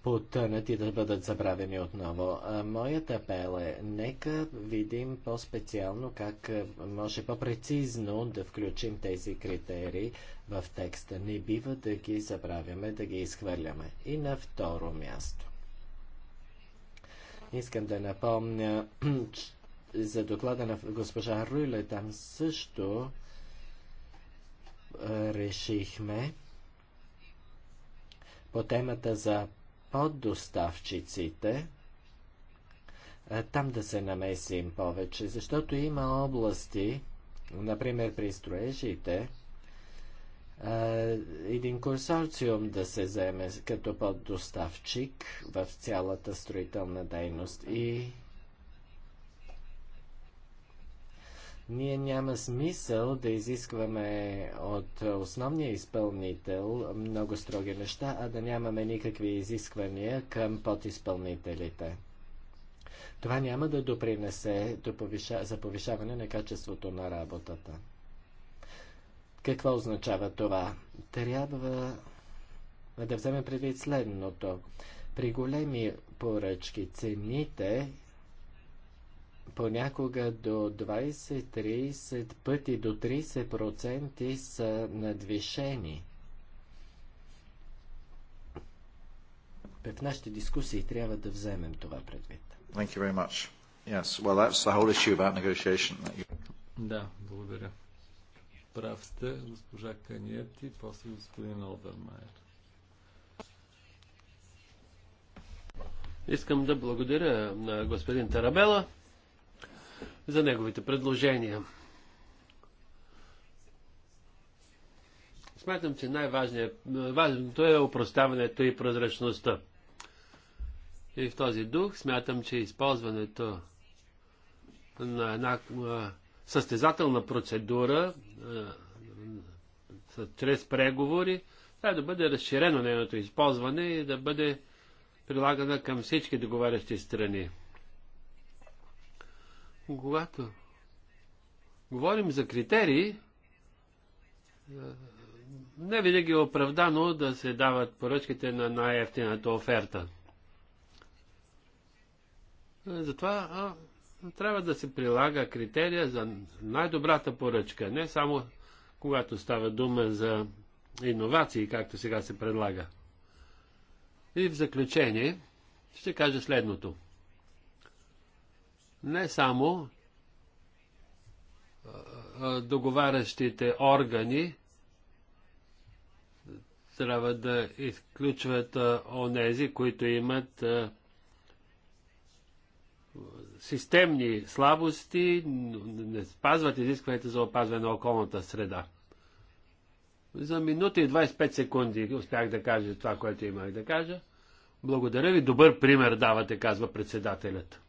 потънат и да бъдат забравени отново. Моят апел е, нека видим по-специално как може по-прецизно да включим тези критерии в текста. Не бива да ги забравяме, да ги изхвърляме. И на второ място. Искам да напомня за доклада на госпожа Руйле. Там също решихме по темата за доставчиците, там да се намесим повече, защото има области, например при строежите, един консорциум да се вземе като поддоставчик в цялата строителна дейност и Ние няма смисъл да изискваме от основния изпълнител много строги неща, а да нямаме никакви изисквания към подизпълнителите. Това няма да допринесе до повиша... за повишаване на качеството на работата. Какво означава това? Трябва да вземем предвид следното. При големи поръчки цените понякога до 20-30 пъти, до 30% са надвишени. В нашите дискусии трябва да вземем това предвид. Thank you very much. Yes, well, that's the whole issue about negotiation. That you... Да, благодаря. Прав сте, госпожа Каниети, после господин Олдермайер. Искам да благодаря на господин Тарабела за неговите предложения. Смятам, че най-важното е упростяването и прозрачността. И в този дух смятам, че използването на една състезателна процедура чрез преговори трябва да бъде разширено нейното използване и да бъде прилагана към всички договарящи страни. Когато говорим за критерии, е, не винаги е оправдано да се дават поръчките на най-ефтината оферта. Е, затова а, трябва да се прилага критерия за най-добрата поръчка, не само когато става дума за иновации, както сега се предлага. И в заключение ще кажа следното – не само договарящите органи трябва да изключват онези, които имат системни слабости, не спазват изискването за опазване на околната среда. За минута и 25 секунди успях да кажа това, което имах да кажа. Благодаря ви, добър пример давате, казва председателят.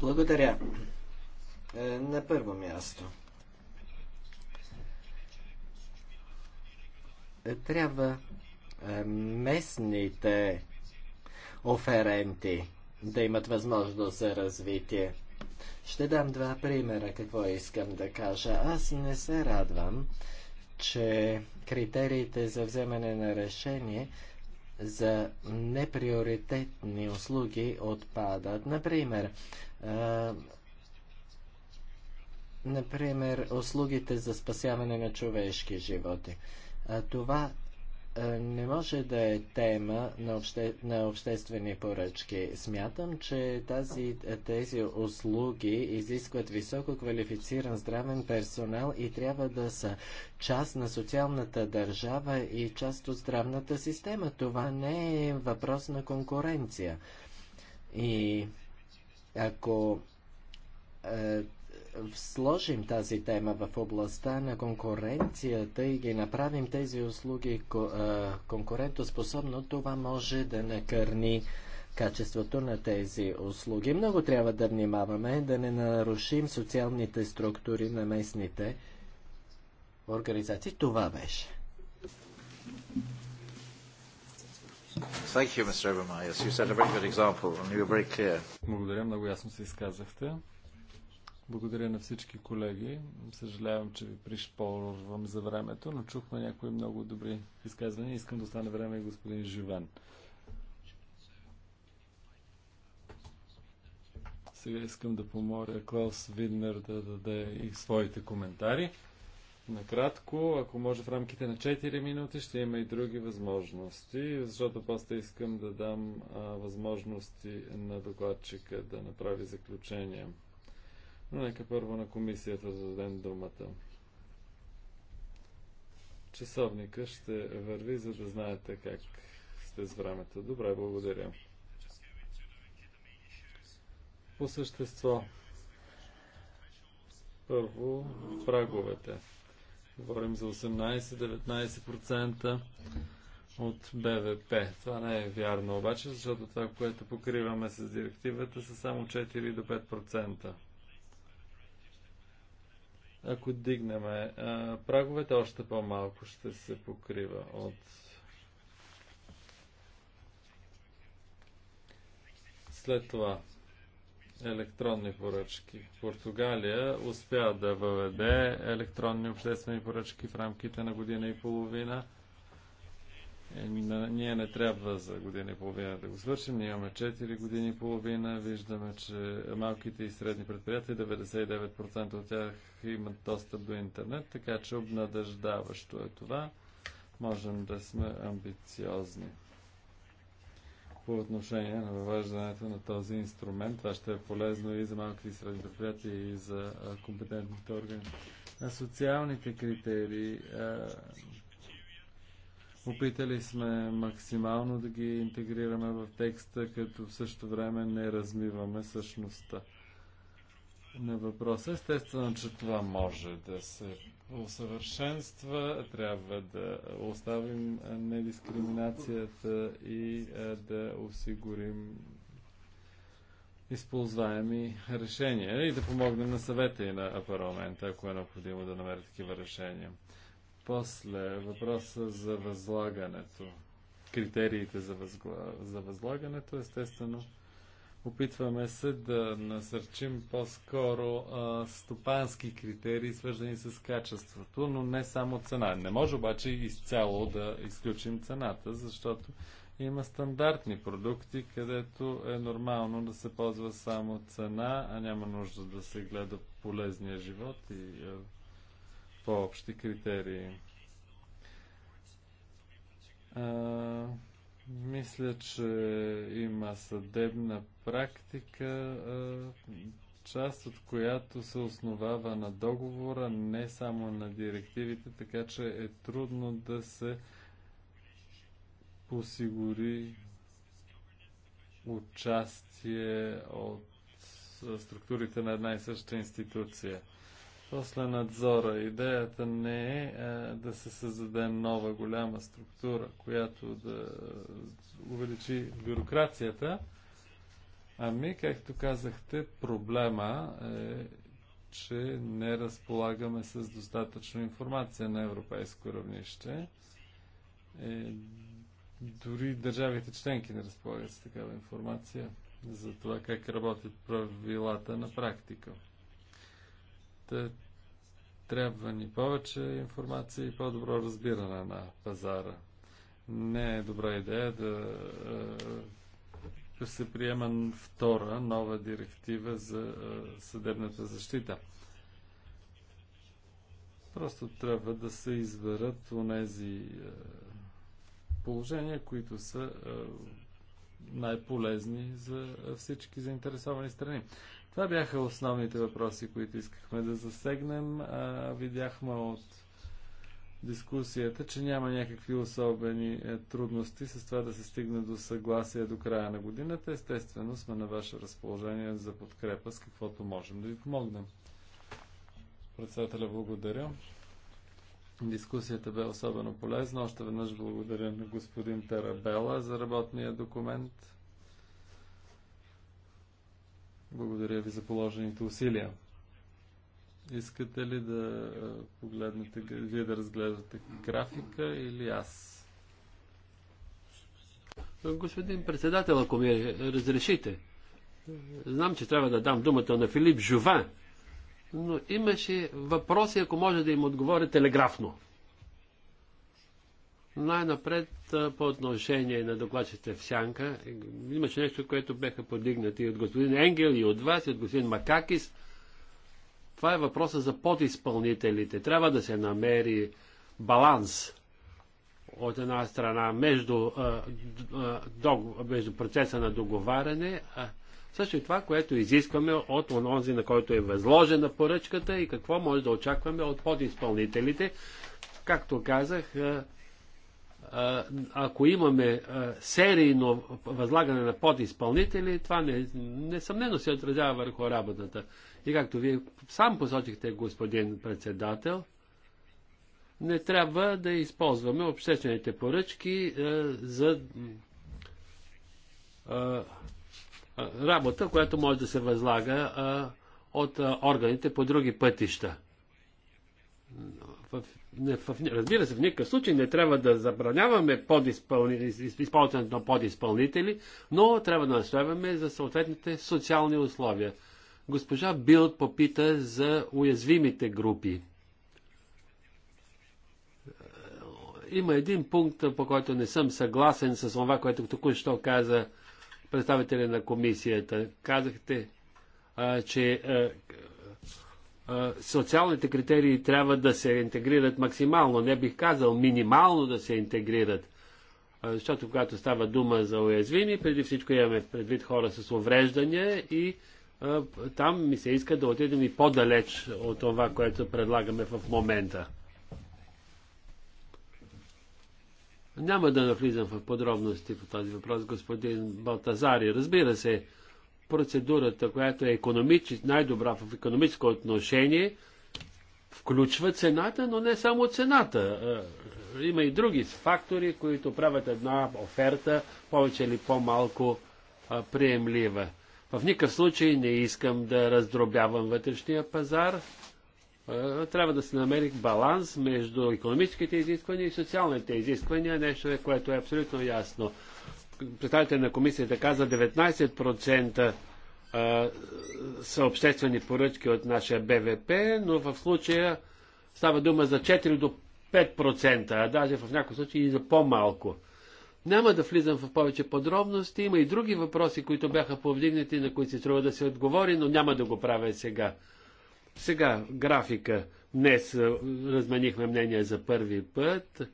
Благодаря. Е, на първо място. Е, трябва е, местните оференти да имат възможност за развитие. Ще дам два примера какво искам да кажа. Аз не се радвам, че критериите за вземане на решение за неприоритетни услуги отпадат. Например, например услугите за спасяване на човешки животи. А това е, не може да е тема на, обще, на обществени поръчки. Смятам, че тази, тези услуги изискват високо квалифициран здравен персонал и трябва да са част на социалната държава и част от здравната система. Това не е въпрос на конкуренция. И ако е, сложим тази тема в областта на конкуренцията и ги направим тези услуги конкурентоспособно, това може да накърни качеството на тези услуги. Много трябва да внимаваме да не нарушим социалните структури на местните организации. Това беше. Благодаря, много ясно се изказахте. Благодаря на всички колеги. Съжалявам, че ви пришпорвам за времето, но чухме някои много добри изказвания. Искам да остане време и господин Живен. Сега искам да помоля Клаус Виднер да даде и своите коментари. Накратко, ако може в рамките на 4 минути, ще има и други възможности, защото после искам да дам а, възможности на докладчика да направи заключение. Но нека първо на комисията да дадем думата. Часовника ще върви, за да знаете как сте с времето. Добре, благодаря. По същество. Първо, праговете. Говорим за 18-19% от БВП. Това не е вярно обаче, защото това, което покриваме с директивата, са само 4 до 5%. Ако дигнеме праговете, още по-малко ще се покрива от след това електронни поръчки. Португалия успя да въведе електронни обществени поръчки в рамките на година и половина – Еми, на, ние не трябва за година и половина да го свършим. Ние имаме 4 години и половина. Виждаме, че малките и средни предприятия, 99% от тях имат достъп до интернет, така че обнадеждаващо е това. Можем да сме амбициозни по отношение на въвеждането на този инструмент. Това ще е полезно и за малките и средни предприятия, и за компетентните органи. На социалните критерии Опитали сме максимално да ги интегрираме в текста, като в същото време не размиваме същността на въпроса. Естествено, че това може да се усъвършенства. Трябва да оставим недискриминацията и да осигурим използваеми решения и да помогнем на съвета и на парламента, ако е необходимо да намерят такива решения. После въпроса за възлагането. Критериите за, възгла... за възлагането, естествено, опитваме се да насърчим по-скоро стопански критерии, свързани с качеството, но не само цена. Не може обаче изцяло да изключим цената, защото има стандартни продукти, където е нормално да се ползва само цена, а няма нужда да се гледа полезния живот и по-общи критерии. А, мисля, че има съдебна практика, част от която се основава на договора, не само на директивите, така че е трудно да се посигури участие от структурите на една и съща институция. После надзора. Идеята не е а, е, да се създаде нова голяма структура, която да увеличи бюрокрацията. Ами, както казахте, проблема е, че не разполагаме с достатъчно информация на европейско равнище. Е, дори държавите членки не разполагат с такава информация за това как работят правилата на практика трябва ни повече информация и по-добро разбиране на пазара. Не е добра идея да, е, да се приема втора нова директива за е, съдебната защита. Просто трябва да се изберат у нези е, положения, които са най-полезни за всички заинтересовани страни. Това бяха основните въпроси, които искахме да засегнем. А, видяхме от дискусията, че няма някакви особени е, трудности с това да се стигне до съгласие до края на годината. Естествено сме на ваше разположение за подкрепа с каквото можем да ви помогнем. Председателя, благодаря. Дискусията бе особено полезна. Още веднъж благодаря на господин Тарабела за работния документ. Благодаря ви за положените усилия. Искате ли да погледнете, вие да разглеждате графика или аз? Господин председател, ако ми разрешите, знам, че трябва да дам думата на Филип Жуван, но имаше въпроси, ако може да им отговоря телеграфно. Най-напред по отношение на докладчите в Сянка, имаше нещо, което беха подигнати и от господин Енгел, и от вас, и от господин Макакис. Това е въпроса за подизпълнителите. Трябва да се намери баланс от една страна между, между процеса на договаряне, а също и това, което изискваме от онзи, на който е възложена поръчката и какво може да очакваме от подизпълнителите. Както казах, ако имаме серийно възлагане на подизпълнители, това не, несъмнено се отразява върху работата. И както вие сам посочихте, господин председател, не трябва да използваме обществените поръчки за работа, която може да се възлага от органите по други пътища разбира се, в никакъв случай не трябва да забраняваме използването на подизпълнители, но трябва да настояваме за съответните социални условия. Госпожа Билд попита за уязвимите групи. Има един пункт, по който не съм съгласен с това, което току-що каза представителя на комисията. Казахте, че социалните критерии трябва да се интегрират максимално, не бих казал минимално да се интегрират. Защото когато става дума за уязвими, преди всичко имаме предвид хора с увреждания и там ми се иска да отидем и по-далеч от това, което предлагаме в момента. Няма да навлизам в подробности по този въпрос, господин Балтазари. Разбира се, процедурата, която е економичес, най-добра в економическо отношение, включва цената, но не само цената. Е, има и други фактори, които правят една оферта повече или по-малко е, приемлива. В никакъв случай не искам да раздробявам вътрешния пазар. Е, трябва да се намери баланс между економическите изисквания и социалните изисквания, нещо, което е абсолютно ясно представител на комисията каза, 19% са обществени поръчки от нашия БВП, но в случая става дума за 4 до 5%, а даже в някои случаи и за по-малко. Няма да влизам в повече подробности. Има и други въпроси, които бяха повдигнати, на които се трябва да се отговори, но няма да го правя сега. Сега, графика. Днес разменихме мнение за първи път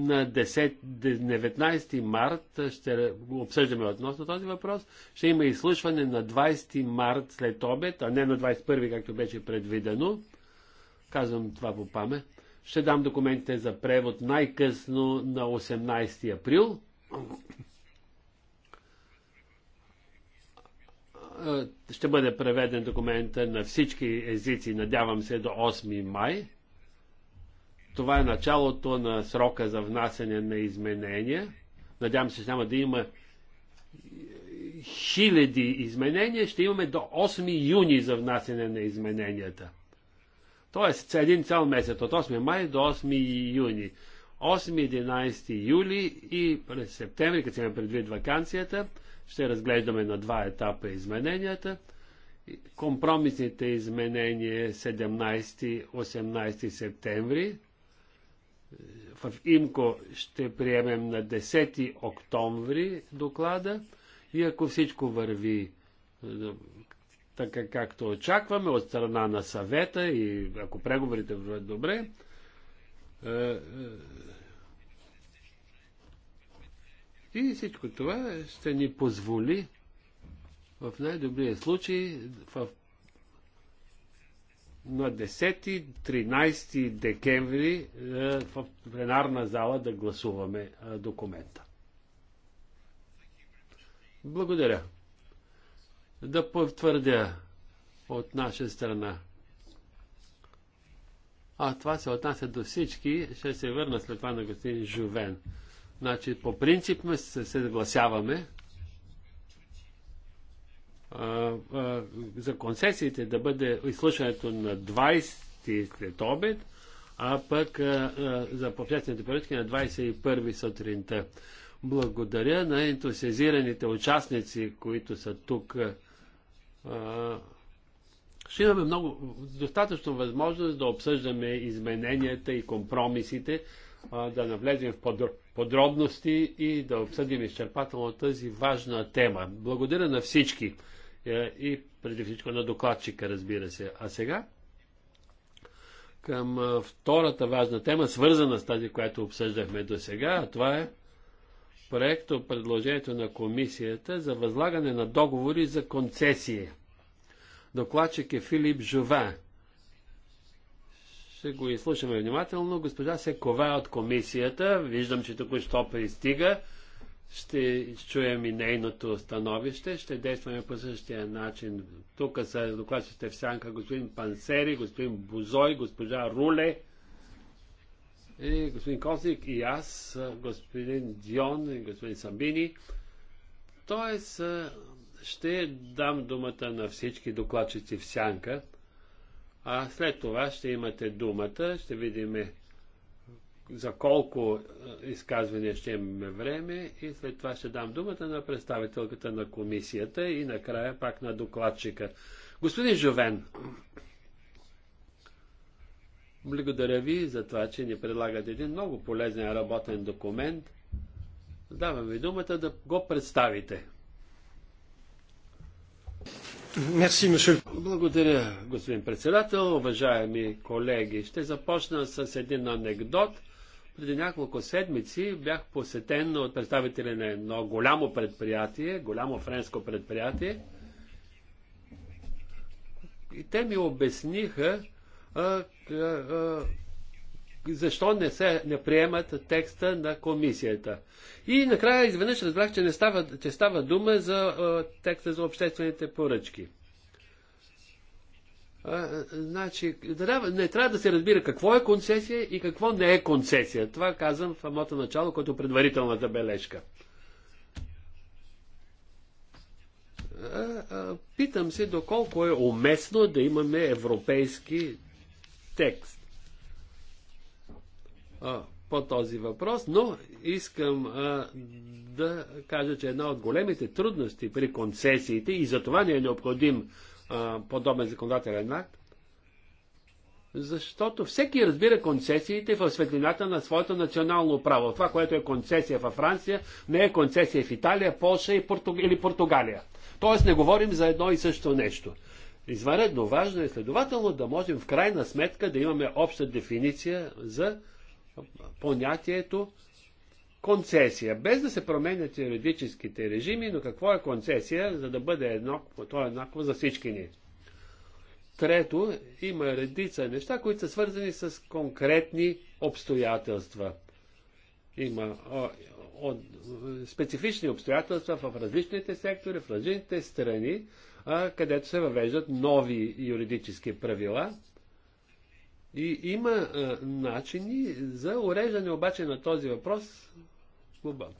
на 10, 19 март ще обсъждаме относно този въпрос. Ще има изслушване на 20 март след обед, а не на 21, както беше предвидено. Казвам това по памет. Ще дам документите за превод най-късно на 18 април. Ще бъде преведен документа на всички езици, надявам се, до 8 май. Това е началото на срока за внасяне на изменения. Надявам се, че няма да има хиляди изменения. Ще имаме до 8 юни за внасяне на измененията. Тоест, един цял месец, от 8 май до 8 юни. 8-11 юли и през септември, като имаме предвид вакансията, ще разглеждаме на два етапа измененията. Компромисните изменения 17-18 е септември, в ИМКО ще приемем на 10 октомври доклада и ако всичко върви е, така както очакваме от страна на съвета и ако преговорите върват добре, е, е, и всичко това ще ни позволи в най-добрия случай в на 10-13 декември е, в пленарна зала да гласуваме е, документа. Благодаря. Да потвърдя от наша страна. А това се отнася до всички. Ще се върна след това на господин Жувен. Значи, по принцип ме се съгласяваме за концесиите да бъде изслушането на 20 след обед, а пък за обществените поръчки на 21 сутринта. Благодаря на ентусиазираните участници, които са тук. Ще имаме много, достатъчно възможност да обсъждаме измененията и компромисите, да навлезем в подробности и да обсъдим изчерпателно тази важна тема. Благодаря на всички. Е, и преди всичко на докладчика, разбира се. А сега към е, втората важна тема, свързана с тази, която обсъждахме до сега, а това е проекто предложението на комисията за възлагане на договори за концесии. Докладчик е Филип Жова. Ще го изслушаме внимателно. Госпожа Секова от комисията, виждам, че току-що пристига ще чуем и нейното становище, ще действаме по същия начин. Тук са докладчите в сянка господин Пансери, господин Бузой, госпожа Руле, и господин Косик, и аз, господин Дион и господин Самбини. Тоест, ще дам думата на всички докладчици в сянка, а след това ще имате думата, ще видим за колко е, изказвания ще имаме време и след това ще дам думата на представителката на комисията и накрая пак на докладчика. Господин Жовен, благодаря ви за това, че ни предлагате един много полезен работен документ. Давам ви думата да го представите. Благодаря, господин председател. Уважаеми колеги, ще започна с един анекдот – преди няколко седмици бях посетен от представители на едно голямо предприятие, голямо френско предприятие. И те ми обясниха а, а, а, защо не, се, не приемат текста на комисията. И накрая изведнъж разбрах, че, не става, че става дума за а, текста за обществените поръчки значи, не трябва да се разбира какво е концесия и какво не е концесия. Това казвам в самото начало, като предварителната бележка. питам се доколко е уместно да имаме европейски текст по този въпрос, но искам а, да кажа, че една от големите трудности при концесиите и за това ни е необходим а, подобен законодателен акт, защото всеки разбира концесиите в светлината на своето национално право. Това, което е концесия във Франция, не е концесия в Италия, Польша или Португалия. Тоест не говорим за едно и също нещо. Извънредно важно е следователно да можем в крайна сметка да имаме обща дефиниция за понятието концесия, без да се променят юридическите режими, но какво е концесия, за да бъде еднакво, то е еднакво за всички ни. Трето, има редица неща, които са свързани с конкретни обстоятелства. Има специфични обстоятелства в различните сектори, в различните страни, където се въвеждат нови юридически правила. И има начини за уреждане обаче на този въпрос глобално.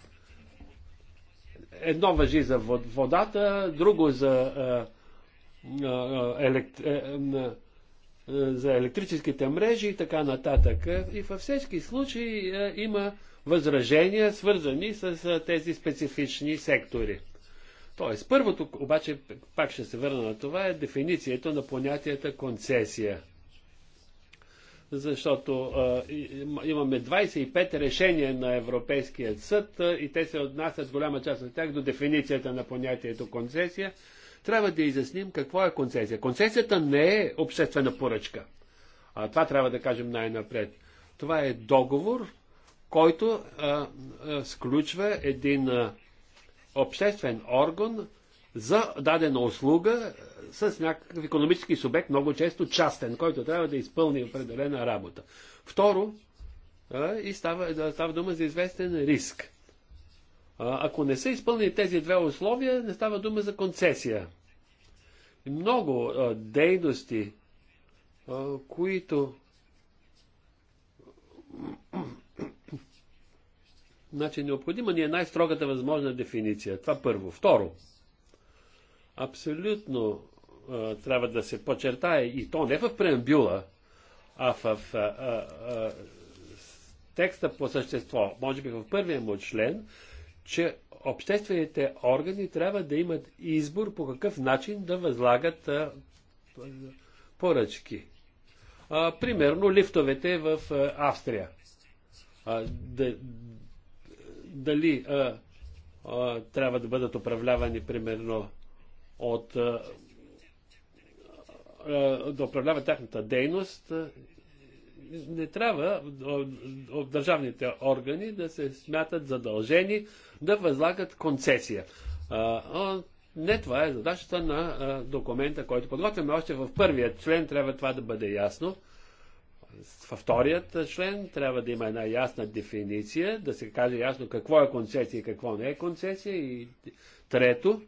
Едно въжи за водата, друго за, елект... Е, за електрическите мрежи и така нататък. И във всички случаи има възражения, свързани с тези специфични сектори. Тоест, първото, обаче, пак ще се върна на това, е дефиницията на понятията концесия защото а, имаме 25 решения на Европейския съд а, и те се отнасят голяма част от тях до дефиницията на понятието концесия. Трябва да изясним какво е концесия. Концесията не е обществена поръчка. А, това трябва да кажем най-напред. Това е договор, който а, а, сключва един а, обществен орган, за дадена услуга с някакъв економически субект, много често частен, който трябва да изпълни определена работа. Второ, и става, става дума за известен риск. Ако не са изпълнени тези две условия, не става дума за концесия. Много дейности, които Значи необходима ни е най-строгата възможна дефиниция. Това първо. Второ, абсолютно а, трябва да се подчертае, и то не в преамбюла, а в а, а, текста по същество, може би в първия му член, че обществените органи трябва да имат избор по какъв начин да възлагат а, поръчки. А, примерно лифтовете в а, Австрия. А, да, дали а, а, трябва да бъдат управлявани примерно от да управлява тяхната дейност, не трябва от държавните органи да се смятат задължени да възлагат концесия. Не това е задачата на документа, който подготвяме. Още в първият член трябва това да бъде ясно. Във вторият член трябва да има една ясна дефиниция, да се каже ясно какво е концесия и какво не е концесия. И трето,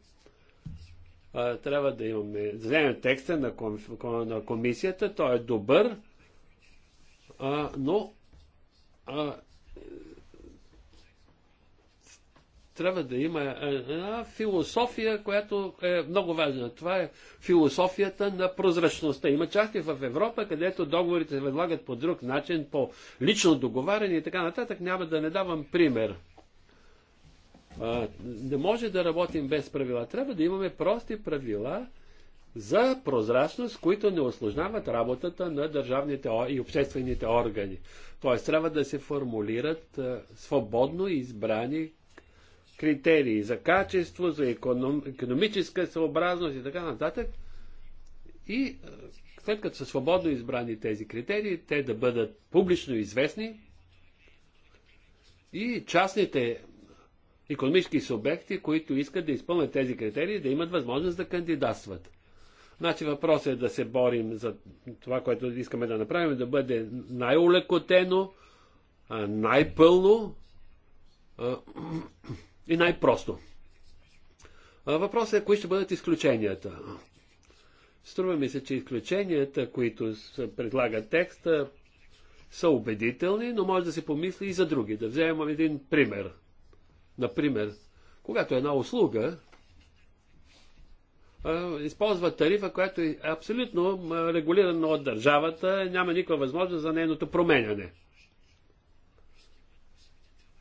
трябва да имаме, вземем текста на, ком, на комисията, той е добър, а, но а, трябва да има една философия, която е много важна. Това е философията на прозрачността. Има части в Европа, където договорите се възлагат по друг начин, по лично договаряне и така нататък. Няма да не давам пример. Не може да работим без правила. Трябва да имаме прости правила за прозрачност, които не осложняват работата на държавните и обществените органи. Тоест, трябва да се формулират свободно избрани критерии за качество, за економ, економическа съобразност и така нататък. И след като са свободно избрани тези критерии, те да бъдат публично известни и частните економически субекти, които искат да изпълнят тези критерии, да имат възможност да кандидатстват. Значи въпросът е да се борим за това, което искаме да направим, да бъде най-улекотено, най-пълно и най-просто. Въпросът е кои ще бъдат изключенията. Струва ми се, че изключенията, които предлага текста, са убедителни, но може да се помисли и за други. Да вземем един пример. Например, когато една услуга използва тарифа, която е абсолютно регулирана от държавата, няма никаква възможност за нейното променяне.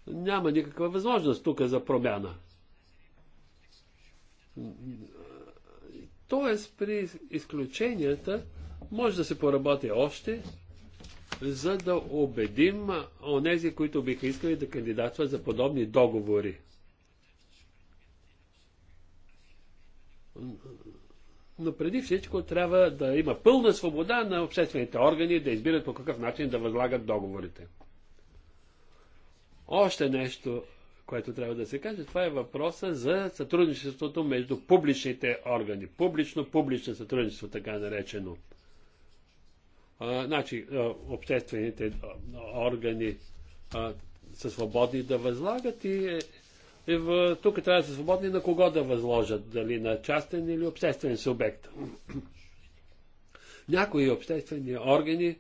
Няма никаква възможност тук за промяна. Тоест, при изключенията може да се поработи още за да убедим онези, които биха искали да кандидатстват за подобни договори. Но преди всичко трябва да има пълна свобода на обществените органи да избират по какъв начин да възлагат договорите. Още нещо, което трябва да се каже, това е въпроса за сътрудничеството между публичните органи. Публично-публично сътрудничество, така наречено. А, значи, обществените органи а, са свободни да възлагат и, и в, тук трябва да са свободни на кого да възложат, дали на частен или обществен субект. Някои обществени органи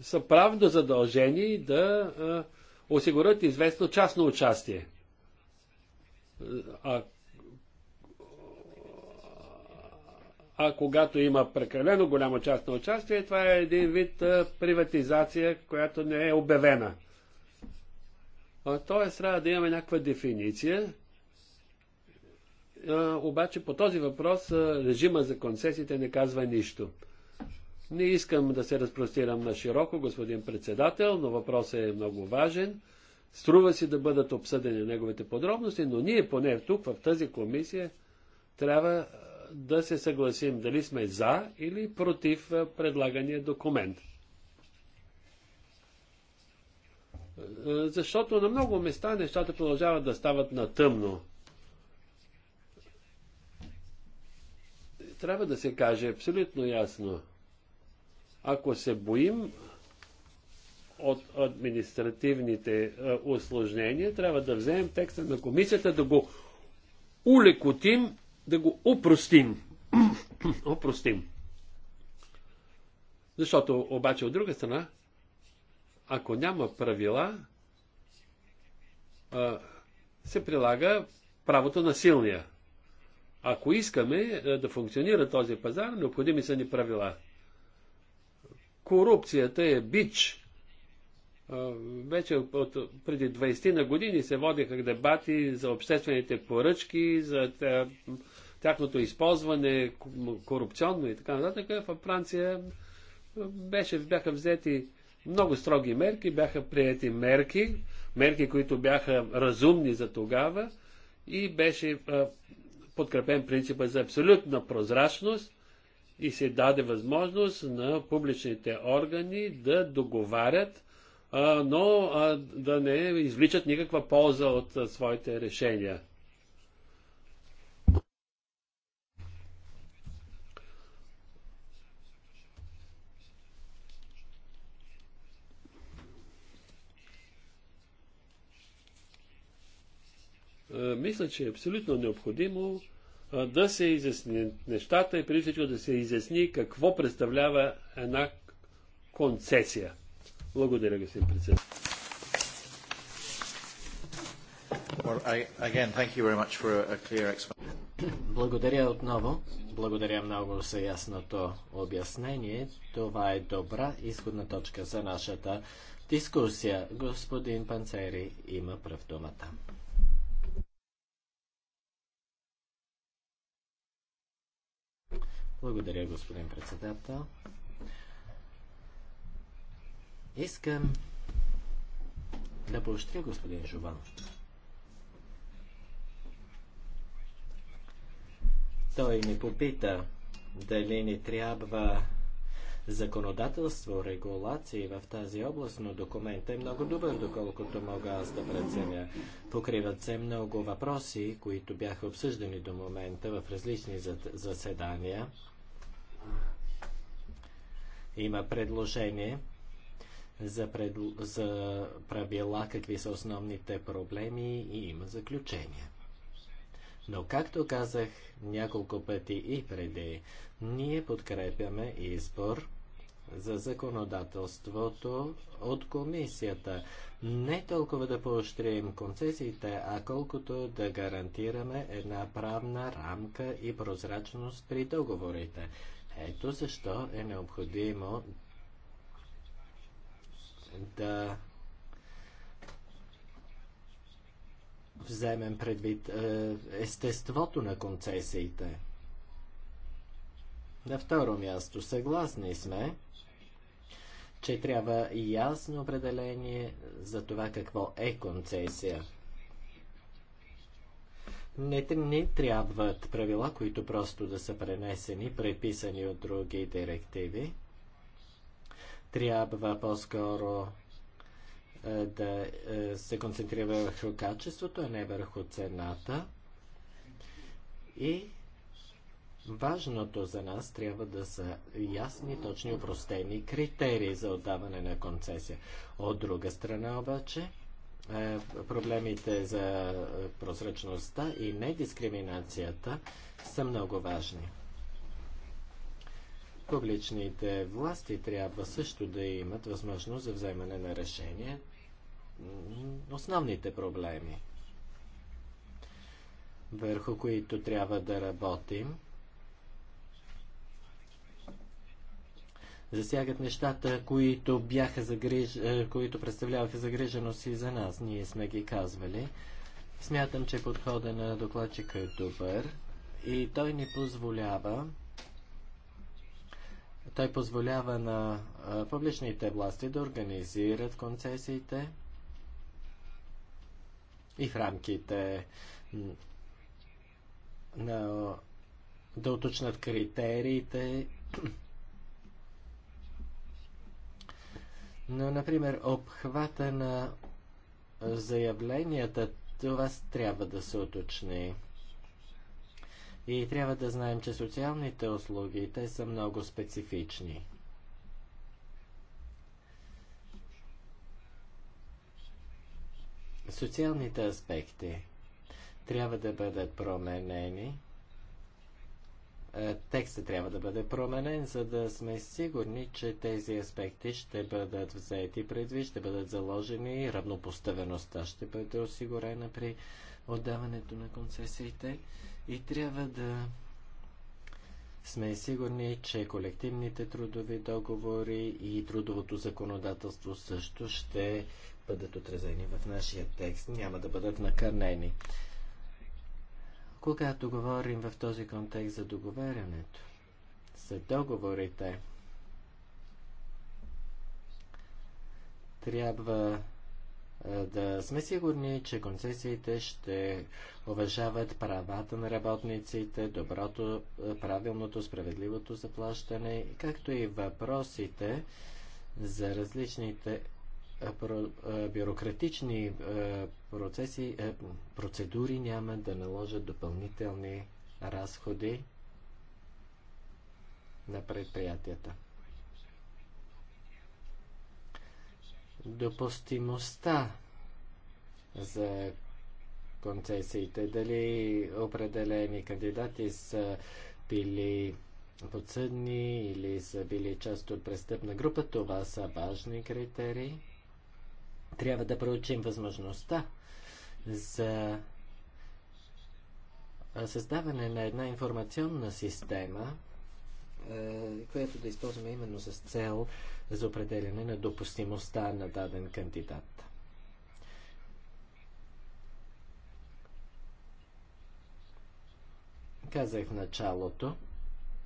са правно задължени да а, осигурят известно частно участие. А а когато има прекалено голяма част на участие, това е един вид приватизация, която не е обявена. тоест, трябва да имаме някаква дефиниция. обаче по този въпрос режима за концесиите не казва нищо. Не искам да се разпростирам на широко, господин председател, но въпросът е много важен. Струва си да бъдат обсъдени неговите подробности, но ние поне тук, в тази комисия, трябва да се съгласим дали сме за или против предлагания документ. Защото на много места нещата продължават да стават на тъмно. Трябва да се каже абсолютно ясно. Ако се боим от административните усложнения, трябва да вземем текста на комисията, да го улекотим да го упростим. упростим. Защото обаче от друга страна, ако няма правила, се прилага правото на силния. Ако искаме да функционира този пазар, необходими са ни правила. Корупцията е бич. Вече от преди 20 на години се водиха дебати за обществените поръчки, за тяхното използване, корупционно и така нататък, във Франция беше, бяха взети много строги мерки, бяха приети мерки, мерки, които бяха разумни за тогава и беше подкрепен принципа за абсолютна прозрачност и се даде възможност на публичните органи да договарят, но да не извличат никаква полза от своите решения. Е, мисля, че е абсолютно необходимо е, да се изясни нещата и преди всичко да се изясни какво представлява една концесия. Благодаря, господин председател. Благодаря отново. Благодаря много за ясното обяснение. Това е добра изходна точка за нашата дискусия. Господин Панцери има прав думата. Благодаря, господин председател. Искам да поощря господин Жубанов. Той ми попита дали ни трябва законодателство, регулации в тази област, но документът е много добър, доколкото мога аз да преценя. Покриват се много въпроси, които бяха обсъждани до момента в различни заседания. Има предложение за, пред... за правила, какви са основните проблеми и има заключение. Но, както казах няколко пъти и преди, ние подкрепяме избор за законодателството от комисията. Не толкова да поощрим концесиите, а колкото да гарантираме една правна рамка и прозрачност при договорите. Ето защо е необходимо да вземем предвид е, естеството на концесиите. На второ място съгласни сме, че трябва ясно определение за това какво е концесия. Не, не трябват правила, които просто да са пренесени, преписани от други директиви. Трябва по-скоро е, да е, се концентрира върху качеството, а не върху цената. И Важното за нас трябва да са ясни, точни, упростени критерии за отдаване на концесия. От друга страна обаче, е, проблемите за прозрачността и недискриминацията са много важни. Публичните власти трябва също да имат възможност за вземане на решение основните проблеми, върху които трябва да работим – засягат нещата, които, бяха загриж... Е, които представляваха загриженост и за нас. Ние сме ги казвали. Смятам, че подхода на докладчика е добър и той ни позволява той позволява на е, публичните власти да организират концесиите и в рамките на, да уточнат критериите Но, например, обхвата на заявленията, това трябва да се уточни. И трябва да знаем, че социалните услуги, те са много специфични. Социалните аспекти трябва да бъдат променени е, текстът трябва да бъде променен, за да сме сигурни, че тези аспекти ще бъдат взети предвид, ще бъдат заложени, и равнопоставеността ще бъде осигурена при отдаването на концесиите и трябва да сме сигурни, че колективните трудови договори и трудовото законодателство също ще бъдат отразени в нашия текст, няма да бъдат накърнени. Когато говорим в този контекст за договарянето, за договорите, трябва да сме сигурни, че концесиите ще уважават правата на работниците, доброто, правилното, справедливото заплащане, както и въпросите за различните е, бюрократични е, процеси, е, процедури няма да наложат допълнителни разходи на предприятията. Допустимостта за концесиите, дали определени кандидати са били подсъдни или са били част от престъпна група, това са важни критерии. Трябва да проучим възможността за създаване на една информационна система, е, която да използваме именно с цел за определяне на допустимостта на даден кандидат. Казах в началото,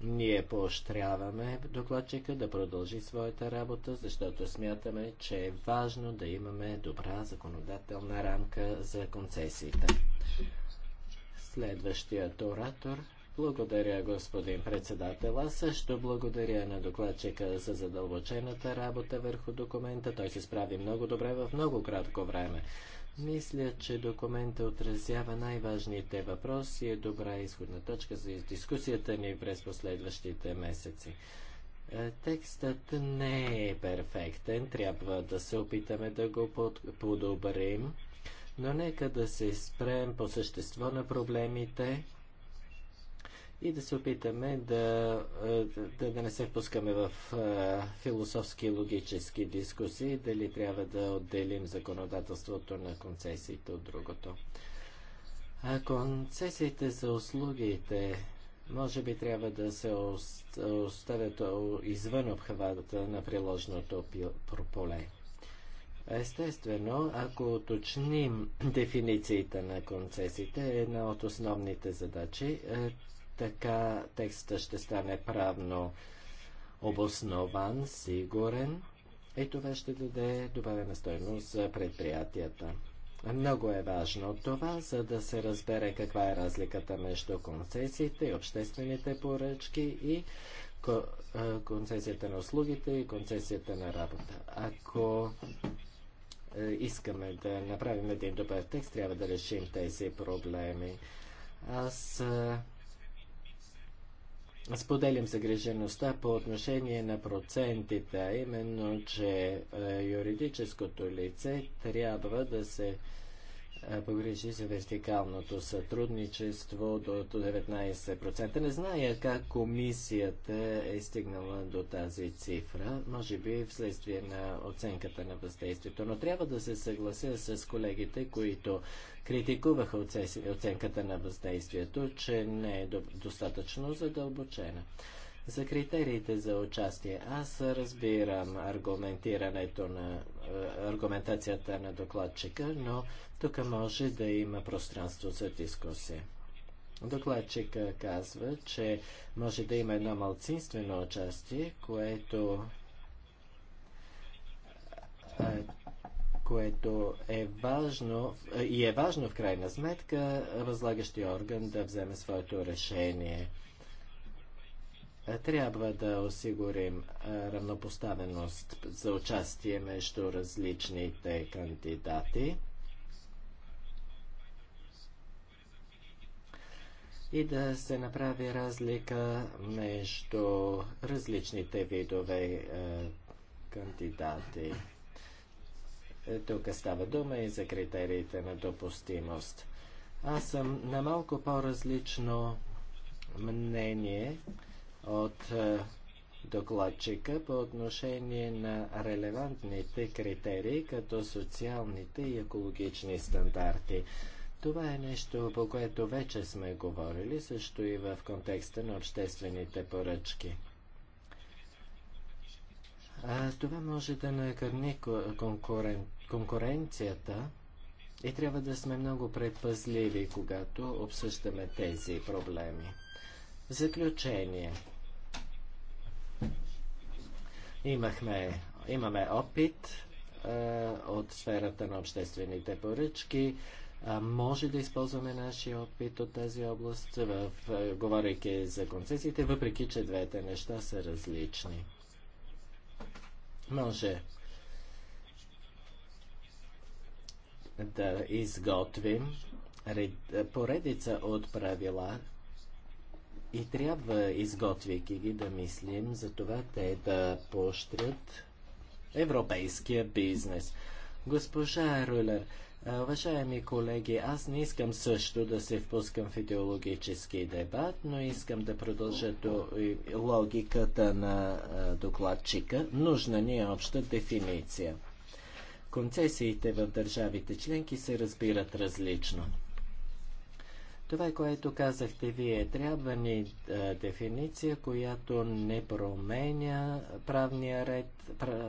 ние поощряваме докладчика да продължи своята работа, защото смятаме, че е важно да имаме добра законодателна рамка за концесиите. Следващият оратор благодаря, господин председател. Аз също благодаря на докладчика за задълбочената работа върху документа. Той се справи много добре в много кратко време. Мисля, че документа отразява най-важните въпроси и е добра изходна точка за дискусията ни през последващите месеци. Е, текстът не е перфектен, трябва да се опитаме да го подобрим, но нека да се спрем по същество на проблемите и да се опитаме да, да, да не се впускаме в философски и логически дискусии, дали трябва да отделим законодателството на концесиите от другото. А концесиите за услугите може би трябва да се оставят извън обхвата на приложното поле. Естествено, ако уточним дефинициите на концесиите, една от основните задачи е, така текста ще стане правно обоснован, сигурен и това ще даде добавена стойност за предприятията. Много е важно това, за да се разбере каква е разликата между концесиите и обществените поръчки и концесията на услугите и концесията на работа. Ако е, искаме да направим един добър текст, трябва да решим тези проблеми. Аз Споделям загрежеността по отношение на процентите, именно, че е, юридическото лице трябва да се погрижи за вертикалното сътрудничество до 19%. Не зная как комисията е стигнала до тази цифра, може би вследствие на оценката на въздействието, но трябва да се съглася с колегите, които критикуваха оценката на въздействието, че не е достатъчно задълбочена. За критериите за участие аз разбирам аргументирането на е, аргументацията на докладчика, но тук може да има пространство за дискусия. Докладчика казва, че може да има едно малцинствено участие, което е, което е важно е, и е важно в крайна сметка възлагащия орган да вземе своето решение. Е, трябва да осигурим е, равнопоставеност за участие между различните кандидати. и да се направи разлика между различните видове е, кандидати. Тук става дума и за критериите на допустимост. Аз съм на малко по-различно мнение от е, докладчика по отношение на релевантните критерии, като социалните и екологични стандарти. Това е нещо, по което вече сме говорили, също и в контекста на обществените поръчки. А, това може да накърни конкурен... конкуренцията и трябва да сме много предпазливи, когато обсъждаме тези проблеми. В заключение – Имахме, имаме опит а, е, от сферата на обществените поръчки. А е, може да използваме нашия опит от тази област, в, е, говорейки за концесиите, въпреки че двете неща са различни. Може да изготвим поредица от правила, и трябва, изготвяйки ги, да мислим за това те да поощрят европейския бизнес. Госпожа Рулер, уважаеми колеги, аз не искам също да се впускам в идеологически дебат, но искам да продължа до логиката на докладчика. Нужна ни е обща дефиниция. Концесиите в държавите членки се разбират различно. Това, което казахте вие, трябва ни дефиниция, която не променя правния ред,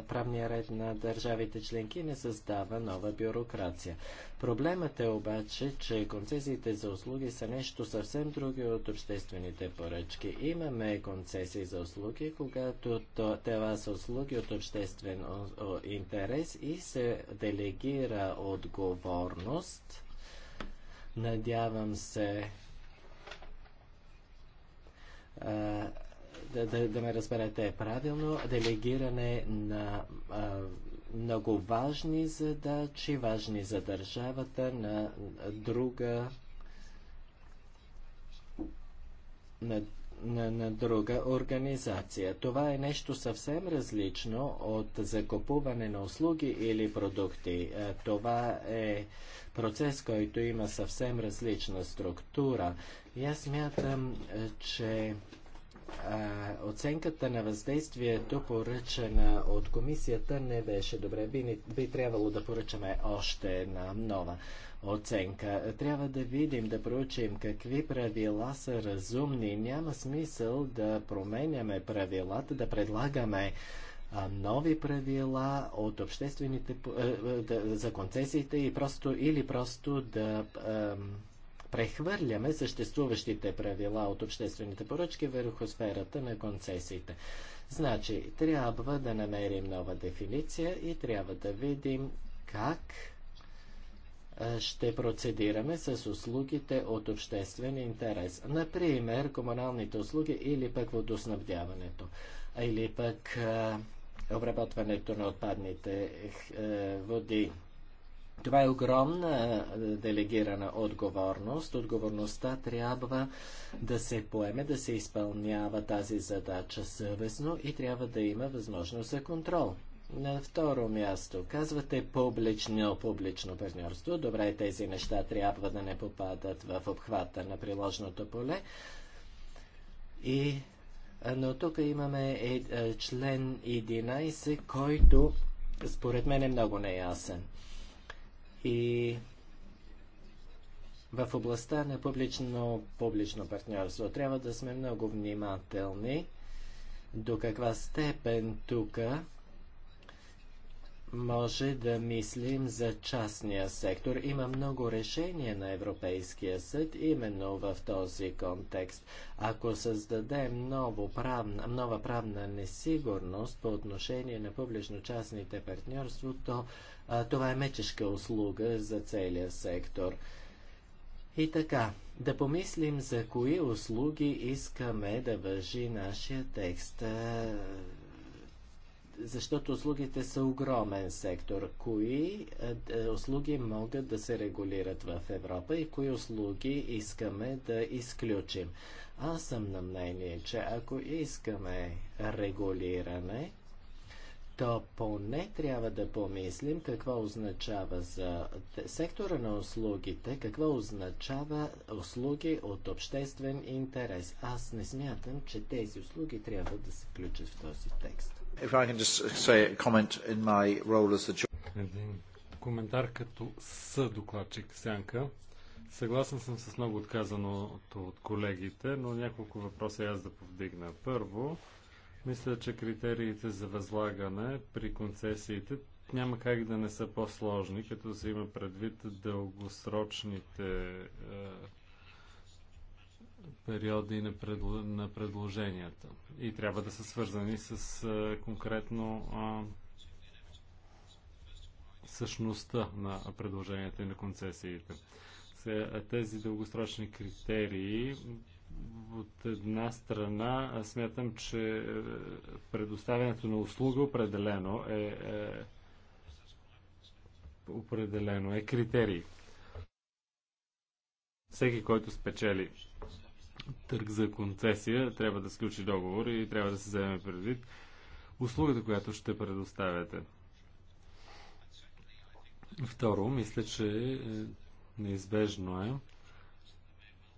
правния ред на държавите членки и не създава нова бюрокрация. Проблемът е обаче, че концесиите за услуги са нещо съвсем други от обществените поръчки. Имаме концесии за услуги, когато това са услуги от обществен интерес и се делегира отговорност Надявам се а, да, да, ме разберете правилно. Делегиране на а, много важни задачи, важни за държавата, на друга на на, на друга организация. Това е нещо съвсем различно от закупуване на услуги или продукти. Е, това е процес, който има съвсем различна структура. И аз смятам, е, че оценката на въздействието, поръчана от комисията, не беше добре. Би, би трябвало да поръчаме още една нова оценка. Трябва да видим, да проучим какви правила са разумни. Няма смисъл да променяме правилата, да предлагаме нови правила от обществените за концесиите и просто или просто да прехвърляме съществуващите правила от обществените поръчки върху сферата на концесиите. Значи, трябва да намерим нова дефиниция и трябва да видим как ще процедираме с услугите от обществен интерес. Например, комуналните услуги или пък водоснабдяването, или пък обработването на отпадните е, е, води. Това е огромна е, делегирана отговорност. Отговорността трябва да се поеме, да се изпълнява тази задача съвестно и трябва да има възможност за контрол. На второ място, казвате публично, публично партньорство. Добре, тези неща трябва да не попадат в обхвата на приложното поле. И, е, но тук имаме е, е, член 11, който според мен е много неясен и в областта на публично-публично партньорство. Трябва да сме много внимателни до каква степен тук може да мислим за частния сектор. Има много решения на Европейския съд именно в този контекст. Ако създадем ново правна, нова правна несигурност по отношение на публично-частните партньорство, то това е мечешка услуга за целия сектор. И така, да помислим за кои услуги искаме да въжи нашия текст. Защото услугите са огромен сектор. Кои услуги могат да се регулират в Европа и кои услуги искаме да изключим? Аз съм на мнение, че ако искаме регулиране, то поне трябва да помислим какво означава за сектора на услугите, какво означава услуги от обществен интерес. Аз не смятам, че тези услуги трябва да се включат в този текст. коментар като съдокладчик Сянка. Съгласен съм с много отказаното от колегите, но няколко въпроса аз да повдигна. Първо, мисля, че критериите за възлагане при концесиите няма как да не са по-сложни, като се има предвид дългосрочните е, периоди на, предл... на предложенията. И трябва да са свързани с е, конкретно е, същността на предложенията и на концесиите. тези дългосрочни критерии от една страна смятам, че е, предоставянето на услуга определено е, е определено е критерий. Всеки, който спечели търг за концесия, трябва да сключи договор и трябва да се вземе предвид услугата, която ще предоставяте. Второ, мисля, че е, неизбежно е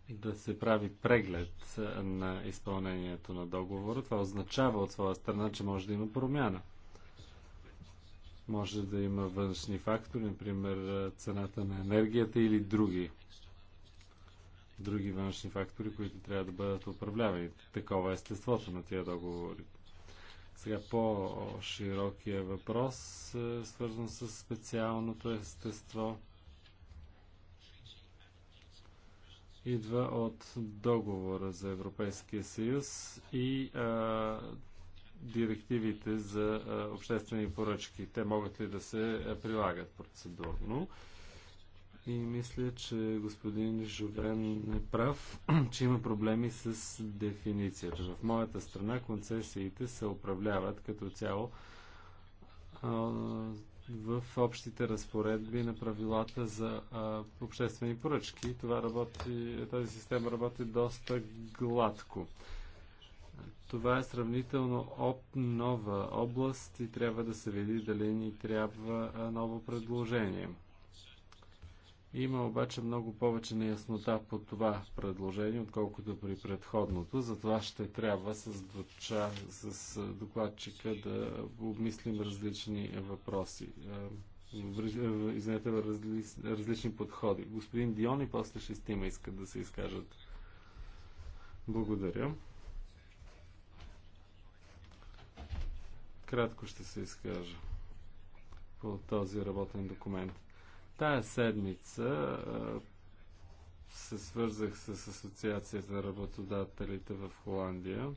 да се прави преглед на изпълнението на договора. Това означава от своя страна, че може да има промяна. Може да има външни фактори, например цената на енергията или други други външни фактори, които трябва да бъдат управлявани. Такова е естеството на тия договори. Сега по-широкия въпрос, свързан с специалното естество идва от договора за Европейския съюз и а, директивите за а, обществени поръчки. Те могат ли да се прилагат процедурно? И мисля, че господин Жовен е прав, че има проблеми с дефиницията. В моята страна концесиите се управляват като цяло в общите разпоредби на правилата за а, обществени поръчки. Това работи, тази система работи доста гладко. Това е сравнително об нова област и трябва да се види дали ни трябва ново предложение. Има обаче много повече неяснота по това предложение, отколкото при предходното. Затова ще трябва с, доча, с докладчика да обмислим различни въпроси. Извинете, различни подходи. Господин Дион и после шестима искат да се изкажат. Благодаря. Кратко ще се изкажа по този работен документ. Тая седмица се свързах с Асоциацията за работодателите в Холандия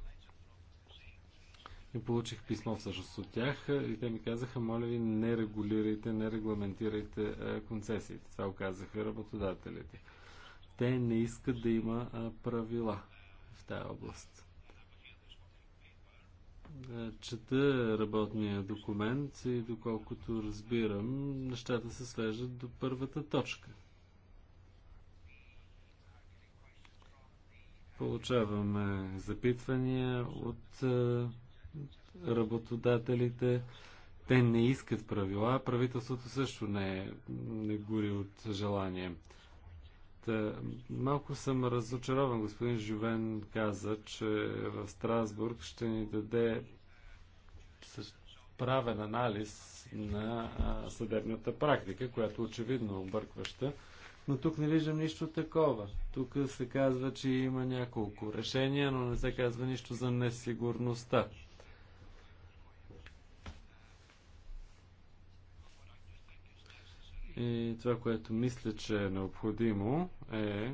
и получих писмо всъщност от тях и те ми казаха, моля ви, не регулирайте, не регламентирайте концесиите. Това оказаха работодателите. Те не искат да има правила в тази област. Е, чета работния документ и доколкото разбирам, нещата се свеждат до първата точка. Получаваме запитвания от е, работодателите. Те не искат правила, правителството също не, е, не гори от желание. Е, малко съм разочарован. Господин Жовен каза, че в Страсбург ще ни даде правен анализ на съдебната практика, която очевидно е объркваща. Но тук не виждам нищо такова. Тук се казва, че има няколко решения, но не се казва нищо за несигурността. И това, което мисля, че е необходимо, е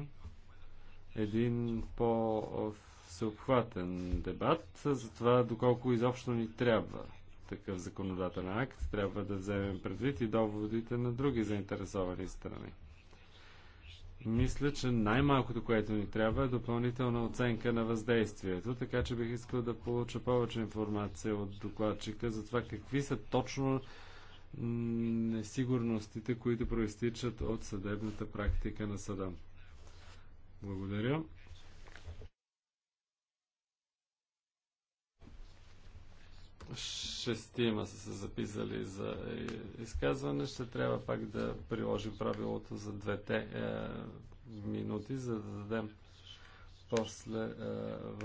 един по-всеобхватен дебат за това доколко изобщо ни трябва такъв законодателен акт. Трябва да вземем предвид и доводите на други заинтересовани страни. Мисля, че най-малкото, което ни трябва е допълнителна оценка на въздействието, така че бих искал да получа повече информация от докладчика за това какви са точно несигурностите, които проистичат от съдебната практика на съда. Благодаря. шестима са се записали за изказване, ще трябва пак да приложим правилото за двете е, минути, за да дадем после е,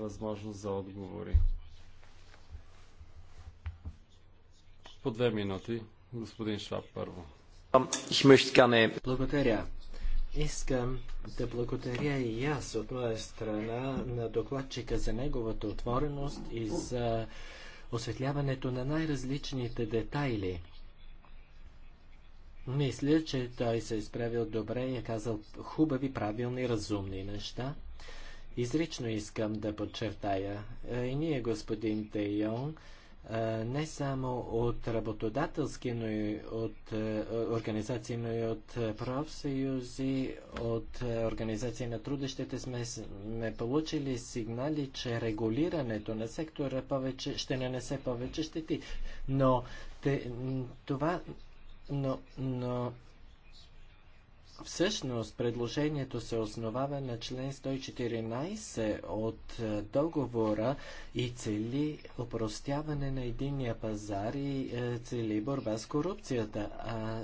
възможност за отговори. По две минути Господин Шваб първо. Благодаря. Искам да благодаря и аз от моя страна на докладчика за неговата отвореност и за осветляването на най-различните детайли. Мисля, че той се е изправил добре и е казал хубави, правилни, разумни неща. Изрично искам да подчертая. Е, и ние, господин Тейонг, не само от работодателски, но и от организации, но и от профсъюзи, от организации на трудещите сме, сме получили сигнали, че регулирането на сектора повече, ще нанесе повече щети. Но те, това, но, но Всъщност, предложението се основава на член 114 от е, договора и цели опростяване на единия пазар и е, цели борба с корупцията. А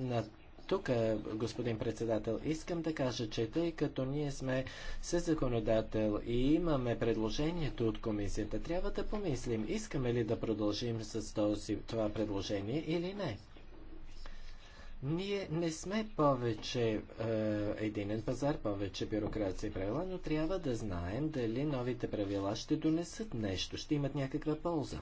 на тук, е, господин председател, искам да кажа, че тъй като ние сме със законодател и имаме предложението от комисията, трябва да помислим, искаме ли да продължим с този, това предложение или не. Ние не сме повече е, единен пазар, повече бюрокрация и правила, но трябва да знаем дали новите правила ще донесат нещо, ще имат някаква полза.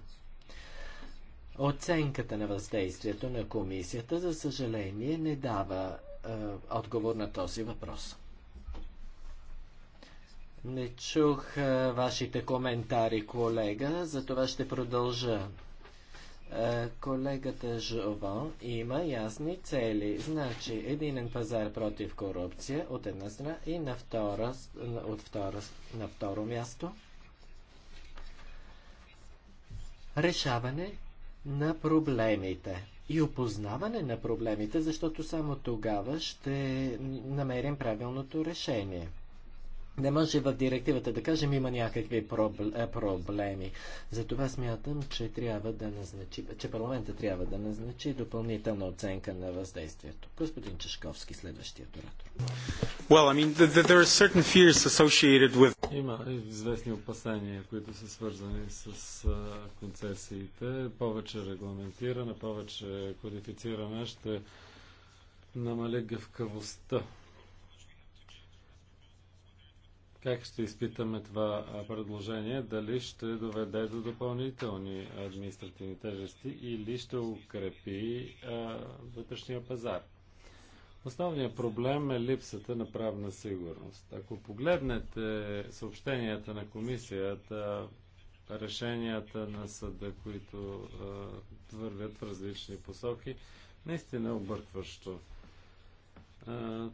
Оценката на въздействието на комисията, за съжаление, не дава е, отговор на този въпрос. Не чух е, вашите коментари, колега, за това ще продължа е, колегата Жован има ясни цели. Значи, единен пазар против корупция от една страна и на, второ, от второ, на второ място решаване на проблемите и опознаване на проблемите, защото само тогава ще намерим правилното решение. Не може в директивата да кажем има някакви е, проблеми. Затова смятам, че трябва да назначи, че парламента трябва да назначи допълнителна оценка на въздействието. Господин Чешковски, следващият оратор. Well, I mean, there are certain fears associated with... Има известни опасения, които са свързани с концесиите. Повече регламентиране, повече кодифициране ще намали гъвкавостта как ще изпитаме това предложение? Дали ще доведе до допълнителни административни тежести или ще укрепи а, вътрешния пазар? Основният проблем е липсата на правна сигурност. Ако погледнете съобщенията на комисията, решенията на съда, които а, вървят в различни посоки, наистина е объркващо.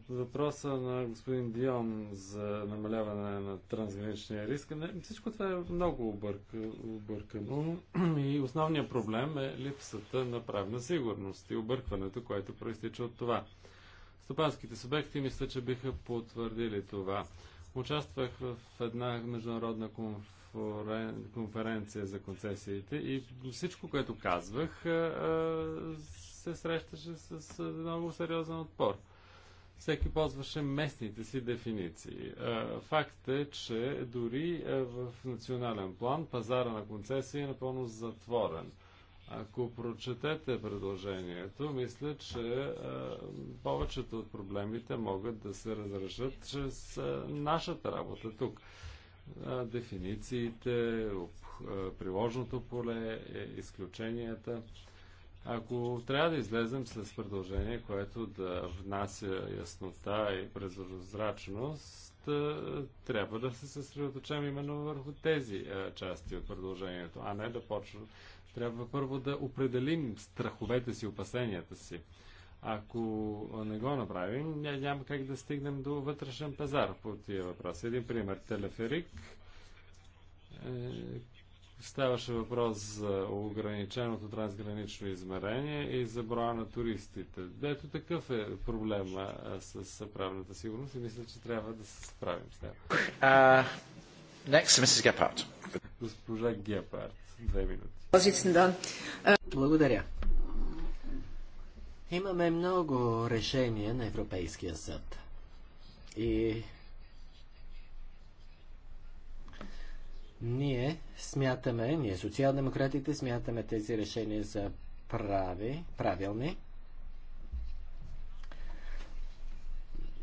Въпроса на господин Дион за намаляване на трансграничния риск. Не, всичко това е много объркано и основният проблем е липсата на правна сигурност и объркването, което проистича от това. Стопанските субекти мисля, че биха потвърдили това. Участвах в една международна конференция за концесиите и всичко, което казвах, се срещаше с много сериозен отпор всеки ползваше местните си дефиниции. Е, факт е, че дори е, в национален план пазара на концесии е напълно затворен. Ако прочетете предложението, мисля, че е, повечето от проблемите могат да се разрешат чрез нашата работа тук. Дефинициите, приложното поле, изключенията – ако трябва да излезем с предложение, което да внася яснота и прозрачност, е, трябва да се съсредоточим именно върху тези е, части от предложението, а не да почваме. Трябва първо да определим страховете си, опасенията си. Ако не го направим, няма как да стигнем до вътрешен пазар по тия въпроси. Един пример. Телеферик е, Ставаше въпрос за ограниченото трансгранично измерение и за броя на туристите. Дето такъв е проблема с правната сигурност и мисля, че трябва да се справим с него. Uh, next, Mrs. Gephardt. Госпожа Гепард, две минути. Благодаря. Имаме много решения на Европейския съд. И Ние смятаме, ние социал-демократите смятаме тези решения за прави, правилни.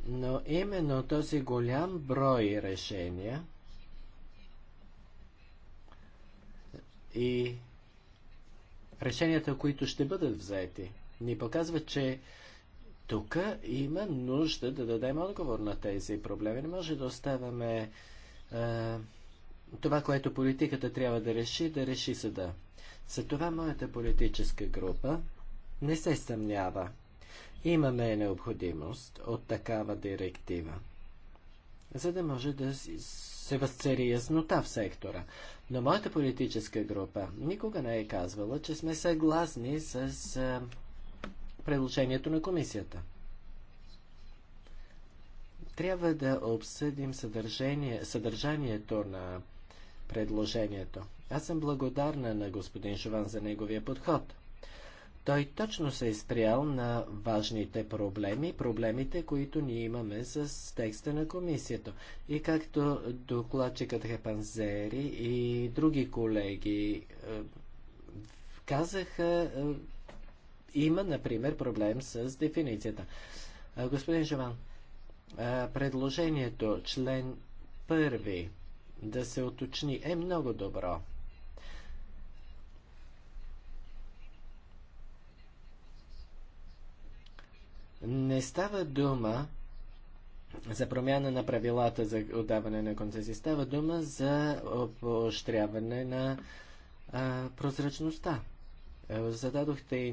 Но именно този голям брой решения и решенията, които ще бъдат взети, ни показват, че тук има нужда да дадем отговор на тези проблеми. Не може да оставяме това, което политиката трябва да реши, да реши съда. Затова моята политическа група не се съмнява. Имаме необходимост от такава директива, за да може да се възцери яснота в сектора. Но моята политическа група никога не е казвала, че сме съгласни с предложението на комисията. Трябва да обсъдим съдържание, съдържанието на предложението. Аз съм благодарна на господин Жован за неговия подход. Той точно се е спрял на важните проблеми, проблемите, които ние имаме с текста на комисията. И както докладчикът Хепанзери и други колеги е, казаха, е, има, например, проблем с дефиницията. Е, господин Жован, предложението, член първи, да се оточни е много добро. Не става дума за промяна на правилата за отдаване на концесии. Става дума за поощряване на а, прозрачността. Е, зададохте и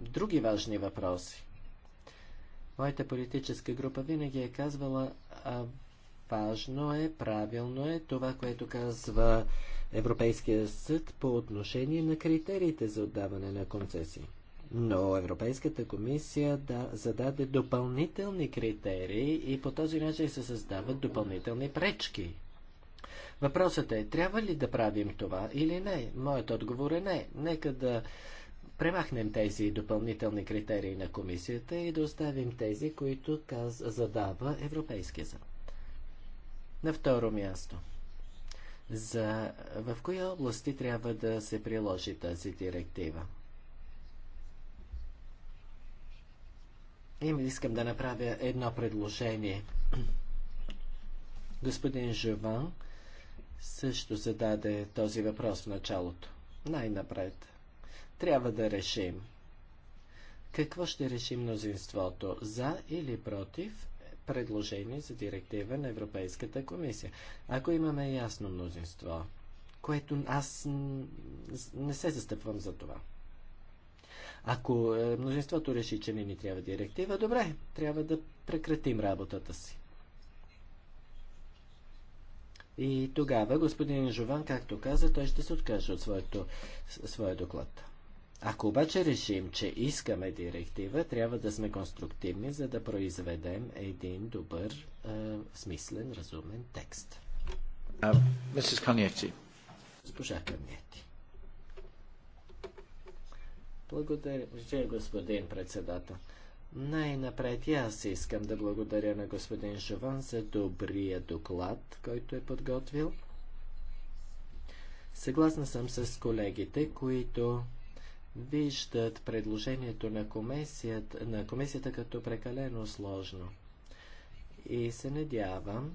други важни въпроси. Моята политическа група винаги е казвала, а, Важно е, правилно е това, което казва Европейския съд по отношение на критериите за отдаване на концесии. Но Европейската комисия да зададе допълнителни критерии и по този начин се създават допълнителни пречки. Въпросът е, трябва ли да правим това или не? Моят отговор е не. Нека да премахнем тези допълнителни критерии на комисията и да оставим тези, които каз... задава Европейския съд. На второ място, за в кои области трябва да се приложи тази директива? Им искам да направя едно предложение. Господин Живан също зададе този въпрос в началото. Най-напред. Трябва да решим. Какво ще реши мнозинството? За или против предложение за директива на Европейската комисия. Ако имаме ясно мнозинство, което аз не се застъпвам за това. Ако е, мнозинството реши, че не ни трябва директива, добре, трябва да прекратим работата си. И тогава господин Жован, както каза, той ще се откаже от своето, своя доклад. Ако обаче решим, че искаме директива, трябва да сме конструктивни, за да произведем един добър, е, смислен, разумен текст. Мисис Каниети. Госпожа Каниети. Благодаря, господин председател. Най-напред и аз искам да благодаря на господин Жован за добрия доклад, който е подготвил. Съгласна съм с колегите, които виждат предложението на комисията, на комисията като прекалено сложно. И се надявам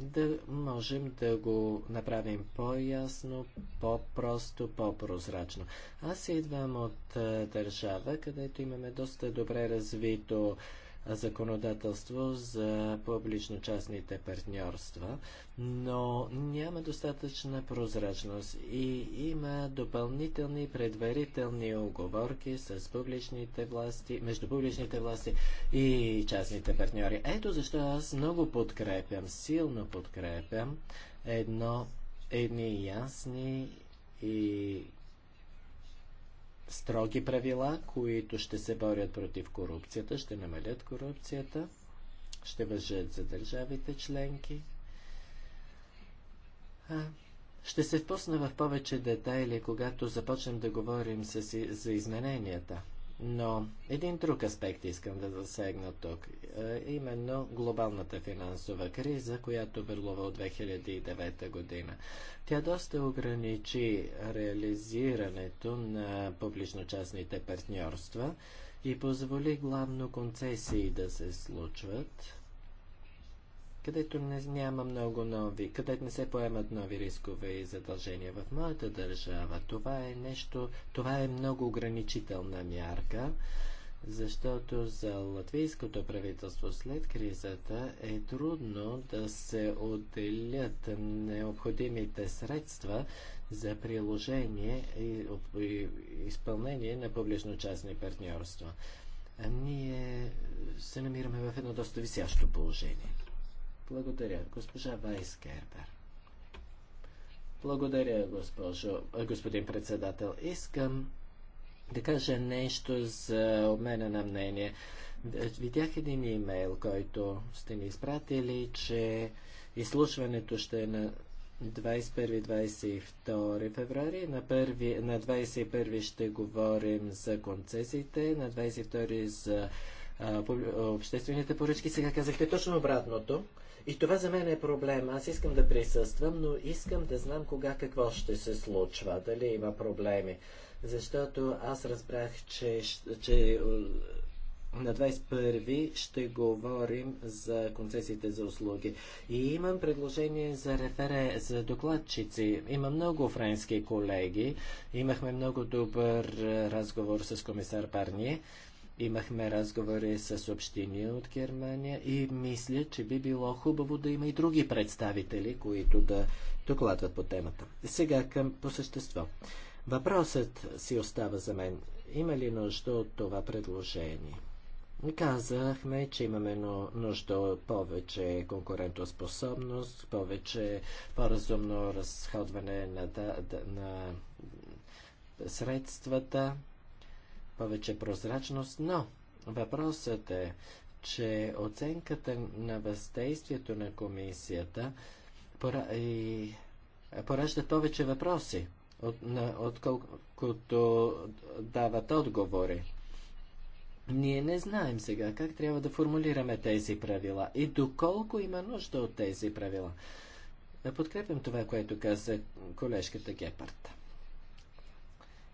да можем да го направим по-ясно, по-просто, по-прозрачно. Аз идвам от държава, където имаме доста добре развито законодателство за публично-частните партньорства, но няма достатъчна прозрачност и има допълнителни предварителни оговорки с публичните власти, между публичните власти и частните партньори. Ето защо аз много подкрепям, силно подкрепям едно, едни ясни и строги правила, които ще се борят против корупцията, ще намалят корупцията, ще въжат за държавите членки. А, ще се впусна в повече детайли, когато започнем да говорим с, за измененията. Но един друг аспект искам да засегна тук. Именно глобалната финансова криза, която върлова от 2009 година. Тя доста ограничи реализирането на публично-частните партньорства и позволи главно концесии да се случват където не, няма много нови, където не се поемат нови рискове и задължения в моята държава. Това е нещо, това е много ограничителна мярка, защото за латвийското правителство след кризата е трудно да се отделят необходимите средства за приложение и, и изпълнение на публично-частни партньорства А ние се намираме в едно доста висящо положение. Благодаря. Госпожа Вайскербер. Благодаря, госпожо, господин председател. Искам да кажа нещо за обмена на мнение. Е, видях един имейл, който сте ми изпратили, че изслушването ще е на 21-22 феврари. На, на 21 ще говорим за концесиите, на 22 за а, обществените поръчки. Сега казахте точно обратното. И това за мен е проблем. Аз искам да присъствам, но искам да знам кога какво ще се случва, дали има проблеми. Защото аз разбрах, че, че е, на 21 ще говорим за концесиите за услуги. И имам предложение за рефере, за докладчици. Има много френски колеги. Имахме много добър е, разговор с комисар Парни. Имахме разговори с общини от Германия и мисля, че би било хубаво да има и други представители, които да докладват по темата. Сега към по същество. Въпросът си остава за мен. Има ли нужда от това предложение? Казахме, че имаме нужда от повече конкурентоспособност, повече по-разумно разходване на, да, на средствата повече прозрачност, но въпросът е, че оценката на въздействието на комисията поражда повече въпроси, отколкото дават отговори. Ние не знаем сега как трябва да формулираме тези правила и доколко има нужда от тези правила. Е, подкрепям това, което каза колежката Гепарта.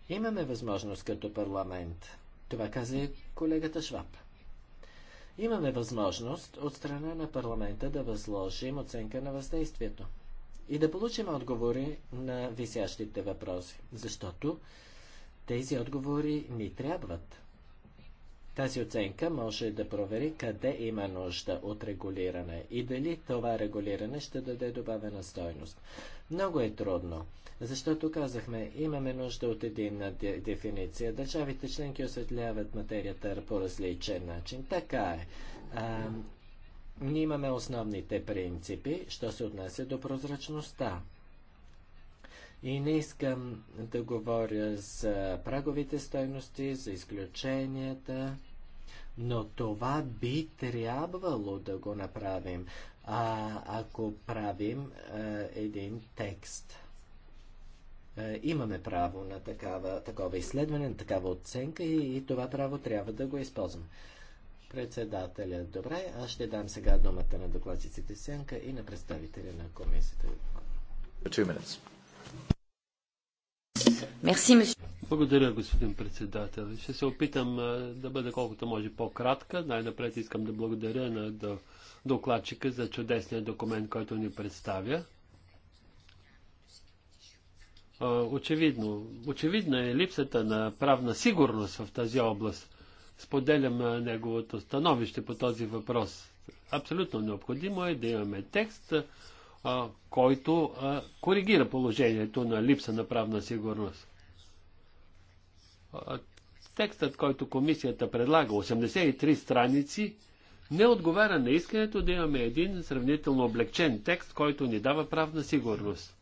Имаме възможност като парламент. Това каза и колегата Шваб. Имаме възможност от страна на парламента да възложим оценка на въздействието и да получим отговори на висящите въпроси, защото тези отговори ни трябват. Тази оценка може да провери къде има нужда от регулиране и дали това регулиране ще даде добавена стойност. Много е трудно, защото казахме, имаме нужда от единна дефиниция. Държавите членки осветляват материята по различен начин. Така е. А, ние имаме основните принципи, що се отнася до прозрачността. И не искам да говоря за праговите стойности, за изключенията, но това би трябвало да го направим, а, ако правим а, един текст. А, имаме право на такава, такова изследване, на такава оценка и, и това право трябва да го използваме. Председателя, добре, аз ще дам сега думата на докладчиците Сянка и на представителя на комисията. Two minutes. Благодаря, господин председател. Ще се опитам да бъда колкото може по-кратка. Най-напред искам да благодаря на докладчика за чудесния документ, който ни представя. Очевидно, очевидна е липсата на правна сигурност в тази област. Споделям неговото становище по този въпрос. Абсолютно необходимо е да имаме текст, който коригира положението на липса на правна сигурност. Текстът, който комисията предлага, 83 страници, не отговаря на искането да имаме един сравнително облегчен текст, който ни дава правна сигурност.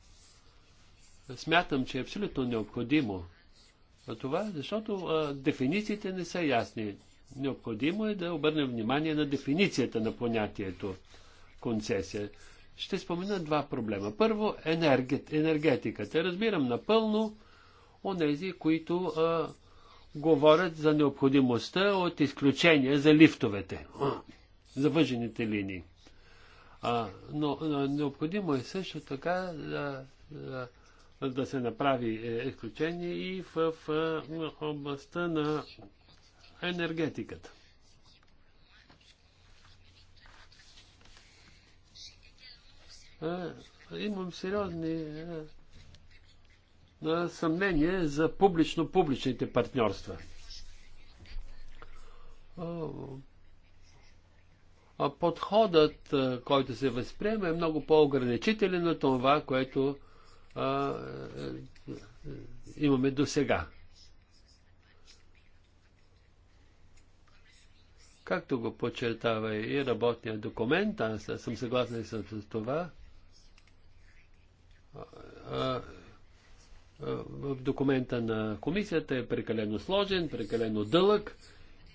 Смятам, че е абсолютно необходимо това, защото а, дефинициите не са ясни. Необходимо е да обърнем внимание на дефиницията на понятието концесия ще спомена два проблема. Първо, енергет, енергетиката. Разбирам напълно онези, които а, говорят за необходимостта от изключения за лифтовете, за въжените линии. А, но, но необходимо е също така да, да, да се направи е, изключение и в, в, в областта на енергетиката. имам сериозни съмнения за публично-публичните партньорства. А подходът, който се възприема, е много по-ограничителен на това, което а, имаме до сега. Както го подчертава и работният документ, аз съм съгласен с това, документа на комисията е прекалено сложен, прекалено дълъг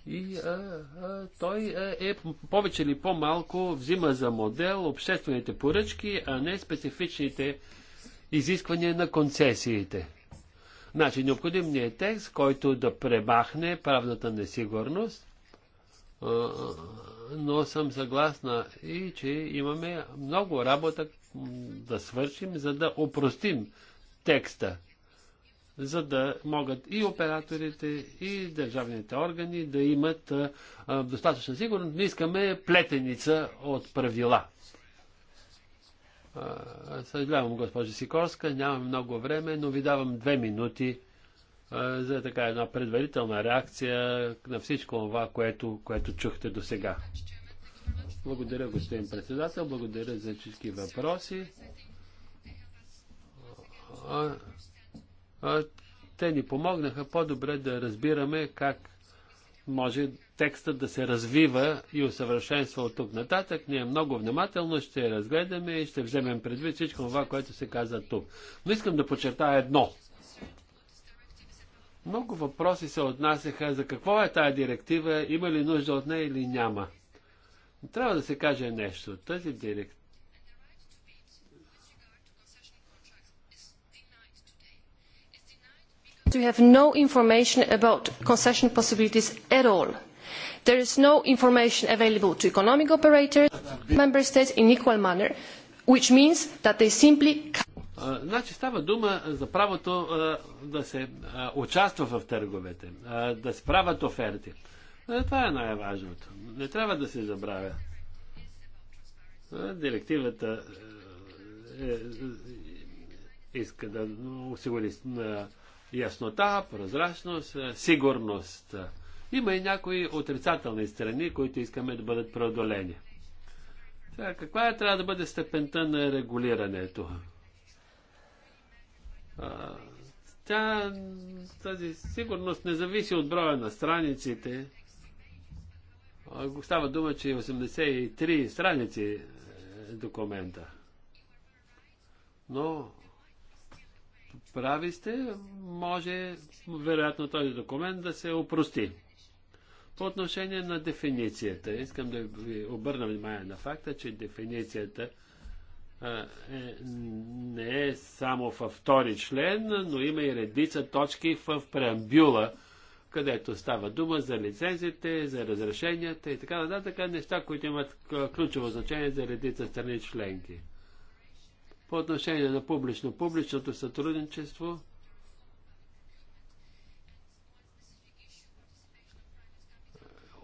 и а, а, той е повече или по-малко взима за модел обществените поръчки, а не специфичните изисквания на концесиите. Значи, необходим ни е текст, който да пребахне правната несигурност, а, но съм съгласна и че имаме много работа, да свършим, за да опростим текста, за да могат и операторите, и държавните органи да имат достатъчно сигурност. Не искаме плетеница от правила. Съжалявам, госпожа Сикорска, нямам много време, но ви давам две минути за така една предварителна реакция на всичко това, което, което чухте до сега. Благодаря, господин председател. Благодаря за всички въпроси. А, а, те ни помогнаха по-добре да разбираме как може текстът да се развива и усъвършенства от тук нататък. Ние много внимателно ще разгледаме и ще вземем предвид всичко това, което се каза тук. Но искам да подчертая едно. Много въпроси се отнасяха за какво е тая директива, има ли нужда от нея или няма. Трябва да се каже нещо. Тази директ... We have no information about concession possibilities at all. There is no information available to economic operators, member states in equal manner, which means that they simply... Значи става дума за правото да се участва в търговете, да се правят оферти. Е, това е най-важното. Не трябва да се забравя. Е, директивата е, е, иска да осигури яснота, прозрачност, сигурност. Има и някои отрицателни страни, които искаме да бъдат преодолени. Сега, каква е трябва да бъде степента на регулирането? А, тя, тази сигурност не зависи от броя на страниците, Става дума, че 83 страници е документа. Но прави сте, може вероятно този документ да се опрости. По отношение на дефиницията, искам да ви обърна внимание на факта, че дефиницията е, не е само във втори член, но има и редица точки в преамбюла, където става дума за лицензите, за разрешенията и така нататък, неща, които имат ключово значение за редица страни членки. По отношение на публично-публичното сътрудничество,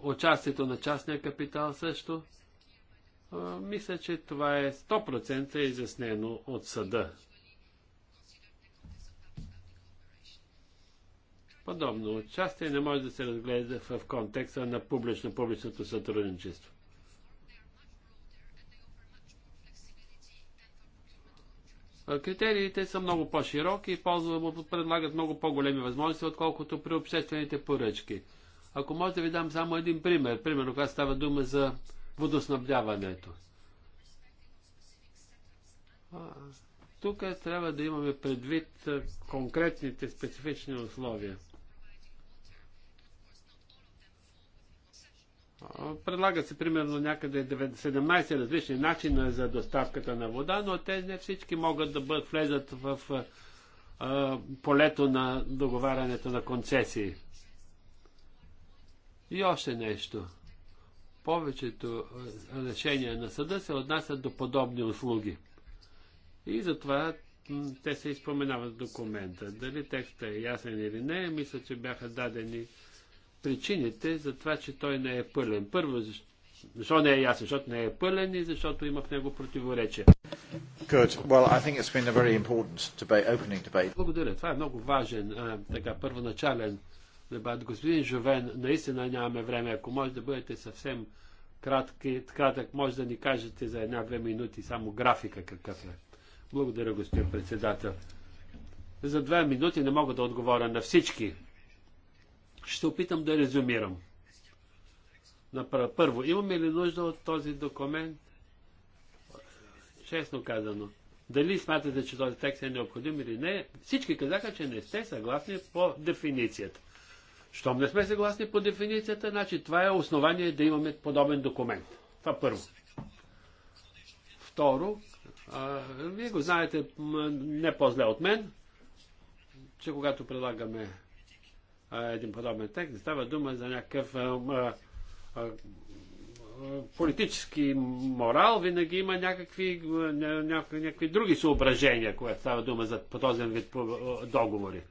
участието на частния капитал също, мисля, че това е 100% изяснено от съда. Подобно участие не може да се разгледа в контекста на публично-публичното сътрудничество. Критериите са много по-широки и предлагат много по-големи възможности, отколкото при обществените поръчки. Ако може да ви дам само един пример, примерно когато става дума за водоснабдяването. Тук трябва да имаме предвид конкретните специфични условия. Предлага се примерно някъде 17 различни начина за доставката на вода, но те не всички могат да бъдат влезат в полето на договарянето на концесии. И още нещо. Повечето решения на съда се отнасят до подобни услуги. И затова те се изпоменават в документа. Дали текстът е ясен или не, мисля, че бяха дадени причините за това, че той не е пълен. Първо, защо, защо не е ясен? Защото не е пълен и защото има в него противоречия. Well, debate, Благодаря. Това е много важен, а, така, първоначален дебат. Господин Жовен, наистина нямаме време. Ако може да бъдете съвсем кратки, кратък, може да ни кажете за една-две минути само графика какъв е. Благодаря, господин председател. За две минути не мога да отговоря на всички ще опитам да резюмирам. Направо. Първо, имаме ли нужда от този документ? Честно казано. Дали смятате, че този текст е необходим или не? Всички казаха, че не сте съгласни по дефиницията. Щом не сме съгласни по дефиницията, значи това е основание да имаме подобен документ. Това първо. Второ, а, вие го знаете не по-зле от мен, че когато предлагаме а, един подобен текст. Става дума за някакъв а, а, политически морал, винаги има някакви, ня, ня, някакви други съображения, когато става дума за по този вид договори.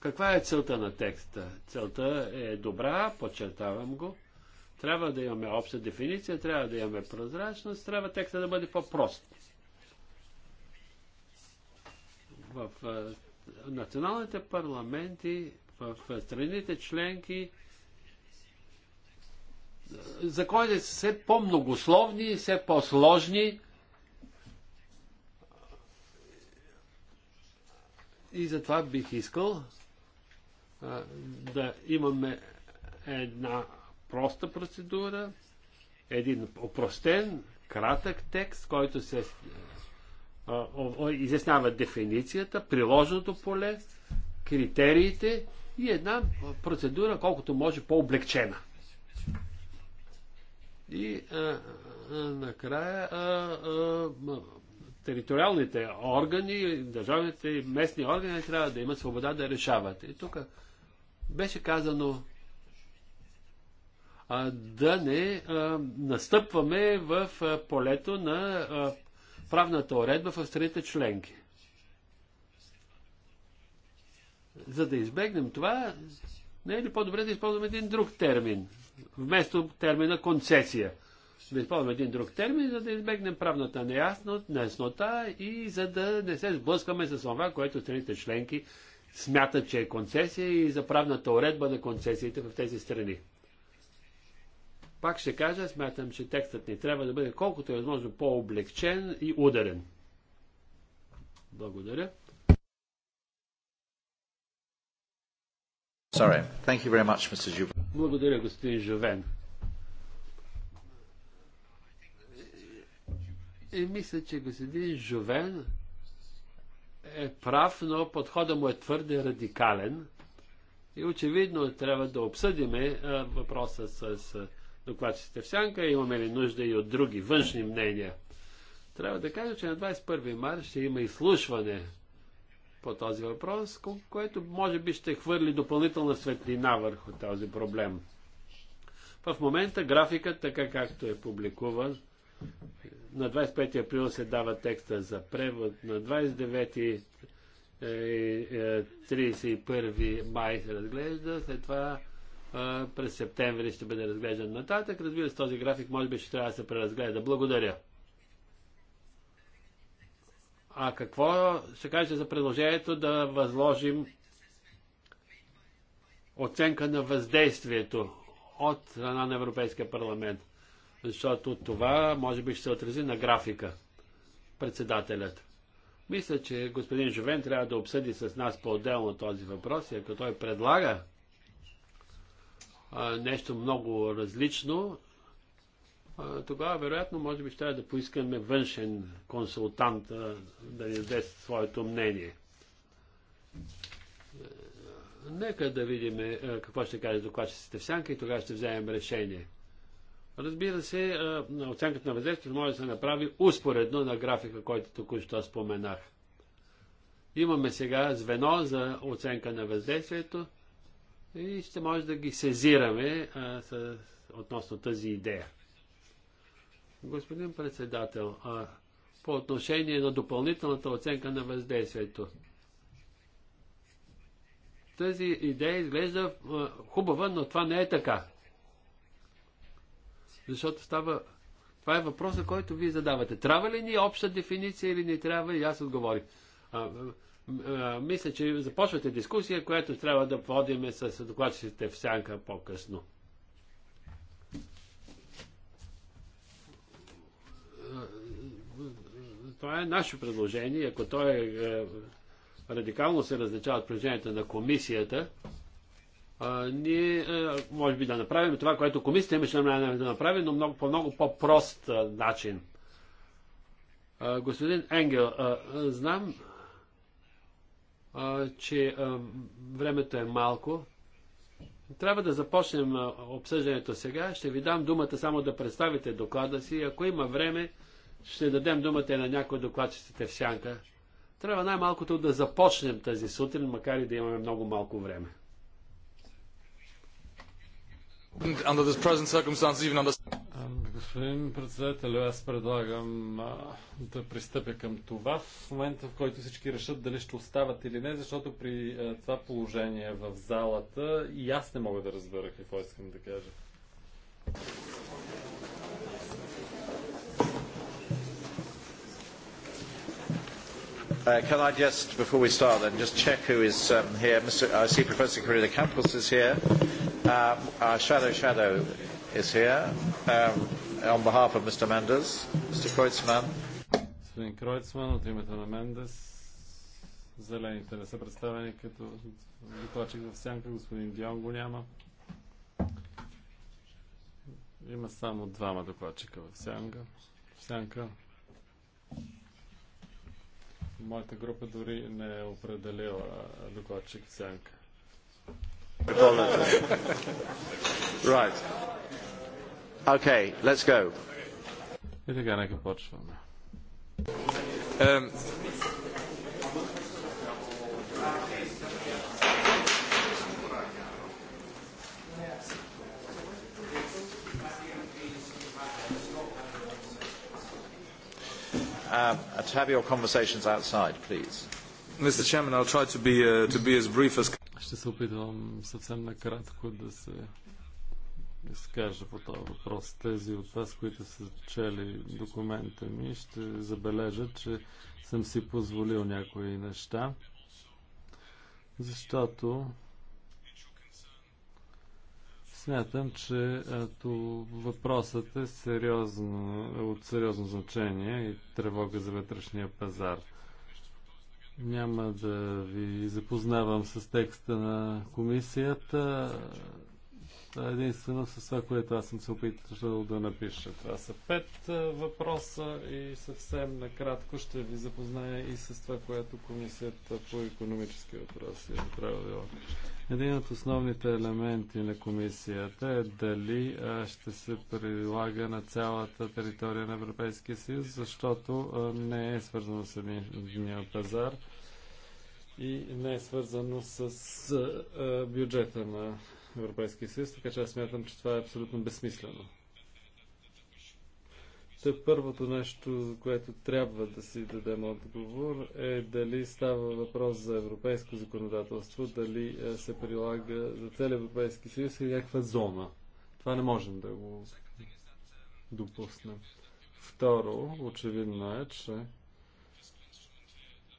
Каква е целта на текста? Целта е добра, подчертавам го. Трябва да имаме обща дефиниция, трябва да имаме прозрачност, трябва текста да бъде по-прост. В националните парламенти в страните членки законите са все по-многословни, все по-сложни. И затова бих искал да имаме една проста процедура, един опростен, кратък текст, който се изяснява дефиницията, приложното поле, критериите и една процедура колкото може по-облегчена. И а, а, накрая а, а, териториалните органи, държавните и местни органи трябва да имат свобода да решават. И тук беше казано а, да не а, настъпваме в а, полето на а, правната уредба в страните членки. За да избегнем това, не е ли по-добре да използваме един друг термин, вместо термина концесия? Да използваме един друг термин, за да избегнем правната неясно, неяснота и за да не се сблъскаме с това, което страните членки смятат, че е концесия и за правната уредба на концесиите в тези страни. Пак ще кажа, смятам, че текстът ни трябва да бъде колкото е възможно по-облегчен и ударен. Благодаря. Sorry. Thank you very much, Mr. Juven. Благодаря, господин Жовен. И мисля, че господин Жовен е прав, но подхода му е твърде радикален. И очевидно трябва да обсъдиме въпроса с, с докладчите в сянка. Имаме ли нужда и от други външни мнения? Трябва да кажа, че на 21 марта ще има изслушване по този въпрос, което може би ще хвърли допълнителна светлина върху този проблем. В момента графикът, така както е публикуван, на 25 април се дава текста за превод, на 29 31 е, е, май се разглежда, след това през септември ще бъде разглеждан нататък. Разбира се, този график може би ще трябва да се преразгледа. Благодаря. А какво се каже за предложението да възложим оценка на въздействието от страна на Европейския парламент? Защото това може би ще се отрази на графика. Председателят. Мисля, че господин Жовен трябва да обсъди с нас по-отделно този въпрос и ако той предлага нещо много различно, тогава вероятно може би ще да поискаме външен консултант да ни даде своето мнение. Е, нека да видим е, какво ще каже докладчиците в сянка и тогава ще вземем решение. Разбира се, е, оценката на въздействието може да се направи успоредно на графика, който току-що споменах. Имаме сега звено за оценка на въздействието и ще може да ги сезираме а, с, относно тази идея. Господин председател, а, по отношение на допълнителната оценка на въздействието. Тази идея изглежда хубава, но това не е така. Защото става. Това е въпросът, който вие задавате. Трябва ли ни обща дефиниция или не трябва? И аз отговорих. А, а, мисля, че започвате дискусия, която трябва да водиме с докладчиците в сянка по-късно. това е наше предложение. Ако то е, е радикално се различава от предложението на комисията, а, ние а, е, може би да направим това, което комисията имаше намерение да направи, но много, по много по-прост е, начин. А, господин Енгел, а, знам, а, че а, времето е малко. Трябва да започнем обсъждането сега. Ще ви дам думата само да представите доклада си. Ако има време, ще дадем думата на някои докладчиците в сянка. Трябва най-малкото да започнем тази сутрин, макар и да имаме много малко време. Господин председател, аз предлагам а, да пристъпя към това в момента, в който всички решат дали ще остават или не, защото при а, това положение в залата и аз не мога да разбера какво искам да кажа. can I just, before we start then, just check who is um, here? Mr. I see Professor Corina Campos is here. Um, our shadow shadow is here um, on behalf of Mr. Mendes. Mr. Kreutzmann. Господин Кройцман от името на Мендес. Зелените не са представени като докладчик в сянка. Господин Дион го няма. Има само двама докладчика в сянка. В сянка. Моята група дори не е определила докладчик в сянка. Right. Okay, let's go. И така, нека почваме. Uh, to have your conversations outside, please. Mr. Chairman, I'll try to be, uh, to be as brief as... Ще се опитвам съвсем накратко да се изкажа по този въпрос. Тези от вас, които са чели документа ми, ще забележат, че съм си позволил някои неща, защото Смятам, че ето, въпросът е сериозно, от сериозно значение и тревога за вътрешния пазар. Няма да ви запознавам с текста на комисията. Това е единствено с това, което аз съм се опитал да напиша. Това са пет въпроса и съвсем накратко ще ви запозная и с това, което Комисията по економически въпроси е направила. Един от основните елементи на комисията е дали ще се прилага на цялата територия на Европейския съюз, защото не е свързано с единния пазар и не е свързано с бюджета на Европейския съюз, така че аз смятам, че това е абсолютно безсмислено. Те първото нещо, за което трябва да си дадем отговор е дали става въпрос за европейско законодателство, дали е, се прилага за цели Европейски съюз или някаква зона. Това не можем да го допуснем. Второ, очевидно е, че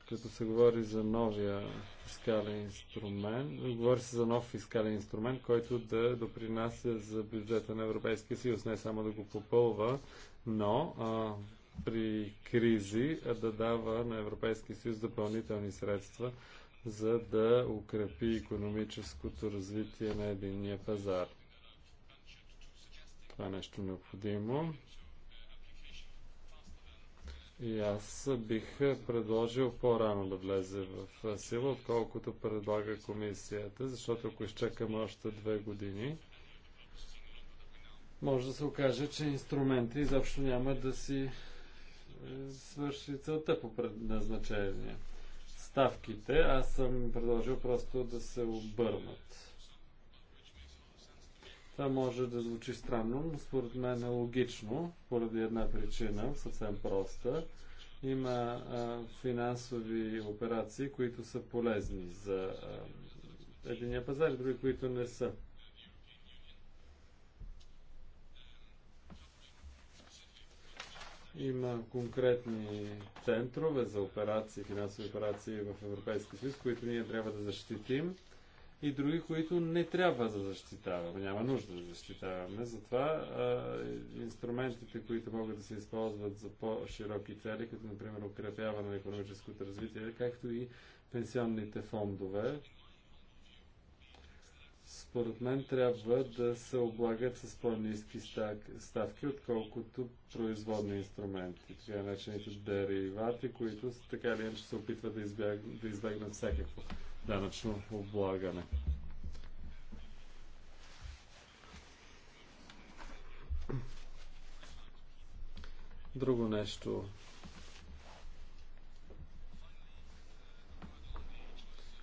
като се говори за новия фискален инструмент, говори се за нов фискален инструмент, който да допринася за бюджета на Европейския съюз, не само да го попълва, но а, при кризи да дава на Европейския съюз допълнителни средства, за да укрепи економическото развитие на единния пазар. Това е нещо необходимо. И аз бих предложил по-рано да влезе в сила, отколкото предлага комисията, защото ако изчакаме още две години, може да се окаже, че инструменти изобщо няма да си е, свърши целта по предназначение. Ставките аз съм предложил просто да се обърнат това може да звучи странно, но според мен е логично, поради една причина, съвсем проста. Има а, финансови операции, които са полезни за а, единия пазар, други, които не са. Има конкретни центрове за операции, финансови операции в Европейския съюз, които ние трябва да защитим и други, които не трябва да защитаваме, няма нужда да защитаваме. Затова а, инструментите, които могат да се използват за по-широки цели, като например укрепяване на економическото развитие, както и пенсионните фондове, според мен трябва да се облагат с по-низки ставки, отколкото производни инструменти, така наречените деривати, които така или иначе се опитват да, избяг, да избегнат всякакво данъчно облагане. Друго нещо.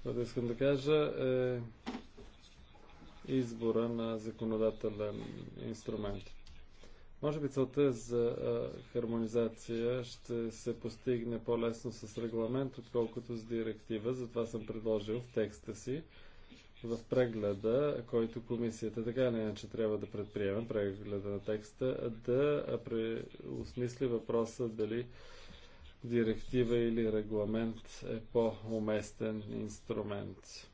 което искам да кажа е избора на законодателен инструмент. Може би целта е за хармонизация ще се постигне по-лесно с регламент, отколкото с директива. Затова съм предложил в текста си в прегледа, който комисията така или иначе трябва да предприеме, прегледа на текста, да осмисли въпроса дали директива или регламент е по-уместен инструмент.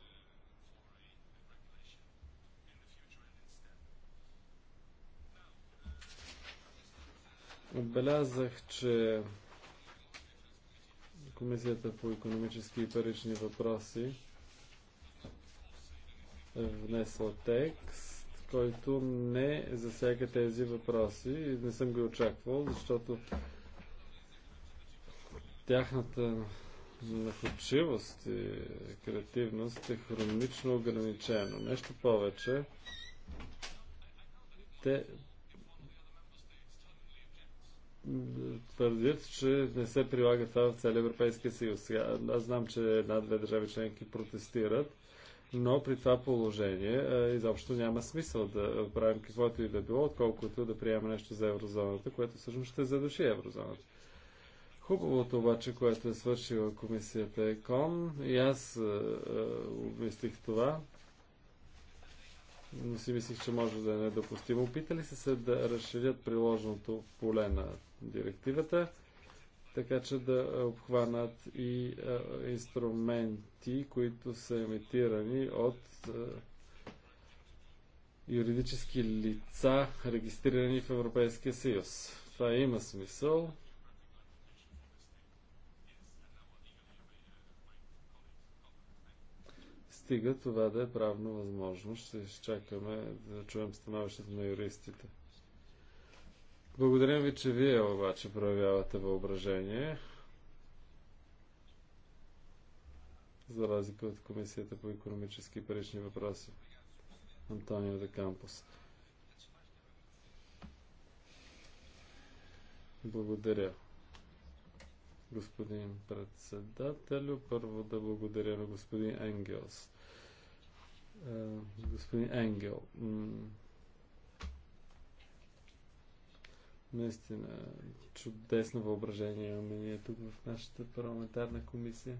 Отбелязах, че Комисията по економически и парични въпроси е внесла текст, който не засяга тези въпроси. и Не съм ги очаквал, защото тяхната находчивост и креативност е хронично ограничено. Нещо повече, те твърдят, че не се прилага това в целия Европейския съюз. Сега, аз знам, че една-две държави членки протестират, но при това положение а, изобщо няма смисъл да правим каквото и да било, отколкото да приемем нещо за еврозоната, което всъщност ще задуши еврозоната. Хубавото обаче, което е свършила комисията ЕКОН, и аз а, а, обмислих това, но си мислих, че може да е недопустимо. Опитали са се да разширят приложеното поле на директивата, така че да обхванат и а, инструменти, които са емитирани от а, юридически лица, регистрирани в Европейския съюз. Това има смисъл. Стига това да е правно възможно. Ще изчакаме да чуем становището на юристите. Благодарим ви, че вие обаче проявявате въображение. За разлика от Комисията по економически и парични въпроси. Антонио де Кампус. Благодаря. Господин председателю, първо да благодаря на господин Енгелс. Е, господин Енгел, Наистина, чудесно въображение имаме ние тук в нашата парламентарна комисия.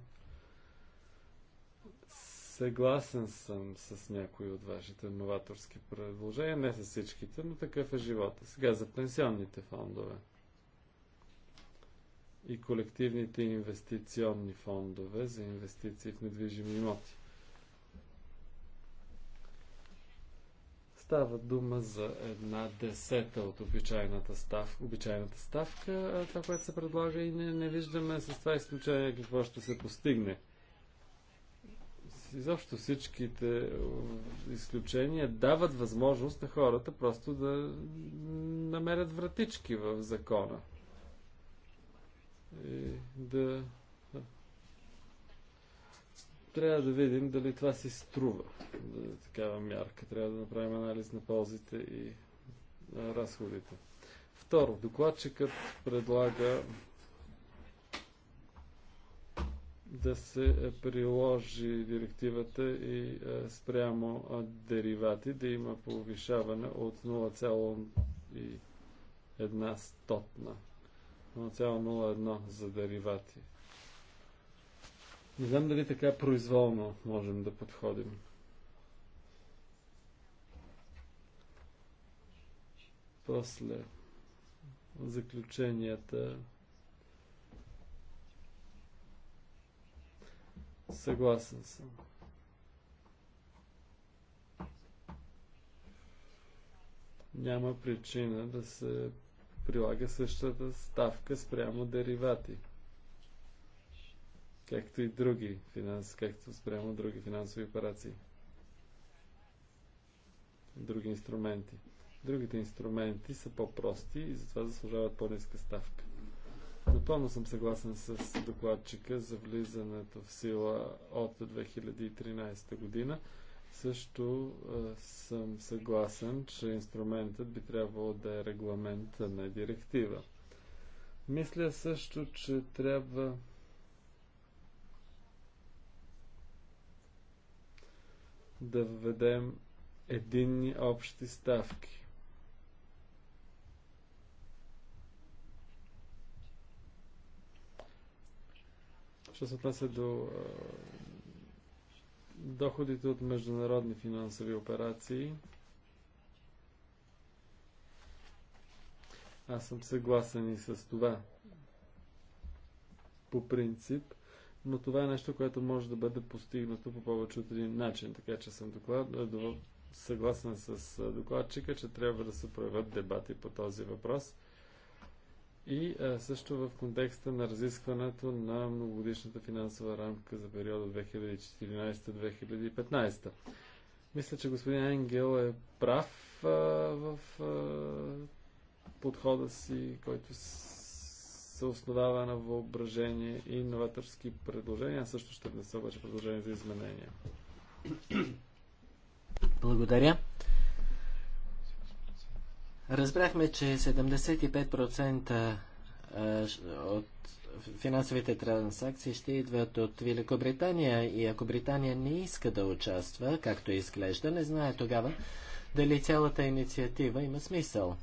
Съгласен съм с някои от вашите новаторски предложения, не с всичките, но такъв е живота. Сега за пенсионните фондове и колективните инвестиционни фондове за инвестиции в недвижими имоти. Става дума за една десета от обичайната ставка. Обичайната ставка, това, което се предлага и не, не виждаме с това изключение какво ще се постигне. Изобщо всичките изключения дават възможност на хората просто да намерят вратички в закона. И да трябва да видим дали това си струва, да, такава мярка. Трябва да направим анализ на ползите и на разходите. Второ, докладчикът предлага да се приложи директивата и спрямо деривати да има повишаване от 0,1 стотна. 0,01 за деривати. Не знам дали така произволно можем да подходим. После заключенията. Съгласен съм. Няма причина да се прилага същата ставка спрямо деривати както и други финанси, както спрямо други финансови операции, други инструменти. Другите инструменти са по-прости и затова заслужават по низка ставка. Напълно съм съгласен с докладчика за влизането в сила от 2013 година. Също е, съм съгласен, че инструментът би трябвало да е регламент на директива. Мисля също, че трябва да введем единни общи ставки. Що се отнася до е, доходите от международни финансови операции, аз съм съгласен и с това. По принцип, но това е нещо, което може да бъде постигнато по повече от един начин. Така че съм доклад, е, съгласен с е, докладчика, че трябва да се проявят дебати по този въпрос. И а, е, също в контекста на разискването на многогодишната финансова рамка за периода 2014-2015. Мисля, че господин Енгел е прав а, в а, подхода си, който се основава на въображение и новаторски предложения. също ще внеса обаче предложение за изменения. Благодаря. Разбрахме, че 75% от финансовите транзакции ще идват от Великобритания и ако Британия не иска да участва, както изглежда, не знае тогава дали цялата инициатива има смисъл.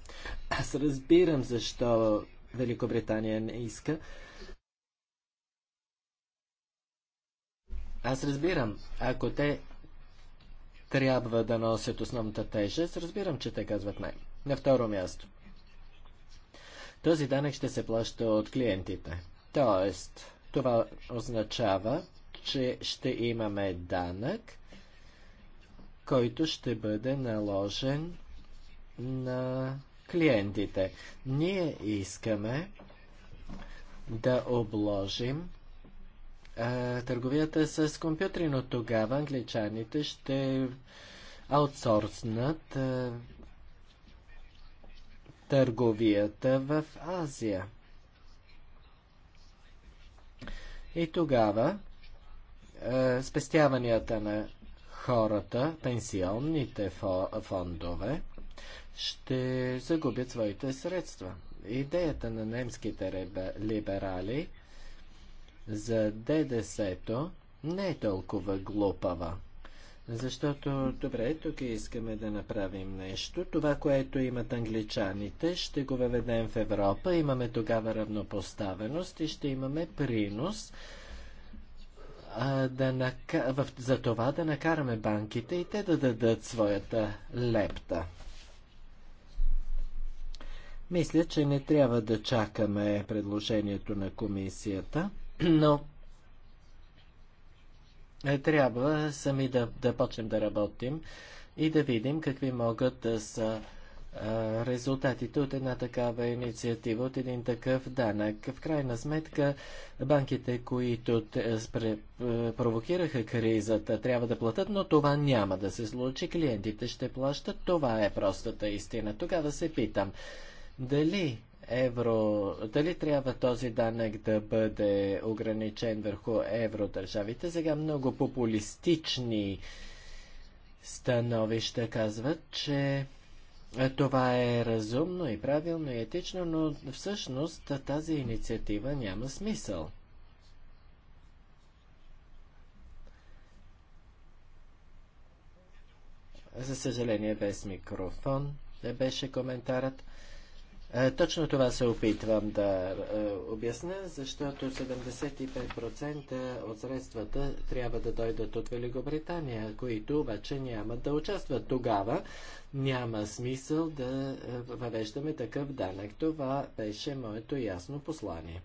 Аз разбирам защо Великобритания не иска. Аз разбирам, ако те трябва да носят основната тежест, разбирам, че те казват не. На второ място. Този данък ще се плаща от клиентите. Тоест, това означава, че ще имаме данък, който ще бъде наложен на клиентите. Ние искаме да обложим а, търговията с компютри, но тогава англичаните ще аутсорснат а, търговията в Азия. И тогава спестяванията на хората, пенсионните фондове, ще загубят своите средства. Идеята на немските либерали за ДДС-то не е толкова глупава. Защото, добре, тук искаме да направим нещо. Това, което имат англичаните, ще го въведем в Европа. Имаме тогава равнопоставеност и ще имаме принос а, да нака... в... за това да накараме банките и те да дадат своята лепта. Мисля, че не трябва да чакаме предложението на комисията, но е, трябва сами да, да почнем да работим и да видим какви могат да са е, резултатите от една такава инициатива, от един такъв данък. В крайна сметка, банките, които е, провокираха кризата, трябва да платят, но това няма да се случи. Клиентите ще плащат. Това е простата истина. Тогава се питам, дали евро, дали трябва този данък да бъде ограничен върху евродържавите? Сега много популистични становища казват, че е, това е разумно и правилно и етично, но всъщност тази инициатива няма смисъл. За съжаление без микрофон е, беше коментарът. Е, точно това се опитвам да е, обясня, защото 75% от средствата трябва да дойдат от Великобритания, които обаче няма да участват. Тогава няма смисъл да е, въвеждаме такъв данък. Това беше моето ясно послание.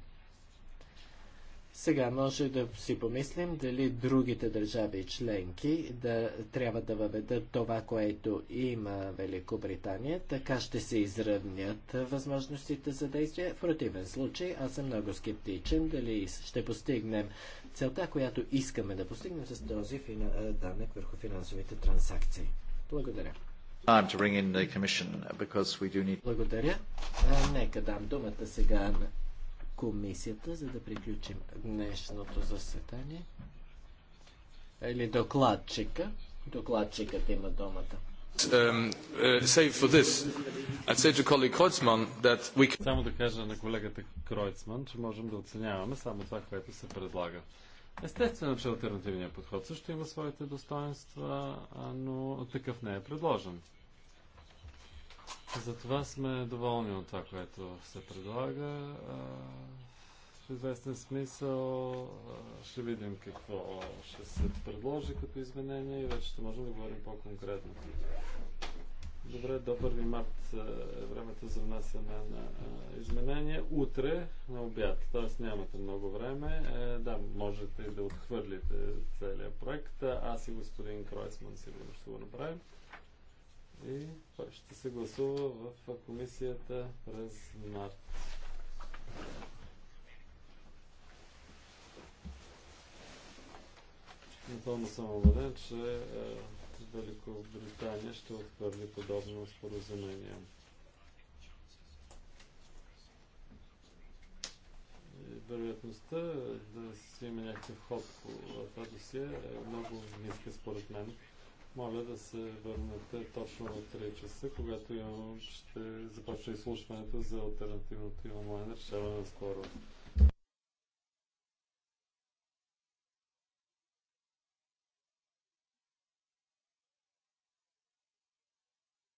Сега може да си помислим дали другите държави членки да трябва да въведат това, което има Великобритания, така ще се изравнят възможностите за действие. В противен случай аз съм много скептичен дали ще постигнем целта, която искаме да постигнем с този данък върху финансовите транзакции. Благодаря. Need... Благодаря. А, нека дам думата сега на комисията, за да приключим днешното заседание. Или докладчика. Докладчикът има думата. Um, uh, само да кажа на колегата Кройцман, че можем да оценяваме само това, което се предлага. Естествено, че альтернативният подход също има своите достоинства, но такъв не е предложен. Затова сме доволни от това, което се предлага. В известен смисъл ще видим какво ще се предложи като изменение и вече ще можем да говорим по-конкретно. Добре, до 1 март е времето за внасяне на изменения. Утре на обяд, т.е. нямате много време. Е, да, можете да отхвърлите целият проект. Аз и господин Кройсман сигурно ще го направим и ще се гласува в комисията през март. Напълно съм убеден, че е, Великобритания ще отхвърли подобно споразумение. вероятността е, да си има някакъв ход по това досие е много ниска според мен. Моля да се върнете точно в 3 часа, когато имам, ще започне изслушването за альтернативното и онлайн решаване на скорост.